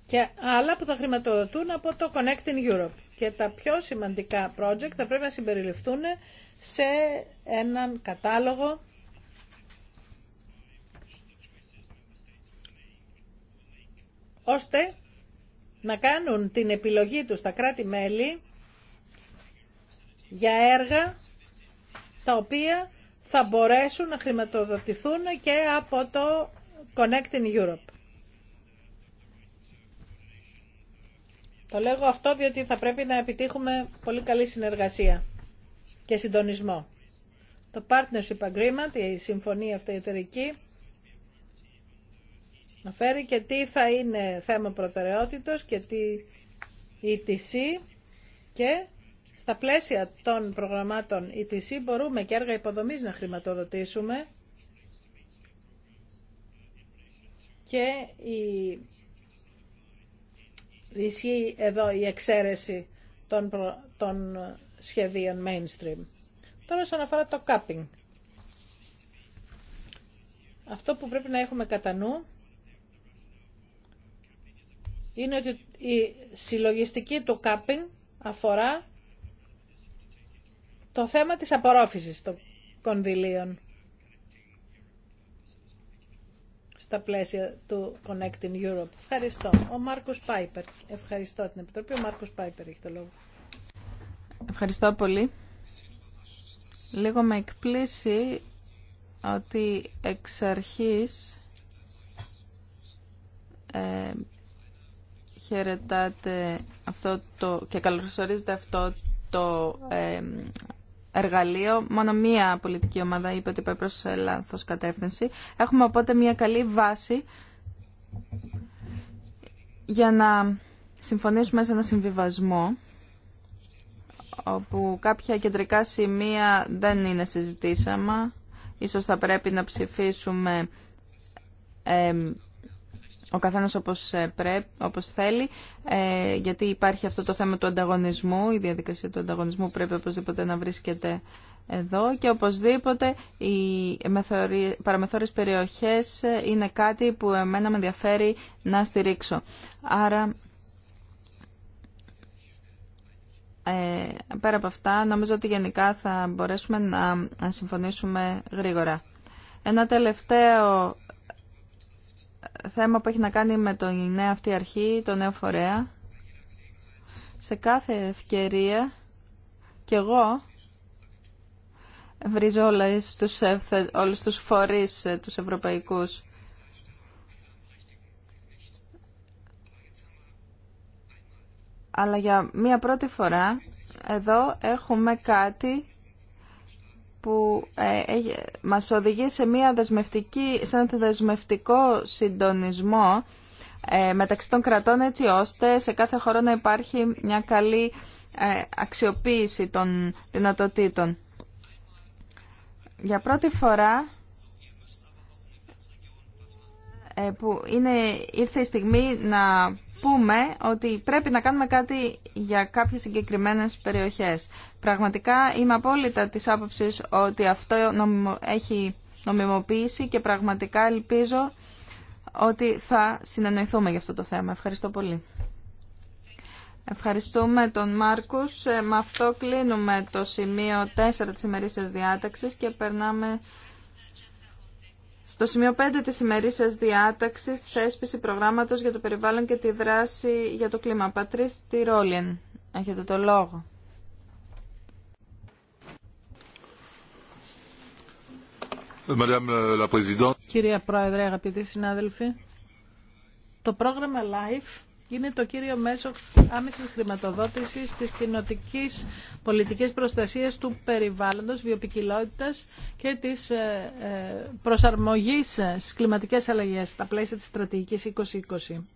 και άλλα που θα χρηματοδοτούν από το Connecting Europe και τα πιο σημαντικά project θα πρέπει να συμπεριληφθούν σε έναν κατάλογο ώστε να κάνουν την επιλογή τους τα κράτη-μέλη για έργα τα οποία θα μπορέσουν να χρηματοδοτηθούν και από το Connecting Europe. Το λέγω αυτό διότι θα πρέπει να επιτύχουμε πολύ καλή συνεργασία και συντονισμό. Το Partnership Agreement, η συμφωνία Εταιρική, να φέρει και τι θα είναι θέμα προτεραιότητος και τι ETC και στα πλαίσια των προγραμμάτων ETC μπορούμε και έργα υποδομής να χρηματοδοτήσουμε και η Ισχύει εδώ η εξαίρεση των, σχεδίων mainstream. Τώρα όσον αφορά το κάπινγκ. Αυτό που πρέπει να έχουμε κατά νου είναι ότι η συλλογιστική του κάπινγκ αφορά το θέμα της απορρόφησης των κονδυλίων. στα πλαίσια του Connecting Europe. Ευχαριστώ. Ο Μάρκος Πάιπερ. Ευχαριστώ την Επιτροπή. Ο Μάρκος Πάιπερ έχει το λόγο. Ευχαριστώ πολύ. Λίγο με εκπλήσει ότι εξ αρχής ε, χαιρετάτε αυτό το, και καλωσορίζετε αυτό το ε, εργαλείο. Μόνο μία πολιτική ομάδα είπε ότι πάει προ λάθο κατεύθυνση. Έχουμε οπότε μία καλή βάση για να συμφωνήσουμε σε ένα συμβιβασμό όπου κάποια κεντρικά σημεία δεν είναι συζητήσαμα. Ίσως θα πρέπει να ψηφίσουμε ο καθένας όπως, ε, πρέπει, όπως θέλει, ε, γιατί υπάρχει αυτό το θέμα του ανταγωνισμού, η διαδικασία του ανταγωνισμού πρέπει οπωσδήποτε να βρίσκεται εδώ και οπωσδήποτε οι παραμεθόρες περιοχές ε, είναι κάτι που εμένα με ενδιαφέρει να στηρίξω. Άρα, πέρα από αυτά, νομίζω ότι γενικά θα μπορέσουμε να συμφωνήσουμε γρήγορα. Ένα τελευταίο θέμα που έχει να κάνει με τον νέα αυτή αρχή, τον νέο φορέα. Σε κάθε ευκαιρία και εγώ βρίζω τους, όλους τους φορείς ε, τους ευρωπαϊκούς. Αλλά για μία πρώτη φορά εδώ έχουμε κάτι που ε, μας οδηγεί σε, μια δεσμευτική, σε ένα δεσμευτικό συντονισμό ε, μεταξύ των κρατών έτσι ώστε σε κάθε χώρο να υπάρχει μια καλή ε, αξιοποίηση των δυνατοτήτων. Για πρώτη φορά που είναι, ήρθε η στιγμή να πούμε ότι πρέπει να κάνουμε κάτι για κάποιες συγκεκριμένες περιοχές. Πραγματικά είμαι απόλυτα της άποψης ότι αυτό έχει νομιμοποίηση και πραγματικά ελπίζω ότι θα συνεννοηθούμε για αυτό το θέμα. Ευχαριστώ πολύ. Ευχαριστούμε τον Μάρκους. Ε, με αυτό κλείνουμε το σημείο 4 της ημερήσιας διάταξης και περνάμε στο σημείο 5 της σα διάταξης, θέσπιση προγράμματος για το περιβάλλον και τη δράση για το κλίμα. Πατρίς Τυρόλιν, έχετε το λόγο. Ε, Κυρία Πρόεδρε, αγαπητοί συνάδελφοι, το πρόγραμμα LIFE είναι το κύριο μέσο άμεσης χρηματοδότησης της κοινοτική πολιτικής προστασίας του περιβάλλοντος, βιοπικιλότητας και της ε, ε, προσαρμογής στις κλιματικές αλλαγές στα πλαίσια της στρατηγικής 2020.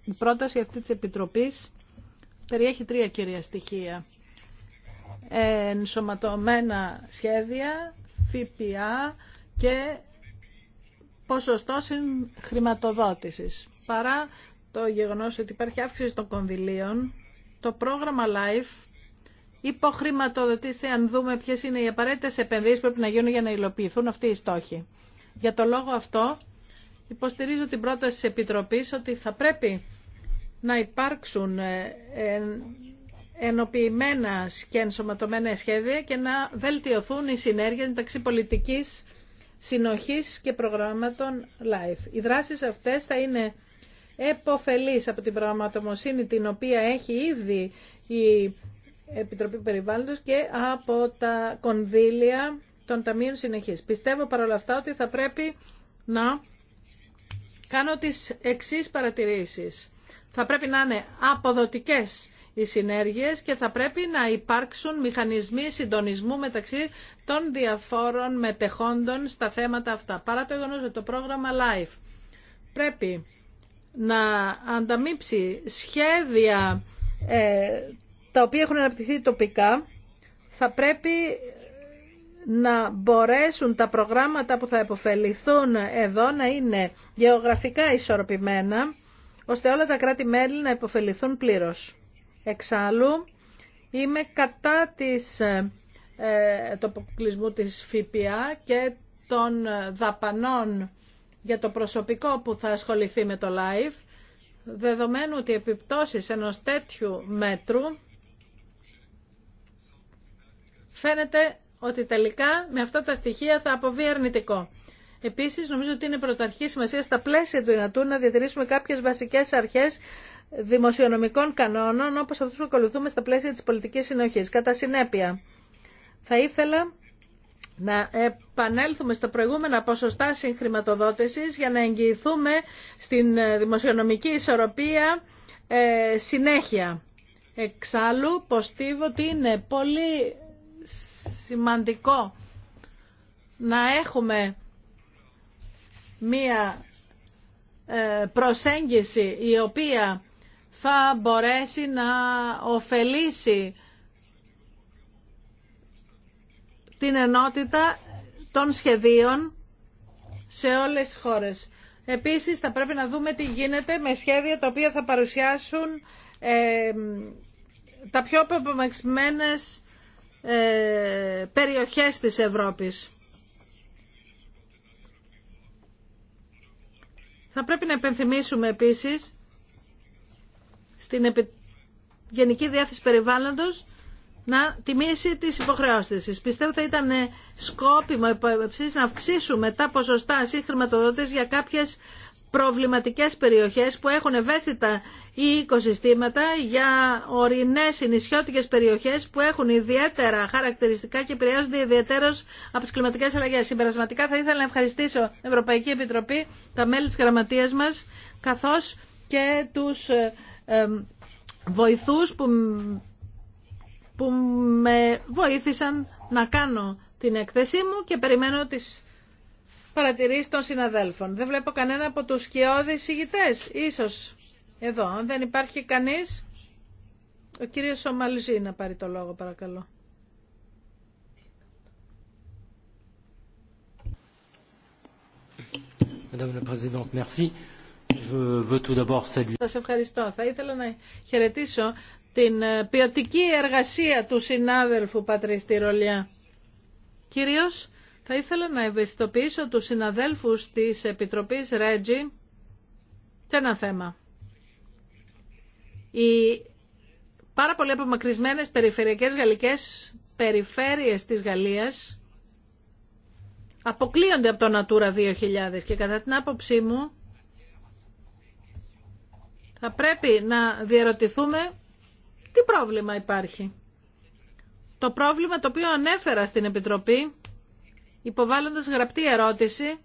Η πρόταση αυτή της Επιτροπής περιέχει τρία κυρία στοιχεία. Ενσωματωμένα σχέδια, ΦΠΑ και ποσοστό χρηματοδότησης παρά το γεγονός ότι υπάρχει αύξηση των κονδυλίων, το πρόγραμμα LIFE υποχρηματοδοτήσει αν δούμε ποιες είναι οι απαραίτητες επενδύσεις που πρέπει να γίνουν για να υλοποιηθούν αυτοί οι στόχοι. Για το λόγο αυτό υποστηρίζω την πρόταση της Επιτροπής ότι θα πρέπει να υπάρξουν ε, ενοποιημένα και ενσωματωμένα σχέδια και να βελτιωθούν οι συνέργειες μεταξύ πολιτικής συνοχής και προγράμματων LIFE. Οι δράσεις αυτές θα είναι εποφελής από την Προγραμματομοσύνη την οποία έχει ήδη η Επιτροπή Περιβάλλοντος και από τα κονδύλια των Ταμείων Συνεχής. Πιστεύω παρόλα αυτά ότι θα πρέπει να κάνω τις εξής παρατηρήσεις. Θα πρέπει να είναι αποδοτικές οι συνέργειες και θα πρέπει να υπάρξουν μηχανισμοί συντονισμού μεταξύ των διαφόρων μετεχόντων στα θέματα αυτά. Παρά το γεγονός ότι το πρόγραμμα LIFE πρέπει να ανταμείψει σχέδια ε, τα οποία έχουν αναπτυχθεί τοπικά, θα πρέπει να μπορέσουν τα προγράμματα που θα επωφεληθούν εδώ να είναι γεωγραφικά ισορροπημένα, ώστε όλα τα κράτη-μέλη να υποφεληθούν πλήρως. Εξάλλου, είμαι κατά της, ε, ε, το αποκλεισμού της ΦΠΑ και των δαπανών για το προσωπικό που θα ασχοληθεί με το live, δεδομένου ότι οι επιπτώσεις ενός τέτοιου μέτρου φαίνεται ότι τελικά με αυτά τα στοιχεία θα αποβεί αρνητικό. Επίσης, νομίζω ότι είναι πρωταρχή σημασία στα πλαίσια του ΙΝΑΤΟΥ να διατηρήσουμε κάποιες βασικές αρχές δημοσιονομικών κανόνων, όπως αυτούς που ακολουθούμε στα πλαίσια της πολιτικής συνοχής. Κατά συνέπεια, θα ήθελα να επανέλθουμε στα προηγούμενα ποσοστά συγχρηματοδότησης για να εγγυηθούμε στην δημοσιονομική ισορροπία ε, συνέχεια. Εξάλλου, ποστίβω ότι είναι πολύ σημαντικό να έχουμε μία ε, προσέγγιση η οποία θα μπορέσει να ωφελήσει την ενότητα των σχεδίων σε όλες τις χώρες. Επίσης θα πρέπει να δούμε τι γίνεται με σχέδια τα οποία θα παρουσιάσουν ε, τα πιο απομεξιμένες ε, περιοχές της Ευρώπης. Θα πρέπει να επενθυμίσουμε επίσης στην Γενική Διάθεση Περιβάλλοντος να τιμήσει τις υποχρεώσεις της. Πιστεύω θα ήταν σκόπιμο επίσης να αυξήσουμε τα ποσοστά συγχρηματοδότης για κάποιες προβληματικές περιοχές που έχουν ευαίσθητα ή οικοσυστήματα για ορεινές νησιώτικες περιοχές που έχουν ιδιαίτερα χαρακτηριστικά και επηρεάζονται ιδιαίτερως από τις κλιματικές αλλαγές. Συμπερασματικά θα ήθελα να ευχαριστήσω την Ευρωπαϊκή Επιτροπή, τα μέλη της γραμματείας μας, καθώς και τους ε, ε, βοηθούς που που με βοήθησαν να κάνω την έκθεσή μου και περιμένω τις παρατηρήσεις των συναδέλφων. Δεν βλέπω κανένα από τους σκιώδεις ηγητές. Ίσως εδώ, αν δεν υπάρχει κανείς, ο κύριος Σομαλζή να πάρει το λόγο παρακαλώ. Madame Σας ευχαριστώ. Θα ήθελα να χαιρετήσω την ε, ποιοτική εργασία του συνάδελφου Πατρίστη Ρολιά. Κυρίως θα ήθελα να ευαισθητοποιήσω τους συναδέλφους της Επιτροπής Ρέτζι σε ένα θέμα. Οι πάρα πολύ απομακρυσμένες περιφερειακές γαλλικές περιφέρειες της Γαλλίας αποκλείονται από το Natura 2000 και κατά την άποψή μου θα πρέπει να διαρωτηθούμε πρόβλημα υπάρχει. Το πρόβλημα το οποίο ανέφερα στην Επιτροπή, υποβάλλοντας γραπτή ερώτηση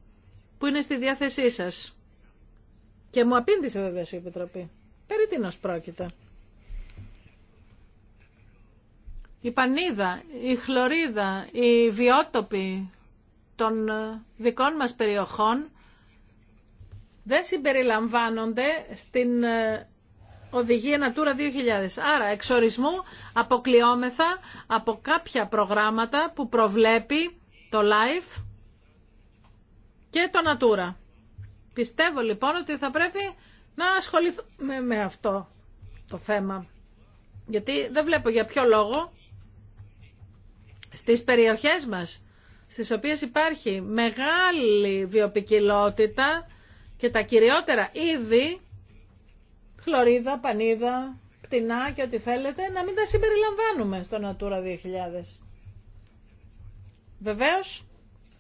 που είναι στη διάθεσή σας. Και μου απήντησε βέβαια η Επιτροπή. Περί τίνος πρόκειται. Η πανίδα, η χλωρίδα, οι βιότοποι των δικών μας περιοχών δεν συμπεριλαμβάνονται στην ε, οδηγία Natura 2000. Άρα εξορισμού αποκλειόμεθα από κάποια προγράμματα που προβλέπει το LIFE και το Natura. Πιστεύω λοιπόν ότι θα πρέπει να ασχοληθούμε με αυτό το θέμα. Γιατί δεν βλέπω για ποιο λόγο στις περιοχές μας, στις οποίες υπάρχει μεγάλη βιοπικιλότητα και τα κυριότερα είδη, χλωρίδα, πανίδα, πτηνά και ό,τι θέλετε, να μην τα συμπεριλαμβάνουμε στο Natura 2000. Βεβαίως,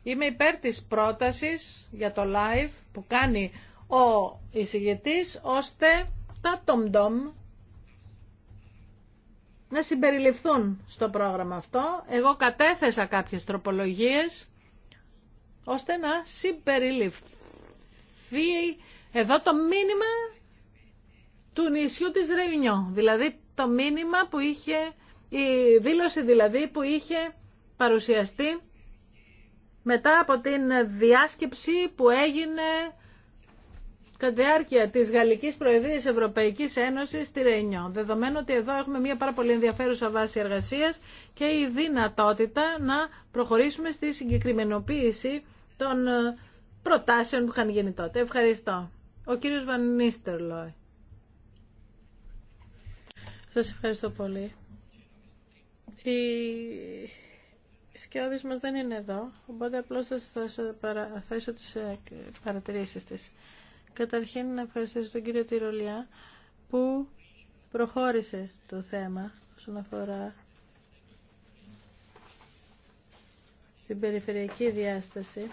είμαι υπέρ της πρότασης για το live που κάνει ο εισηγητής, ώστε τα TomDom να συμπεριληφθούν στο πρόγραμμα αυτό. Εγώ κατέθεσα κάποιες τροπολογίες, ώστε να συμπεριληφθεί εδώ το μήνυμα του νησιού της Ρεϊνιό. Δηλαδή το μήνυμα που είχε, η δήλωση δηλαδή που είχε παρουσιαστεί μετά από την διάσκεψη που έγινε κατά τη διάρκεια της Γαλλικής Προεδρίας Ευρωπαϊκής Ένωσης στη Ρεϊνιό. Δεδομένου ότι εδώ έχουμε μια πάρα πολύ ενδιαφέρουσα βάση εργασίας και η δυνατότητα να προχωρήσουμε στη συγκεκριμενοποίηση των ε, προτάσεων που είχαν γίνει τότε. Ευχαριστώ. Ο κύριος Λόι. Σας ευχαριστώ πολύ. Η σκιώδης μας δεν είναι εδώ, οπότε απλώς θα σας παραθέσω τις ε, παρατηρήσεις της. Καταρχήν να ευχαριστήσω τον κύριο Τυρολιά που προχώρησε το θέμα όσον αφορά την περιφερειακή διάσταση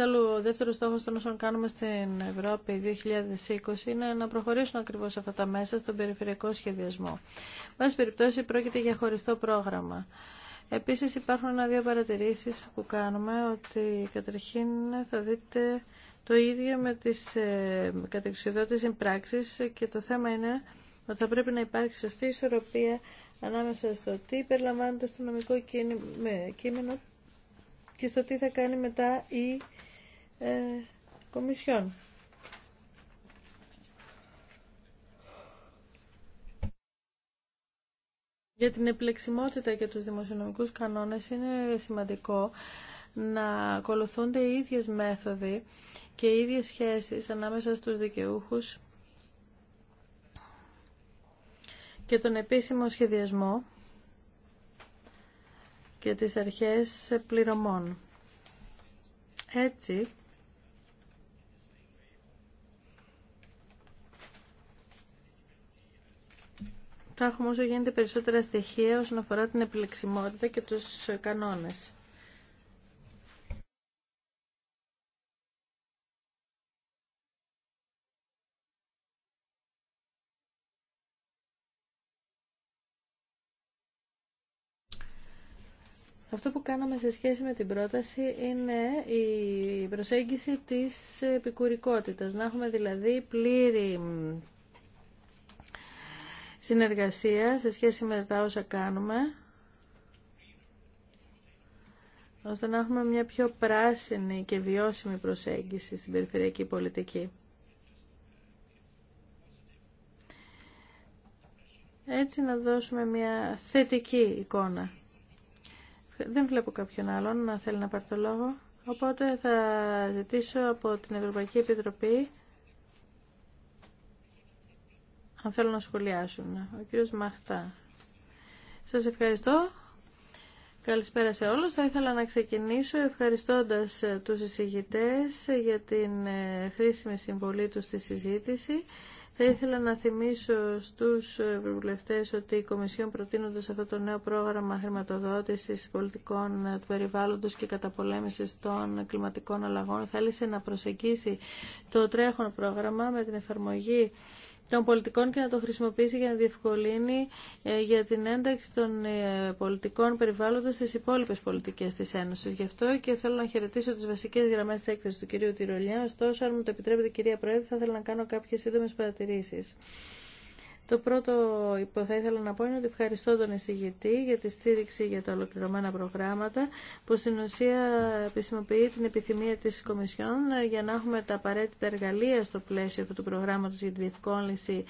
Εξάλλου, ο δεύτερο στόχο των όσων κάνουμε στην Ευρώπη 2020 είναι να προχωρήσουν ακριβώ αυτά τα μέσα στον περιφερειακό σχεδιασμό. Βάση περιπτώσει, πρόκειται για χωριστό πρόγραμμα. Επίσης υπάρχουν ένα-δύο παρατηρήσεις που κάνουμε ότι καταρχήν θα δείτε το ίδιο με τις ε, κατεξιδότητες συμπράξεις και το θέμα είναι ότι θα πρέπει να υπάρξει σωστή ισορροπία ανάμεσα στο τι περιλαμβάνεται στο νομικό κείμενο και στο τι θα κάνει μετά η ε, κομισιόν. Για την επιλεξιμότητα και τους δημοσιονομικούς κανόνες είναι σημαντικό να ακολουθούνται οι ίδιες μέθοδοι και οι ίδιες σχέσεις ανάμεσα στους δικαιούχους και τον επίσημο σχεδιασμό και τις αρχές πληρωμών. Έτσι, Θα έχουμε όσο γίνεται περισσότερα στοιχεία όσον αφορά την επιλεξιμότητα και τους κανόνες. Αυτό που κάναμε σε σχέση με την πρόταση είναι η προσέγγιση της επικουρικότητας. Να έχουμε δηλαδή πλήρη συνεργασία σε σχέση με τα όσα κάνουμε ώστε να έχουμε μια πιο πράσινη και βιώσιμη προσέγγιση στην περιφερειακή πολιτική. Έτσι να δώσουμε μια θετική εικόνα. Δεν βλέπω κάποιον άλλον να θέλει να πάρει το λόγο, οπότε θα ζητήσω από την Ευρωπαϊκή Επιτροπή αν θέλουν να σχολιάσουν. Ο κύριος Μαχτά. Σας ευχαριστώ. Καλησπέρα σε όλους. Θα ήθελα να ξεκινήσω ευχαριστώντας ε, τους εισηγητές ε, για την ε, χρήσιμη συμβολή τους στη συζήτηση. Θα ήθελα να θυμίσω στους ευρωβουλευτές ότι η Κομισιόν προτείνοντας αυτό το νέο πρόγραμμα χρηματοδότησης πολιτικών του περιβάλλοντος και καταπολέμησης των κλιματικών αλλαγών θέλησε να προσεγγίσει το τρέχον πρόγραμμα με την εφαρμογή των πολιτικών και να το χρησιμοποιήσει για να διευκολύνει ε, για την ένταξη των ε, πολιτικών περιβάλλοντος στις υπόλοιπες πολιτικές της Ένωσης. Γι' αυτό και θέλω να χαιρετήσω τις βασικές γραμμές της έκθεσης του κυρίου Τυρολιά. Ωστόσο, αν μου το επιτρέπετε κυρία Πρόεδρε, θα ήθελα να κάνω κάποιες σύντομες παρατηρήσεις το πρώτο που θα ήθελα να πω είναι ότι ευχαριστώ τον εισηγητή για τη στήριξη για τα ολοκληρωμένα προγράμματα που στην ουσία επισημοποιεί την επιθυμία της Κομισιόν για να έχουμε τα απαραίτητα εργαλεία στο πλαίσιο του προγράμματος για τη διευκόλυνση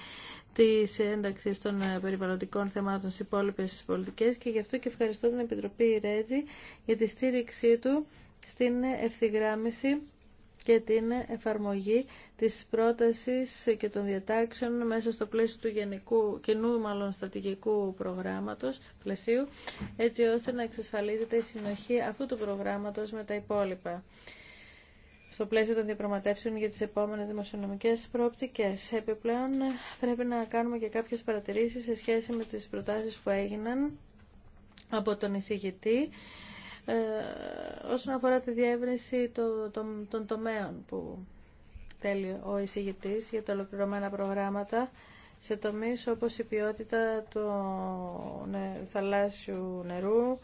τη ένταξη των περιβαλλοντικών θεμάτων στι υπόλοιπε πολιτικέ και γι' αυτό και ευχαριστώ την Επιτροπή Ρέτζη για τη στήριξή του στην ευθυγράμμιση και την εφαρμογή της πρότασης και των διατάξεων μέσα στο πλαίσιο του γενικού, κοινού μάλλον στρατηγικού προγράμματος, πλαισίου, έτσι ώστε να εξασφαλίζεται η συνοχή αυτού του προγράμματος με τα υπόλοιπα στο πλαίσιο των διαπραγματεύσεων για τις επόμενες δημοσιονομικές προοπτικές. Επιπλέον πρέπει να κάνουμε και κάποιες παρατηρήσεις σε σχέση με τις προτάσεις που έγιναν από τον εισηγητή ε, όσον αφορά τη διεύρυνση των τομέων που θέλει ο εισηγητής για τα ολοκληρωμένα προγράμματα σε τομείς όπως η ποιότητα του ε, θαλάσσιου νερού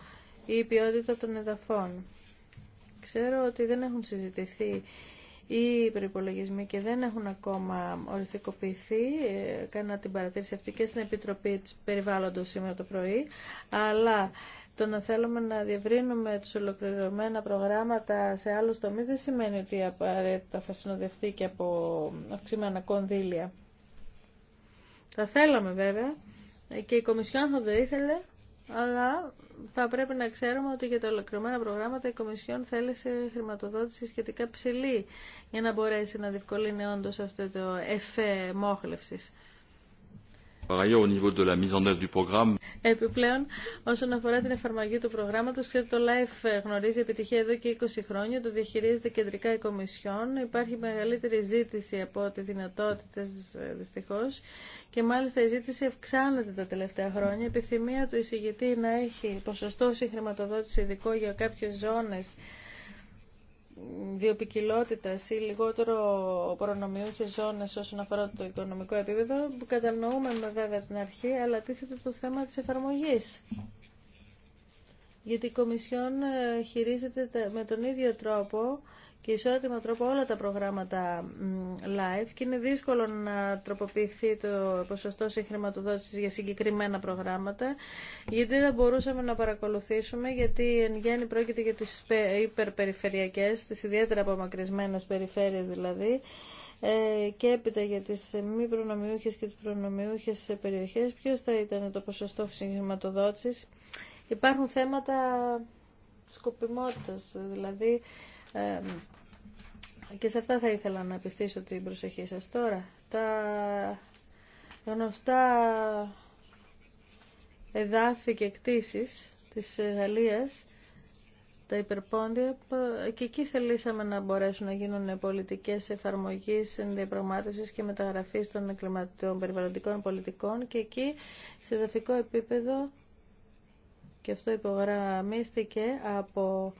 ή η ποιότητα των εδαφών. Ξέρω ότι δεν έχουν συζητηθεί οι προπολογισμοί και δεν έχουν ακόμα οριστικοποιηθεί. Ε, Κάνα την παρατήρηση αυτή και στην Επιτροπή της Περιβάλλοντος σήμερα το πρωί, αλλά το να θέλουμε να διευρύνουμε τους ολοκληρωμένα προγράμματα σε άλλους τομείς δεν σημαίνει ότι απαραίτητα θα συνοδευτεί και από αυξημένα κονδύλια. Θα θέλαμε βέβαια και η Κομισιόν θα το ήθελε, αλλά θα πρέπει να ξέρουμε ότι για τα ολοκληρωμένα προγράμματα η Κομισιόν σε χρηματοδότηση σχετικά ψηλή για να μπορέσει να διευκολύνει όντω αυτό το εφέ μόχλευσης. Επιπλέον, όσον αφορά την εφαρμογή του προγράμματο, το LIFE γνωρίζει επιτυχία εδώ και 20 χρόνια, το διαχειρίζεται κεντρικά η Κομισιόν. Υπάρχει μεγαλύτερη ζήτηση από ό,τι δυνατότητε, ε, δυστυχώ, και μάλιστα η ζήτηση αυξάνεται τα τελευταία χρόνια. Η επιθυμία του εισηγητή να έχει ποσοστό συγχρηματοδότηση ειδικό για κάποιε ζώνε διοπικιλότητας ή λιγότερο προνομιού και ζώνες όσον αφορά το οικονομικό επίπεδο που κατανοούμε βέβαια την αρχή αλλά τίθεται το θέμα της εφαρμογής γιατί η λιγοτερο προνομιουχε ε, ζωνες οσον αφορα το οικονομικο επιπεδο που κατανοουμε με βεβαια την αρχη αλλα τιθεται το θεμα της εφαρμογη γιατι η κομισιον χειριζεται με τον ίδιο τρόπο και ισότιμο τρόπο όλα τα προγράμματα live και είναι δύσκολο να τροποποιηθεί το ποσοστό συγχρηματοδότησης για συγκεκριμένα προγράμματα γιατί δεν μπορούσαμε να παρακολουθήσουμε γιατί εν γέννη πρόκειται για τις υπερπεριφερειακές, τις ιδιαίτερα απομακρυσμένες περιφέρειες δηλαδή ε, και έπειτα για τις μη προνομιούχες και τις προνομιούχες περιοχές ποιος θα ήταν το ποσοστό συγχρηματοδότησης υπάρχουν θέματα σκοπιμότητας δηλαδή και σε αυτά θα ήθελα να επιστήσω την προσοχή σας τώρα. Τα γνωστά εδάφη και της Γαλλίας, τα υπερπόντια, και εκεί θελήσαμε να μπορέσουν να γίνουν πολιτικές εφαρμογής διαπραγμάτευσης και μεταγραφής των, περιβαλλοντικών πολιτικών και εκεί σε εδαφικό επίπεδο και αυτό υπογραμμίστηκε από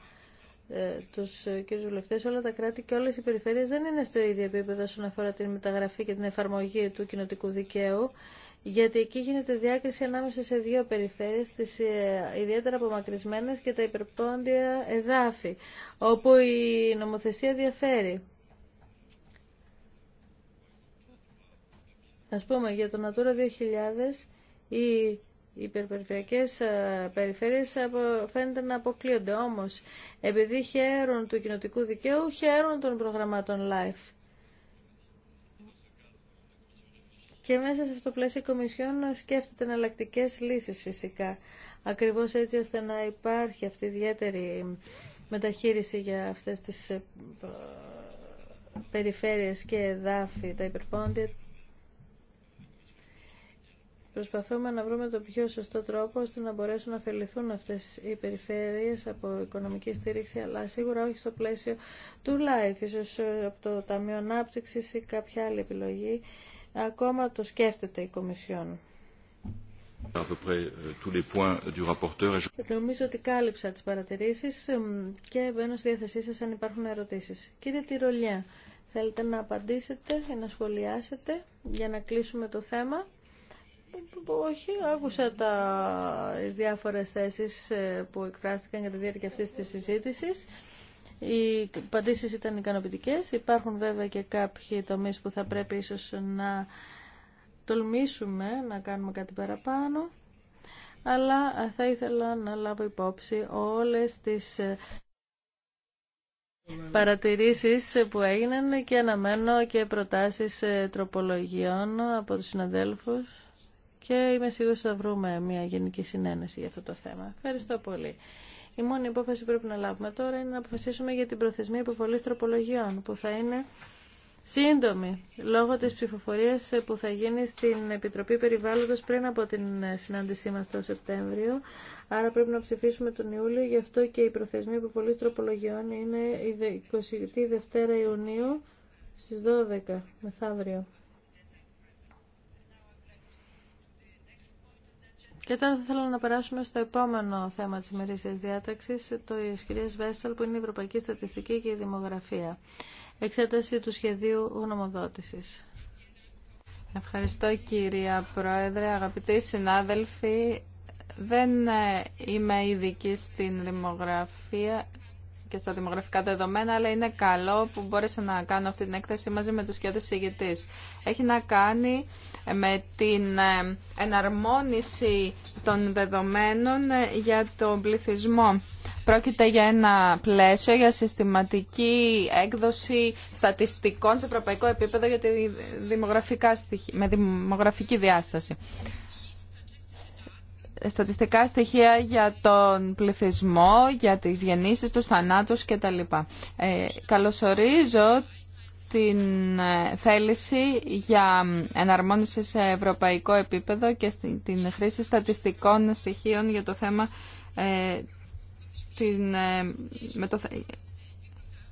ε, τους ε, κύριους βουλευτές, όλα τα κράτη και όλες οι περιφέρειες δεν είναι στο ίδιο επίπεδο όσον αφορά την μεταγραφή και την εφαρμογή του κοινοτικού δικαίου, γιατί εκεί γίνεται διάκριση ανάμεσα σε δύο περιφέρειες, τις ε, ιδιαίτερα απομακρυσμένες και τα υπερπτώντια εδάφη, όπου η νομοθεσία διαφέρει. Ας πούμε, για το Natura 2000 η οι υπερπεριφερειακές ε, περιφέρειες ε, φαίνεται να αποκλείονται. Όμως, επειδή χαίρουν του κοινοτικού δικαίου, χαίρουν των προγραμμάτων LIFE. Και μέσα σε αυτό το πλαίσιο η Κομισιόν σκέφτεται εναλλακτικέ λύσεις φυσικά. Ακριβώς έτσι ώστε να υπάρχει αυτή η ιδιαίτερη μεταχείριση για αυτές τις ε, περιφέρειες και εδάφη, τα υπερπόντια Προσπαθούμε να βρούμε το πιο σωστό τρόπο ώστε να μπορέσουν να ωφεληθούν αυτές οι περιφέρειες από οικονομική στήριξη, αλλά σίγουρα όχι στο πλαίσιο του LIFE, ίσως ε, από το Ταμείο Ανάπτυξης ή κάποια άλλη επιλογή. Ακόμα το σκέφτεται η Κομισιόν. Νομίζω ότι κάλυψα τις παρατηρήσεις και μπαίνω στη διάθεσή σας αν υπάρχουν ερωτήσεις. Κύριε Τυρολιά, θέλετε να απαντήσετε ή να σχολιάσετε για να κλείσουμε το θέμα. Όχι, άκουσα τα διάφορε διάφορες ε, που εκφράστηκαν για τη διάρκεια αυτή της συζήτηση. Οι απαντήσει ήταν ικανοποιητικέ. Υπάρχουν βέβαια και κάποιοι τομεί που θα πρέπει ίσως να τολμήσουμε να κάνουμε κάτι παραπάνω. Αλλά θα ήθελα να λάβω υπόψη όλες τις ε, παρατηρήσεις που έγιναν και αναμένω και προτάσεις ε, τροπολογιών από τους συναδέλφους και είμαι σίγουρη ότι θα βρούμε μια γενική συνένεση για αυτό το θέμα. Ευχαριστώ πολύ. Η μόνη υπόφαση που πρέπει να λάβουμε τώρα είναι να αποφασίσουμε για την προθεσμία υποβολή τροπολογιών που θα είναι σύντομη λόγω τη ψηφοφορία που θα γίνει στην Επιτροπή Περιβάλλοντος πριν από την συνάντησή μα το Σεπτέμβριο. Άρα πρέπει να ψηφίσουμε τον Ιούλιο, γι' αυτό και η προθεσμία υποβολή τροπολογιών είναι η 22 η Ιουνίου στις 12 μεθαύριο. Και τώρα θα ήθελα να περάσουμε στο επόμενο θέμα της ημερήσιας διάταξης, το κυρίας Βέσφαλ, που είναι η Ευρωπαϊκή Στατιστική και η Δημογραφία. Εξέταση του σχεδίου γνωμοδότησης. Ευχαριστώ κυρία Πρόεδρε, αγαπητοί συνάδελφοι. Δεν ε, είμαι ειδική στην δημογραφία, και στα δημογραφικά δεδομένα, αλλά είναι καλό που μπόρεσα να κάνω αυτή την έκθεση μαζί με τους κοιότητες ηγητής. Έχει να κάνει ε, με την ε, εναρμόνιση των δεδομένων ε, για τον πληθυσμό. Πρόκειται για ένα πλαίσιο για συστηματική έκδοση στατιστικών σε ευρωπαϊκό επίπεδο για τη δημογραφικά, με δημογραφική διάσταση στατιστικά στοιχεία για τον πληθυσμό, για τις γεννήσεις, τους θανάτους κτλ. Ε, καλωσορίζω την ε, θέληση για εναρμόνιση σε ευρωπαϊκό επίπεδο και την χρήση στατιστικών στοιχείων για το θέμα ε, ε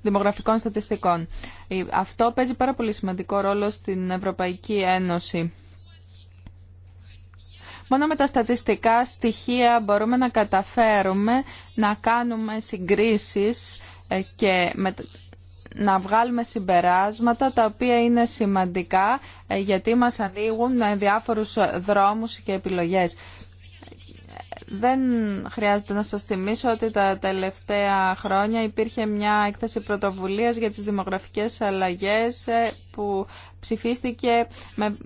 δημογραφικών στατιστικών. Ε, αυτό παίζει πάρα πολύ σημαντικό ρόλο στην Ευρωπαϊκή Ένωση. Μόνο με τα στατιστικά στοιχεία μπορούμε να καταφέρουμε να κάνουμε συγκρίσεις ε, και να βγάλουμε συμπεράσματα τα οποία είναι σημαντικά ε, γιατί μας ανοίγουν ε, διάφορους δρόμους και επιλογές. Δεν χρειάζεται να σας θυμίσω ότι τα τελευταία χρόνια υπήρχε μια έκθεση πρωτοβουλίας για τις δημογραφικές αλλαγές που ψηφίστηκε με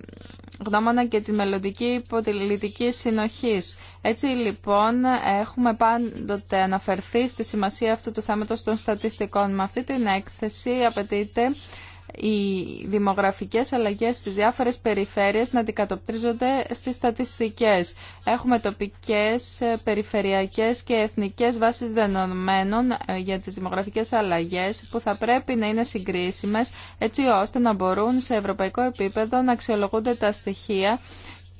γνώμονα και τη μελλοντική υποτιλητική συνοχής. Έτσι λοιπόν έχουμε πάντοτε αναφερθεί στη σημασία αυτού του θέματος των στατιστικών. Με αυτή την έκθεση απαιτείται οι δημογραφικές αλλαγές στις διάφορες περιφέρειες να αντικατοπτρίζονται στις στατιστικές. Έχουμε τοπικές, ε, περιφερειακές και εθνικές βάσεις δεδομένων ε, για τις δημογραφικές αλλαγές που θα πρέπει να είναι συγκρίσιμες έτσι ώστε να μπορούν σε ευρωπαϊκό επίπεδο να αξιολογούνται τα στοιχεία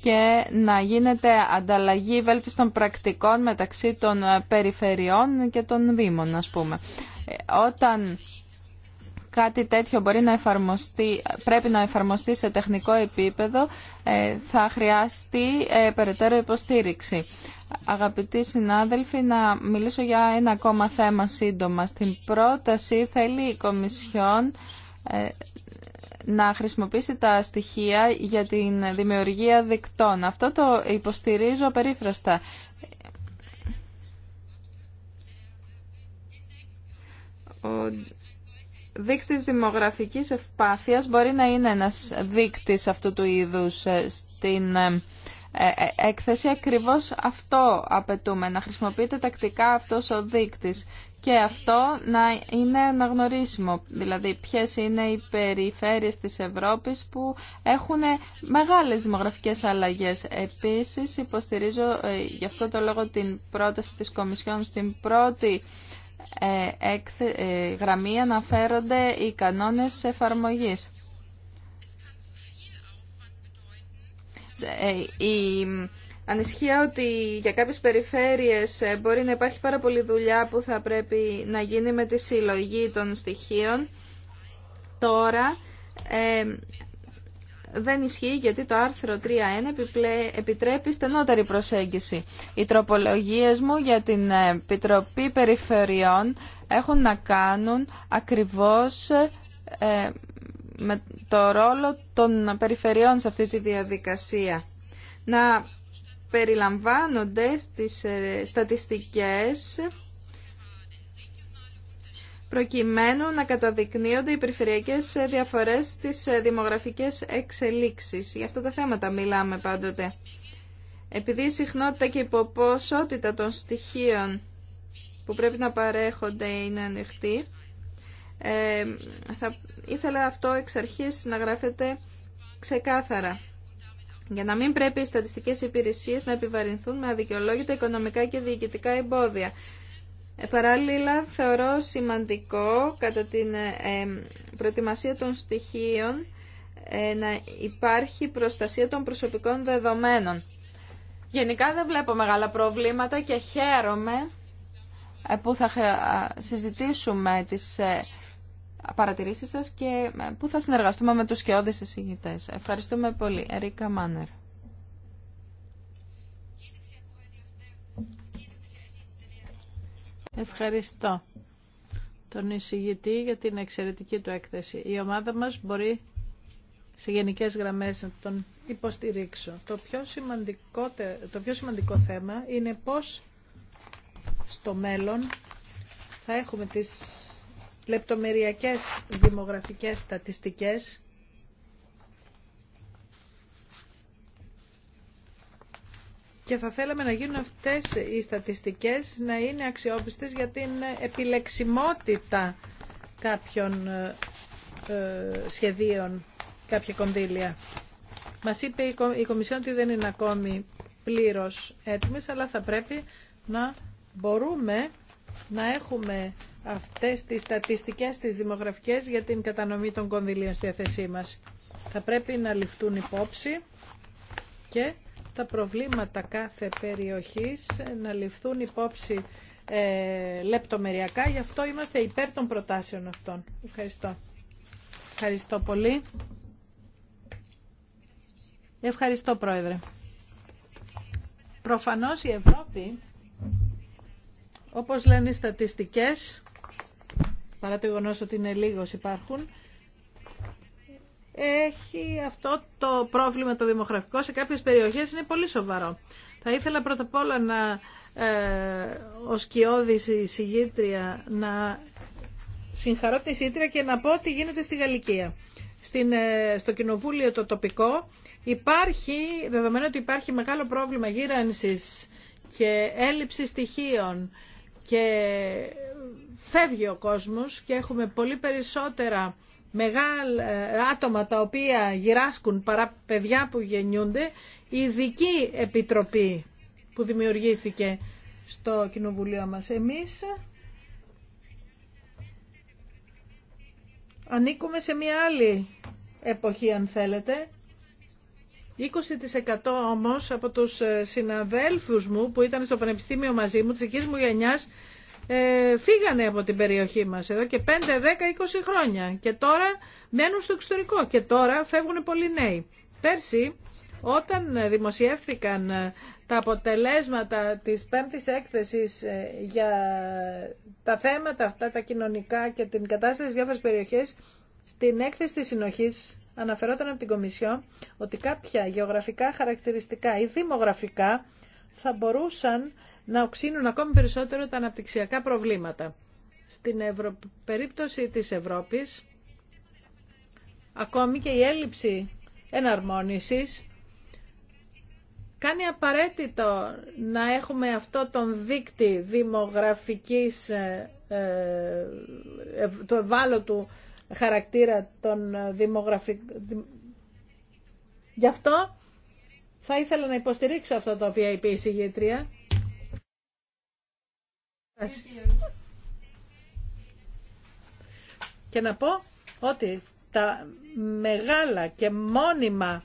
και να γίνεται ανταλλαγή βέλτιστων πρακτικών μεταξύ των ε, περιφερειών και των δήμων, ας πούμε. Όταν κάτι τέτοιο μπορεί να εφαρμοστεί, πρέπει να εφαρμοστεί σε τεχνικό επίπεδο, ε, θα χρειαστεί ε, περαιτέρω υποστήριξη. Αγαπητοί συνάδελφοι, να μιλήσω για ένα ακόμα θέμα σύντομα. Στην πρόταση θέλει η Κομισιόν ε, να χρησιμοποιήσει τα στοιχεία για την δημιουργία δικτών. Αυτό το υποστηρίζω περίφραστα. Ο δείκτης δημογραφικής ευπάθειας μπορεί να είναι ένας δείκτης αυτού του είδους ε, στην ε, ε, έκθεση. Ακριβώς αυτό απαιτούμε, να χρησιμοποιείται τακτικά αυτός ο δείκτης και αυτό να είναι αναγνωρίσιμο. Δηλαδή ποιες είναι οι περιφέρειες της Ευρώπης που έχουν μεγάλες δημογραφικές αλλαγές. Επίσης υποστηρίζω γι' αυτό το λόγο την πρόταση της Κομισιόν στην πρώτη ε, ε, γραμμή αναφέρονται οι κανόνες εφαρμογής. Ε, η ανησυχία ότι για κάποιες περιφέρειες μπορεί να υπάρχει πάρα πολλή δουλειά που θα πρέπει να γίνει με τη συλλογή των στοιχείων. Τώρα δεν ισχύει γιατί το άρθρο 3.1 επιτρέπει στενότερη προσέγγιση. Οι τροπολογίες μου για την ε, Επιτροπή Περιφερειών έχουν να κάνουν ακριβώς ε, με το ρόλο των περιφερειών σε αυτή τη διαδικασία. Να περιλαμβάνονται στις ε, στατιστικές προκειμένου να καταδεικνύονται οι περιφερειακές διαφορές στις ε, δημογραφικές εξελίξεις. Για αυτά τα θέματα μιλάμε πάντοτε. Επειδή η συχνότητα και η ποσότητα των στοιχείων που πρέπει να παρέχονται είναι ανοιχτή, ε, θα ήθελα αυτό εξ αρχής να γράφεται ξεκάθαρα. Για να μην πρέπει οι στατιστικές υπηρεσίες να επιβαρυνθούν με αδικαιολόγητα οικονομικά και διοικητικά εμπόδια. Ε, παράλληλα, θεωρώ σημαντικό κατά την ε, προετοιμασία των στοιχείων ε, να υπάρχει προστασία των προσωπικών δεδομένων. Γενικά δεν βλέπω μεγάλα προβλήματα και χαίρομαι που θα συζητήσουμε τις παρατηρήσεις σας και που θα συνεργαστούμε με τους σκιώδεις εισηγητές. Ευχαριστούμε πολύ. Ερίκα Μάνερ. Ευχαριστώ τον εισηγητή για την εξαιρετική του έκθεση. Η ομάδα μας μπορεί σε γενικές γραμμές να τον υποστηρίξω. Το πιο σημαντικό, το πιο σημαντικό θέμα είναι πώς στο μέλλον θα έχουμε τις λεπτομεριακές δημογραφικές στατιστικές και θα θέλαμε να γίνουν αυτές οι στατιστικές να είναι αξιόπιστες για την επιλεξιμότητα κάποιων ε, ε, σχεδίων, κάποια κονδύλια. Μας είπε η Κομισιόν ότι δεν είναι ακόμη πλήρως έτοιμες, αλλά θα πρέπει να μπορούμε να έχουμε αυτές τις στατιστικές, τις δημογραφικές για την κατανομή των κονδυλίων στη θέση μας. Θα πρέπει να ληφθούν υπόψη και τα προβλήματα κάθε περιοχής, να ληφθούν υπόψη ε, λεπτομεριακά. Γι' αυτό είμαστε υπέρ των προτάσεων αυτών. Ευχαριστώ. Ευχαριστώ πολύ. Ευχαριστώ, Πρόεδρε. Προφανώς η Ευρώπη, όπως λένε οι στατιστικές, παρά το γνώσο ότι είναι λίγος υπάρχουν, έχει αυτό το πρόβλημα το δημογραφικό σε κάποιες περιοχές είναι πολύ σοβαρό. Θα ήθελα πρώτα απ' όλα να ε, ως η συγγήτρια να συγχαρώ τη συγγήτρια και να πω τι γίνεται στη Γαλλικία. Στην, ε, στο κοινοβούλιο το τοπικό υπάρχει, δεδομένου ότι υπάρχει μεγάλο πρόβλημα γύρανσης και έλλειψη στοιχείων και φεύγει ο κόσμος και έχουμε πολύ περισσότερα μεγάλα ε, άτομα τα οποία γυράσκουν παρά παιδιά που γεννιούνται, η ειδική επιτροπή που δημιουργήθηκε στο κοινοβουλίο μας. Εμείς ανήκουμε σε μια άλλη εποχή αν θέλετε. 20% όμως από τους ε, συναδέλφους μου που ήταν στο πανεπιστήμιο μαζί μου, της δικής μου γενιάς, ε, φύγανε από την περιοχή μας εδώ και 5, 10, 20 χρόνια και τώρα μένουν στο εξωτερικό και τώρα φεύγουν πολλοί νέοι. Πέρσι όταν δημοσιεύθηκαν ε, τα αποτελέσματα της πέμπτης έκθεσης ε, για τα θέματα αυτά τα κοινωνικά και την κατάσταση στις διάφορες περιοχές, στην έκθεση της συνοχής αναφερόταν από την Κομισιό ότι κάποια γεωγραφικά χαρακτηριστικά ή δημογραφικά θα μπορούσαν να οξύνουν ακόμη περισσότερο τα αναπτυξιακά προβλήματα. Στην Ευρω... περίπτωση της Ευρώπης, ακόμη και η έλλειψη εναρμόνισης κάνει απαραίτητο να έχουμε αυτό τον δείκτη δημογραφικής ε, ε, του ευάλωτου χαρακτήρα των ε, δημογραφικών. Γι' αυτό θα ήθελα να υποστηρίξω αυτό το οποίο είπε η συγγήτρια και να πω ότι τα μεγάλα και μόνιμα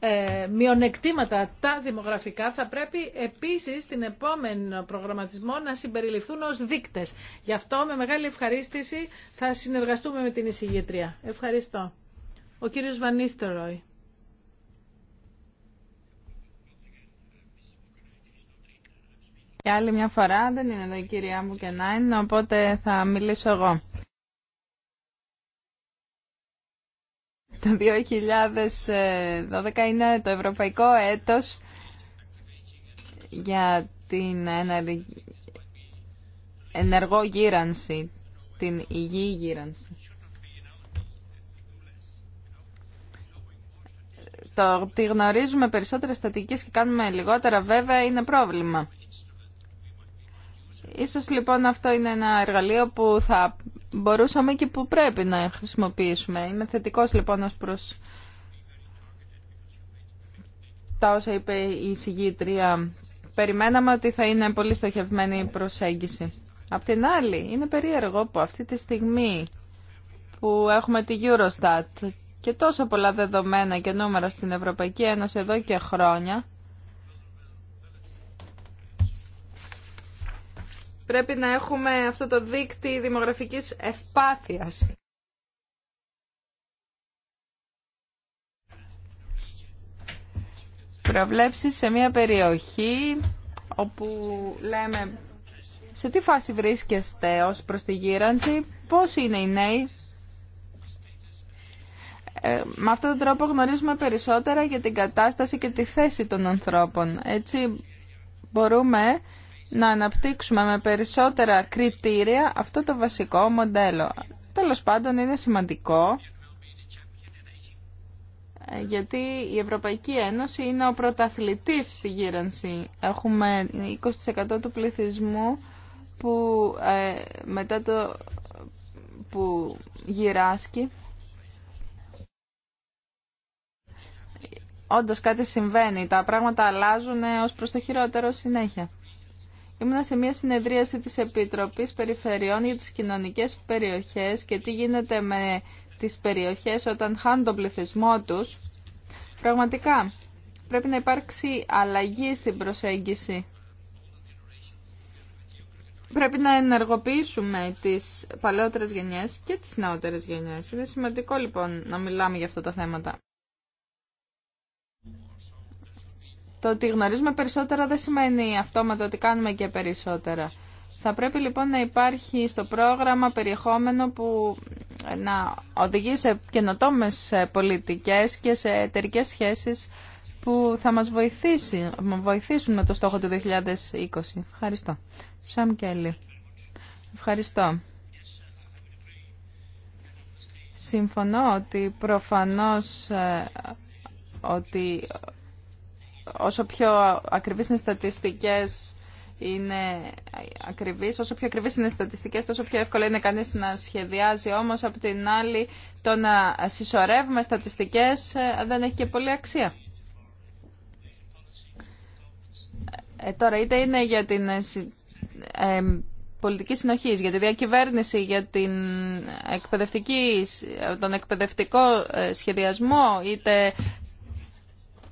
ε, μειονεκτήματα τα δημογραφικά θα πρέπει επίσης στην επόμενη προγραμματισμό να συμπεριληφθούν ως δείκτες. Γι' αυτό με μεγάλη ευχαρίστηση θα συνεργαστούμε με την εισηγήτρια. Ευχαριστώ. Ο κύριος Βανίστεροι. Και άλλη μια φορά δεν είναι εδώ η κυρία μου και να είναι, οπότε θα μιλήσω εγώ. Το 2012 είναι το ευρωπαϊκό έτος για την ενεργό γύρανση, την υγιή γύρανση. Το ότι γνωρίζουμε περισσότερες στατικές και κάνουμε λιγότερα βέβαια είναι πρόβλημα. Ίσως λοιπόν αυτό είναι ένα εργαλείο που θα μπορούσαμε και που πρέπει να χρησιμοποιήσουμε. Είμαι θετικός λοιπόν ως προς τα όσα είπε η συγγήτρια. Περιμέναμε ότι θα είναι πολύ στοχευμένη η προσέγγιση. Απ' την άλλη, είναι περίεργο που αυτή τη στιγμή που έχουμε τη Eurostat και τόσο πολλά δεδομένα και νούμερα στην Ευρωπαϊκή Ένωση εδώ και χρόνια, Πρέπει να έχουμε αυτό το δίκτυο δημογραφικής ευπάθειας. Προβλέψεις σε μια περιοχή όπου λέμε σε τι φάση βρίσκεστε ως προς τη γύρανση, πώς είναι οι νέοι. Ε, με αυτόν τον τρόπο γνωρίζουμε περισσότερα για την κατάσταση και τη θέση των ανθρώπων. Έτσι μπορούμε να αναπτύξουμε με περισσότερα κριτήρια αυτό το βασικό μοντέλο. Τέλος πάντων είναι σημαντικό ε, γιατί η Ευρωπαϊκή Ένωση είναι ο πρωταθλητής στη γύρανση. Έχουμε 20% του πληθυσμού που ε, μετά το που γυράσκει όντως κάτι συμβαίνει, τα πράγματα αλλάζουν ε, ως προς το χειρότερο συνέχεια. Ήμουνα σε μια συνεδρίαση της Επιτροπής Περιφερειών για τις κοινωνικές περιοχές και τι γίνεται με τις περιοχές όταν χάνουν τον πληθυσμό τους. Πραγματικά, πρέπει να υπάρξει αλλαγή στην προσέγγιση. Πρέπει να ενεργοποιήσουμε τις παλαιότερες γενιές και τις νεότερες γενιές. Είναι σημαντικό λοιπόν να μιλάμε για αυτά τα θέματα. Το ότι γνωρίζουμε περισσότερα δεν σημαίνει αυτόματα ότι κάνουμε και περισσότερα. Θα πρέπει λοιπόν να υπάρχει στο πρόγραμμα περιεχόμενο που ε, να οδηγεί σε καινοτόμε ε, πολιτικές και σε εταιρικέ σχέσεις που θα μας βοηθήσει, μας βοηθήσουν με το στόχο του 2020. Ευχαριστώ. Σαμ Κέλλη. Ευχαριστώ. Συμφωνώ ότι προφανώς ε, ότι όσο πιο ακριβείς είναι στατιστικές είναι ακριβείς. Όσο πιο ακριβείς είναι οι στατιστικές, τόσο πιο εύκολο είναι κανείς να σχεδιάζει. Όμως, από την άλλη, το να συσσωρεύουμε στατιστικές ε, δεν έχει και πολύ αξία. Ε, τώρα, είτε είναι για την ε, ε, πολιτική συνοχή, για τη διακυβέρνηση, για την εκπαιδευτική, τον εκπαιδευτικό σχεδιασμό, είτε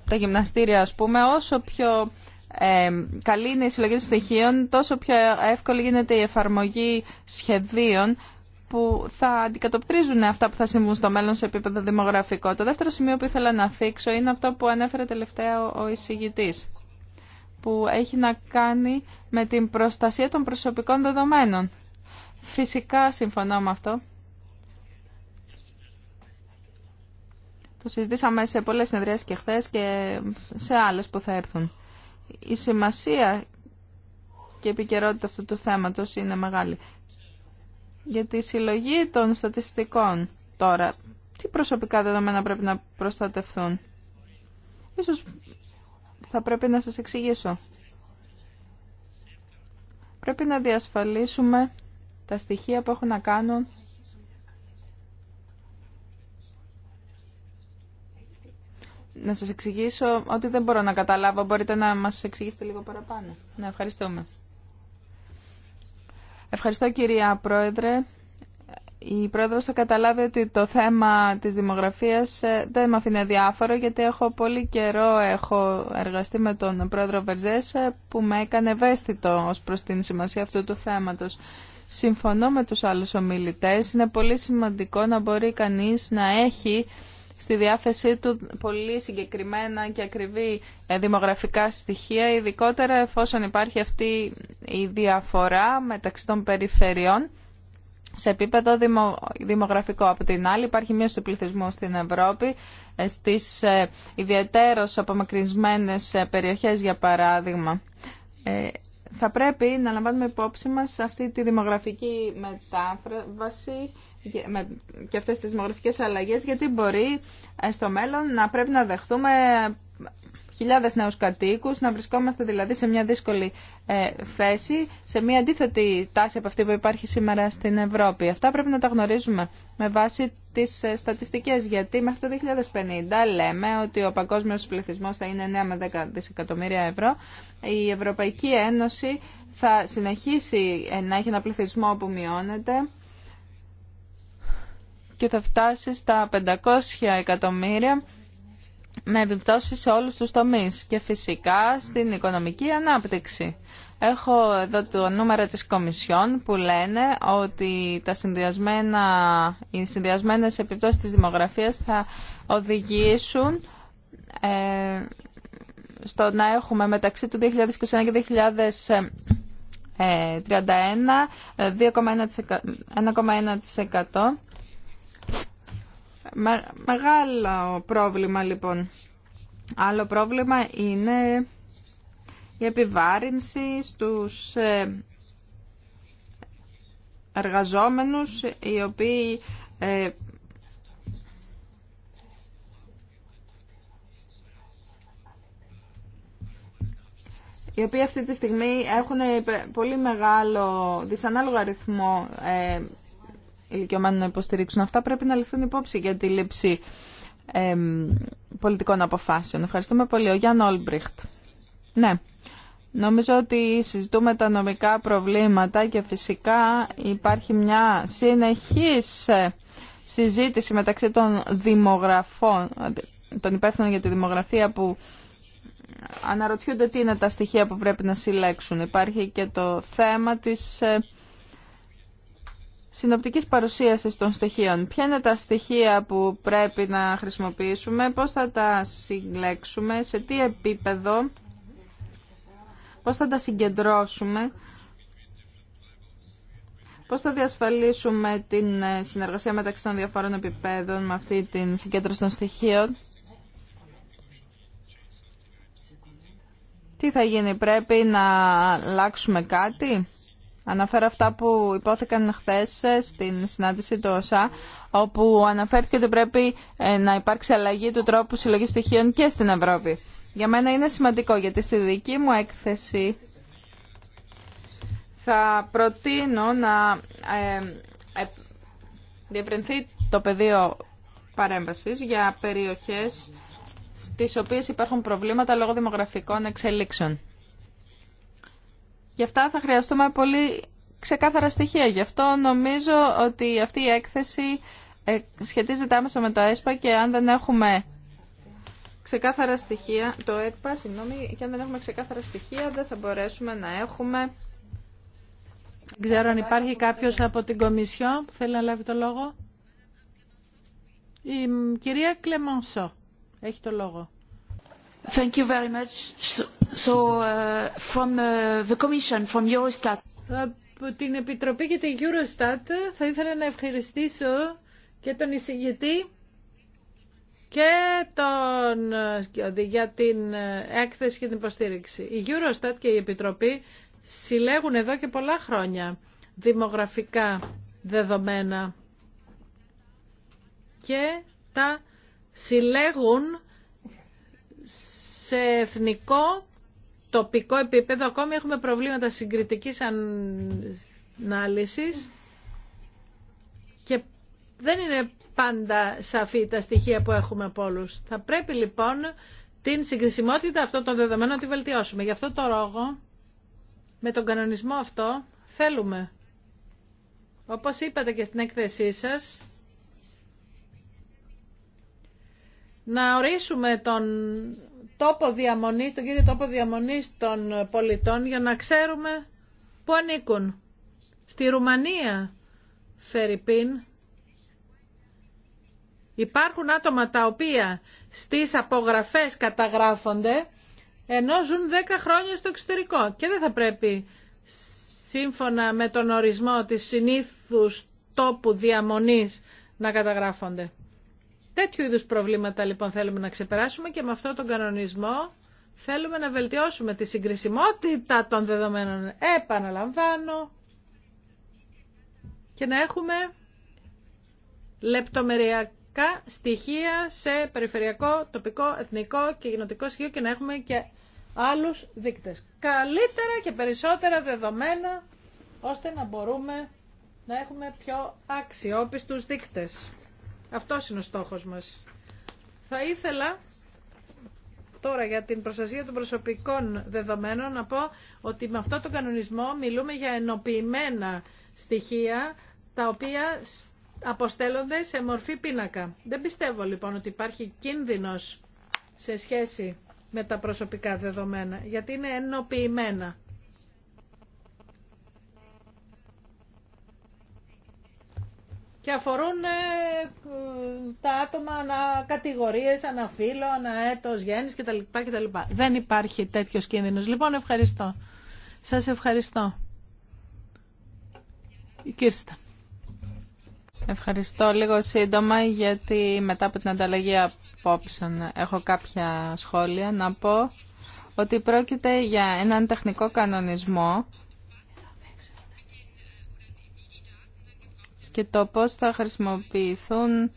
τα γυμναστήρια, ας πούμε, όσο πιο ε, καλή είναι η συλλογή των στοιχείων, τόσο πιο εύκολη γίνεται η εφαρμογή σχεδίων που θα αντικατοπτρίζουν αυτά που θα συμβούν στο μέλλον σε επίπεδο δημογραφικό. Το δεύτερο σημείο που ήθελα να θίξω είναι αυτό που ανέφερε τελευταία ο εισηγητής, που έχει να κάνει με την προστασία των προσωπικών δεδομένων. Φυσικά συμφωνώ με αυτό. Το συζητήσαμε σε πολλές συνεδρίες και χθε και σε άλλες που θα έρθουν. Η σημασία και η επικαιρότητα αυτού του θέματος είναι μεγάλη. Για τη συλλογή των στατιστικών τώρα, τι προσωπικά δεδομένα πρέπει να προστατευθούν. Ίσως θα πρέπει να σας εξηγήσω. Πρέπει να διασφαλίσουμε τα στοιχεία που έχουν να κάνουν να σας εξηγήσω ότι δεν μπορώ να καταλάβω. Μπορείτε να μας εξηγήσετε λίγο παραπάνω. Ναι, ευχαριστούμε. Ευχαριστώ κυρία Πρόεδρε. Η Πρόεδρος θα καταλάβει ότι το θέμα της δημογραφίας ε, δεν με αφήνει διάφορο γιατί έχω πολύ καιρό έχω εργαστεί με τον Πρόεδρο Βερζές ε, που με έκανε ευαίσθητο ως προς την σημασία αυτού του θέματος. Συμφωνώ με τους άλλους ομιλητές. Είναι πολύ σημαντικό να μπορεί κανείς να έχει στη διάθεσή του πολύ συγκεκριμένα και ακριβή ε, δημογραφικά στοιχεία, ειδικότερα εφόσον υπάρχει αυτή η διαφορά μεταξύ των περιφερειών σε επίπεδο δημογραφικό. Από την άλλη υπάρχει μείωση του πληθυσμού στην Ευρώπη, ε, στις ε, ιδιαιτέρως απομακρυσμένες περιοχές για παράδειγμα. Θα πρέπει να λαμβάνουμε υπόψη μας αυτή τη δημογραφική μετάφραση και αυτές τις δημογραφικές αλλαγές γιατί μπορεί ε, στο μέλλον να πρέπει να δεχθούμε χιλιάδες νέους κατοίκους, να βρισκόμαστε δηλαδή σε μια δύσκολη ε, θέση, σε μια αντίθετη τάση από αυτή που υπάρχει σήμερα στην Ευρώπη. Αυτά πρέπει να τα γνωρίζουμε με βάση τις ε, στατιστικές, γιατί μέχρι το 2050 λέμε ότι ο παγκόσμιος πληθυσμός θα είναι 9 με 10 δισεκατομμύρια ευρώ. Η Ευρωπαϊκή Ένωση θα συνεχίσει να έχει ένα πληθυσμό που μειώνεται και θα φτάσει στα 500 εκατομμύρια με επιπτώσεις σε όλους τους τομείς και φυσικά στην οικονομική ανάπτυξη. Έχω εδώ το νούμερο της Κομισιόν που λένε ότι τα συνδυασμένα, οι συνδυασμένες επιπτώσεις της δημογραφίας θα οδηγήσουν ε, στο να έχουμε μεταξύ του 2021 και 2031 2,1% μεγάλο πρόβλημα λοιπόν. Άλλο πρόβλημα είναι η επιβάρυνση στους ε, εργαζόμενους οι οποίοι ε, οι οποίοι αυτή τη στιγμή έχουν ε, πολύ μεγάλο δυσανάλογο αριθμό ηλικιωμένων να υποστηρίξουν. Αυτά πρέπει να ληφθούν υπόψη για τη λήψη πολιτικών αποφάσεων. Ευχαριστούμε πολύ. Ο Γιάνν Όλμπριχτ. Ναι. Νομίζω ότι συζητούμε τα νομικά προβλήματα και φυσικά υπάρχει μια συνεχής ε, συζήτηση μεταξύ των δημογραφών, των υπεύθυνων για τη δημογραφία που αναρωτιούνται τι είναι τα στοιχεία που πρέπει να συλλέξουν. Υπάρχει και το θέμα της ε, συνοπτικής παρουσίασης των στοιχείων. Ποια είναι τα στοιχεία που πρέπει να χρησιμοποιήσουμε, πώς θα τα συγκλέξουμε, σε τι επίπεδο, πώς θα τα συγκεντρώσουμε, πώς θα διασφαλίσουμε την ε, συνεργασία μεταξύ των διαφόρων επιπέδων με αυτή την συγκέντρωση των στοιχείων. Τι θα γίνει, πρέπει να αλλάξουμε κάτι. Αναφέρω αυτά που υπόθηκαν χθε ε, στην συνάντηση του ΩΣΑ, όπου αναφέρθηκε ότι πρέπει ε, να υπάρξει αλλαγή του τρόπου συλλογής στοιχείων και στην Ευρώπη. Για μένα είναι σημαντικό, γιατί στη δική μου έκθεση θα προτείνω να ε, διευρυνθεί το πεδίο παρέμβασης για περιοχές στις οποίες υπάρχουν προβλήματα λόγω δημογραφικών εξελίξεων. Γι' αυτά θα χρειαστούμε πολύ ξεκάθαρα στοιχεία. Γι' αυτό νομίζω ότι αυτή η έκθεση ε, σχετίζεται άμεσα με το ΕΣΠΑ και αν δεν έχουμε ξεκάθαρα στοιχεία, το ΕΚΠΑ, συγγνώμη, και αν δεν έχουμε ξεκάθαρα στοιχεία δεν θα μπορέσουμε να έχουμε... Ξέρω αν υπάρχει κάποιος από την Κομισιό που θέλει να λάβει το λόγο. Η κυρία Κλεμονσό έχει το λόγο. Thank you Από την Επιτροπή και την Eurostat ε, θα ήθελα να ευχαριστήσω και τον εισηγητή και τον ε, για την ε, έκθεση και την υποστήριξη. Η Eurostat και η Επιτροπή συλλέγουν εδώ και πολλά χρόνια δημογραφικά δεδομένα και τα συλλέγουν σε εθνικό τοπικό επίπεδο ακόμη έχουμε προβλήματα συγκριτικής ανάλυσης και δεν είναι πάντα σαφή τα στοιχεία που έχουμε από όλους. Θα πρέπει λοιπόν την συγκρισιμότητα αυτών των δεδομένων να τη βελτιώσουμε. Γι' αυτό το ρόγο, με τον κανονισμό αυτό, θέλουμε, όπως είπατε και στην έκθεσή σας, να ορίσουμε τον τόπο διαμονής, τον κύριο τόπο διαμονής των πολιτών για να ξέρουμε πού ανήκουν. Στη Ρουμανία, Φερρυπίν, υπάρχουν άτομα τα οποία στις απογραφές καταγράφονται ενώ ζουν 10 χρόνια στο εξωτερικό και δεν θα πρέπει σύμφωνα με τον ορισμό της συνήθους τόπου διαμονής να καταγράφονται. Τέτοιου είδους προβλήματα λοιπόν θέλουμε να ξεπεράσουμε και με αυτόν τον κανονισμό θέλουμε να βελτιώσουμε τη συγκρισιμότητα των δεδομένων. Επαναλαμβάνω και να έχουμε λεπτομεριακά στοιχεία σε περιφερειακό, τοπικό, εθνικό και γενοτικό στοιχείο και να έχουμε και άλλους δείκτες. Καλύτερα και περισσότερα δεδομένα ώστε να μπορούμε να έχουμε πιο αξιόπιστους δείκτες. Αυτός είναι ο στόχος μας. Θα ήθελα τώρα για την προστασία των προσωπικών δεδομένων να πω ότι με αυτό τον κανονισμό μιλούμε για ενοποιημένα στοιχεία τα οποία αποστέλλονται σε μορφή πίνακα. Δεν πιστεύω λοιπόν ότι υπάρχει κίνδυνος σε σχέση με τα προσωπικά δεδομένα, γιατί είναι ενοποιημένα. και αφορούν ε, ε, τα άτομα ανα κατηγορίες, ανα φύλλο, ανα έτος, γέννης κτλ, κτλ. Δεν υπάρχει τέτοιος κίνδυνος. Λοιπόν, ευχαριστώ. Σας ευχαριστώ. Η Ευχαριστώ λίγο σύντομα γιατί μετά από την ανταλλαγή απόψεων έχω κάποια σχόλια να πω ότι πρόκειται για έναν τεχνικό κανονισμό και το πώς θα χρησιμοποιηθούν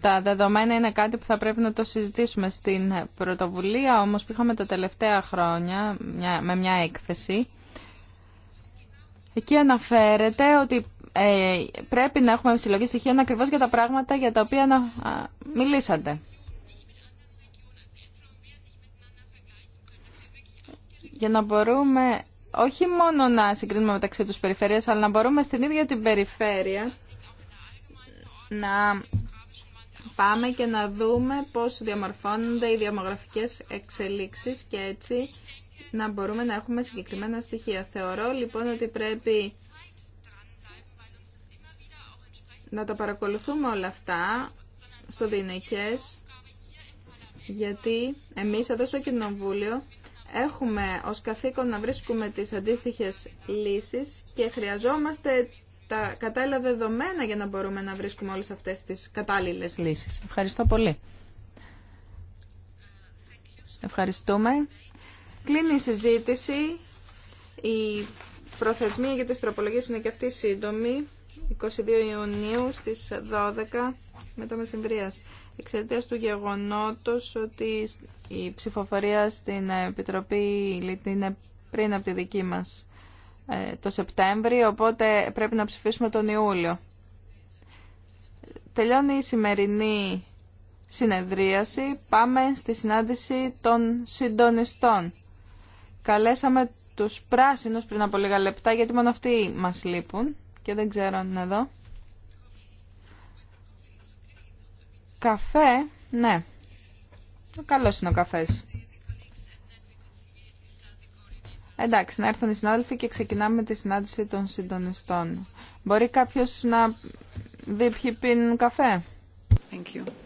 τα δεδομένα είναι κάτι που θα πρέπει να το συζητήσουμε στην πρωτοβουλία, όμως που είχαμε τα τελευταία χρόνια με μια έκθεση. Εκεί αναφέρεται ότι ε, πρέπει να έχουμε συλλογή στοιχείων ακριβώς για τα πράγματα για τα οποία να, μιλήσατε. Για να μπορούμε όχι μόνο να συγκρίνουμε μεταξύ τους περιφέρειες, αλλά να μπορούμε στην ίδια την περιφέρεια να πάμε και να δούμε πώς διαμορφώνονται οι διαμογραφικές εξελίξεις και έτσι να μπορούμε να έχουμε συγκεκριμένα στοιχεία. Θεωρώ λοιπόν ότι πρέπει να τα παρακολουθούμε όλα αυτά στο Δινεκές, γιατί εμείς εδώ στο Κοινοβούλιο έχουμε ως καθήκον να βρίσκουμε τις αντίστοιχες λύσεις και χρειαζόμαστε τα κατάλληλα δεδομένα για να μπορούμε να βρίσκουμε όλες αυτές τις κατάλληλες λύσεις. Ευχαριστώ πολύ. Ευχαριστούμε. Κλείνει η συζήτηση. Η προθεσμία για τις τροπολογίες είναι και αυτή σύντομη. 22 Ιουνίου στις 12 μετά μεσημβρίας εξαιτία του γεγονότος ότι η ψηφοφορία στην Επιτροπή είναι πριν από τη δική μας ε, το Σεπτέμβριο, οπότε πρέπει να ψηφίσουμε τον Ιούλιο. Τελειώνει η σημερινή συνεδρίαση. Πάμε στη συνάντηση των συντονιστών. Καλέσαμε τους πράσινους πριν από λίγα λεπτά, γιατί μόνο αυτοί μας λείπουν και δεν ξέρω αν είναι εδώ. καφέ, ναι. Καλό είναι ο καφές. Εντάξει, να έρθουν οι συνάδελφοι και ξεκινάμε τη συνάντηση των συντονιστών. Μπορεί κάποιος να δει ποιοι πίνουν καφέ. Thank you.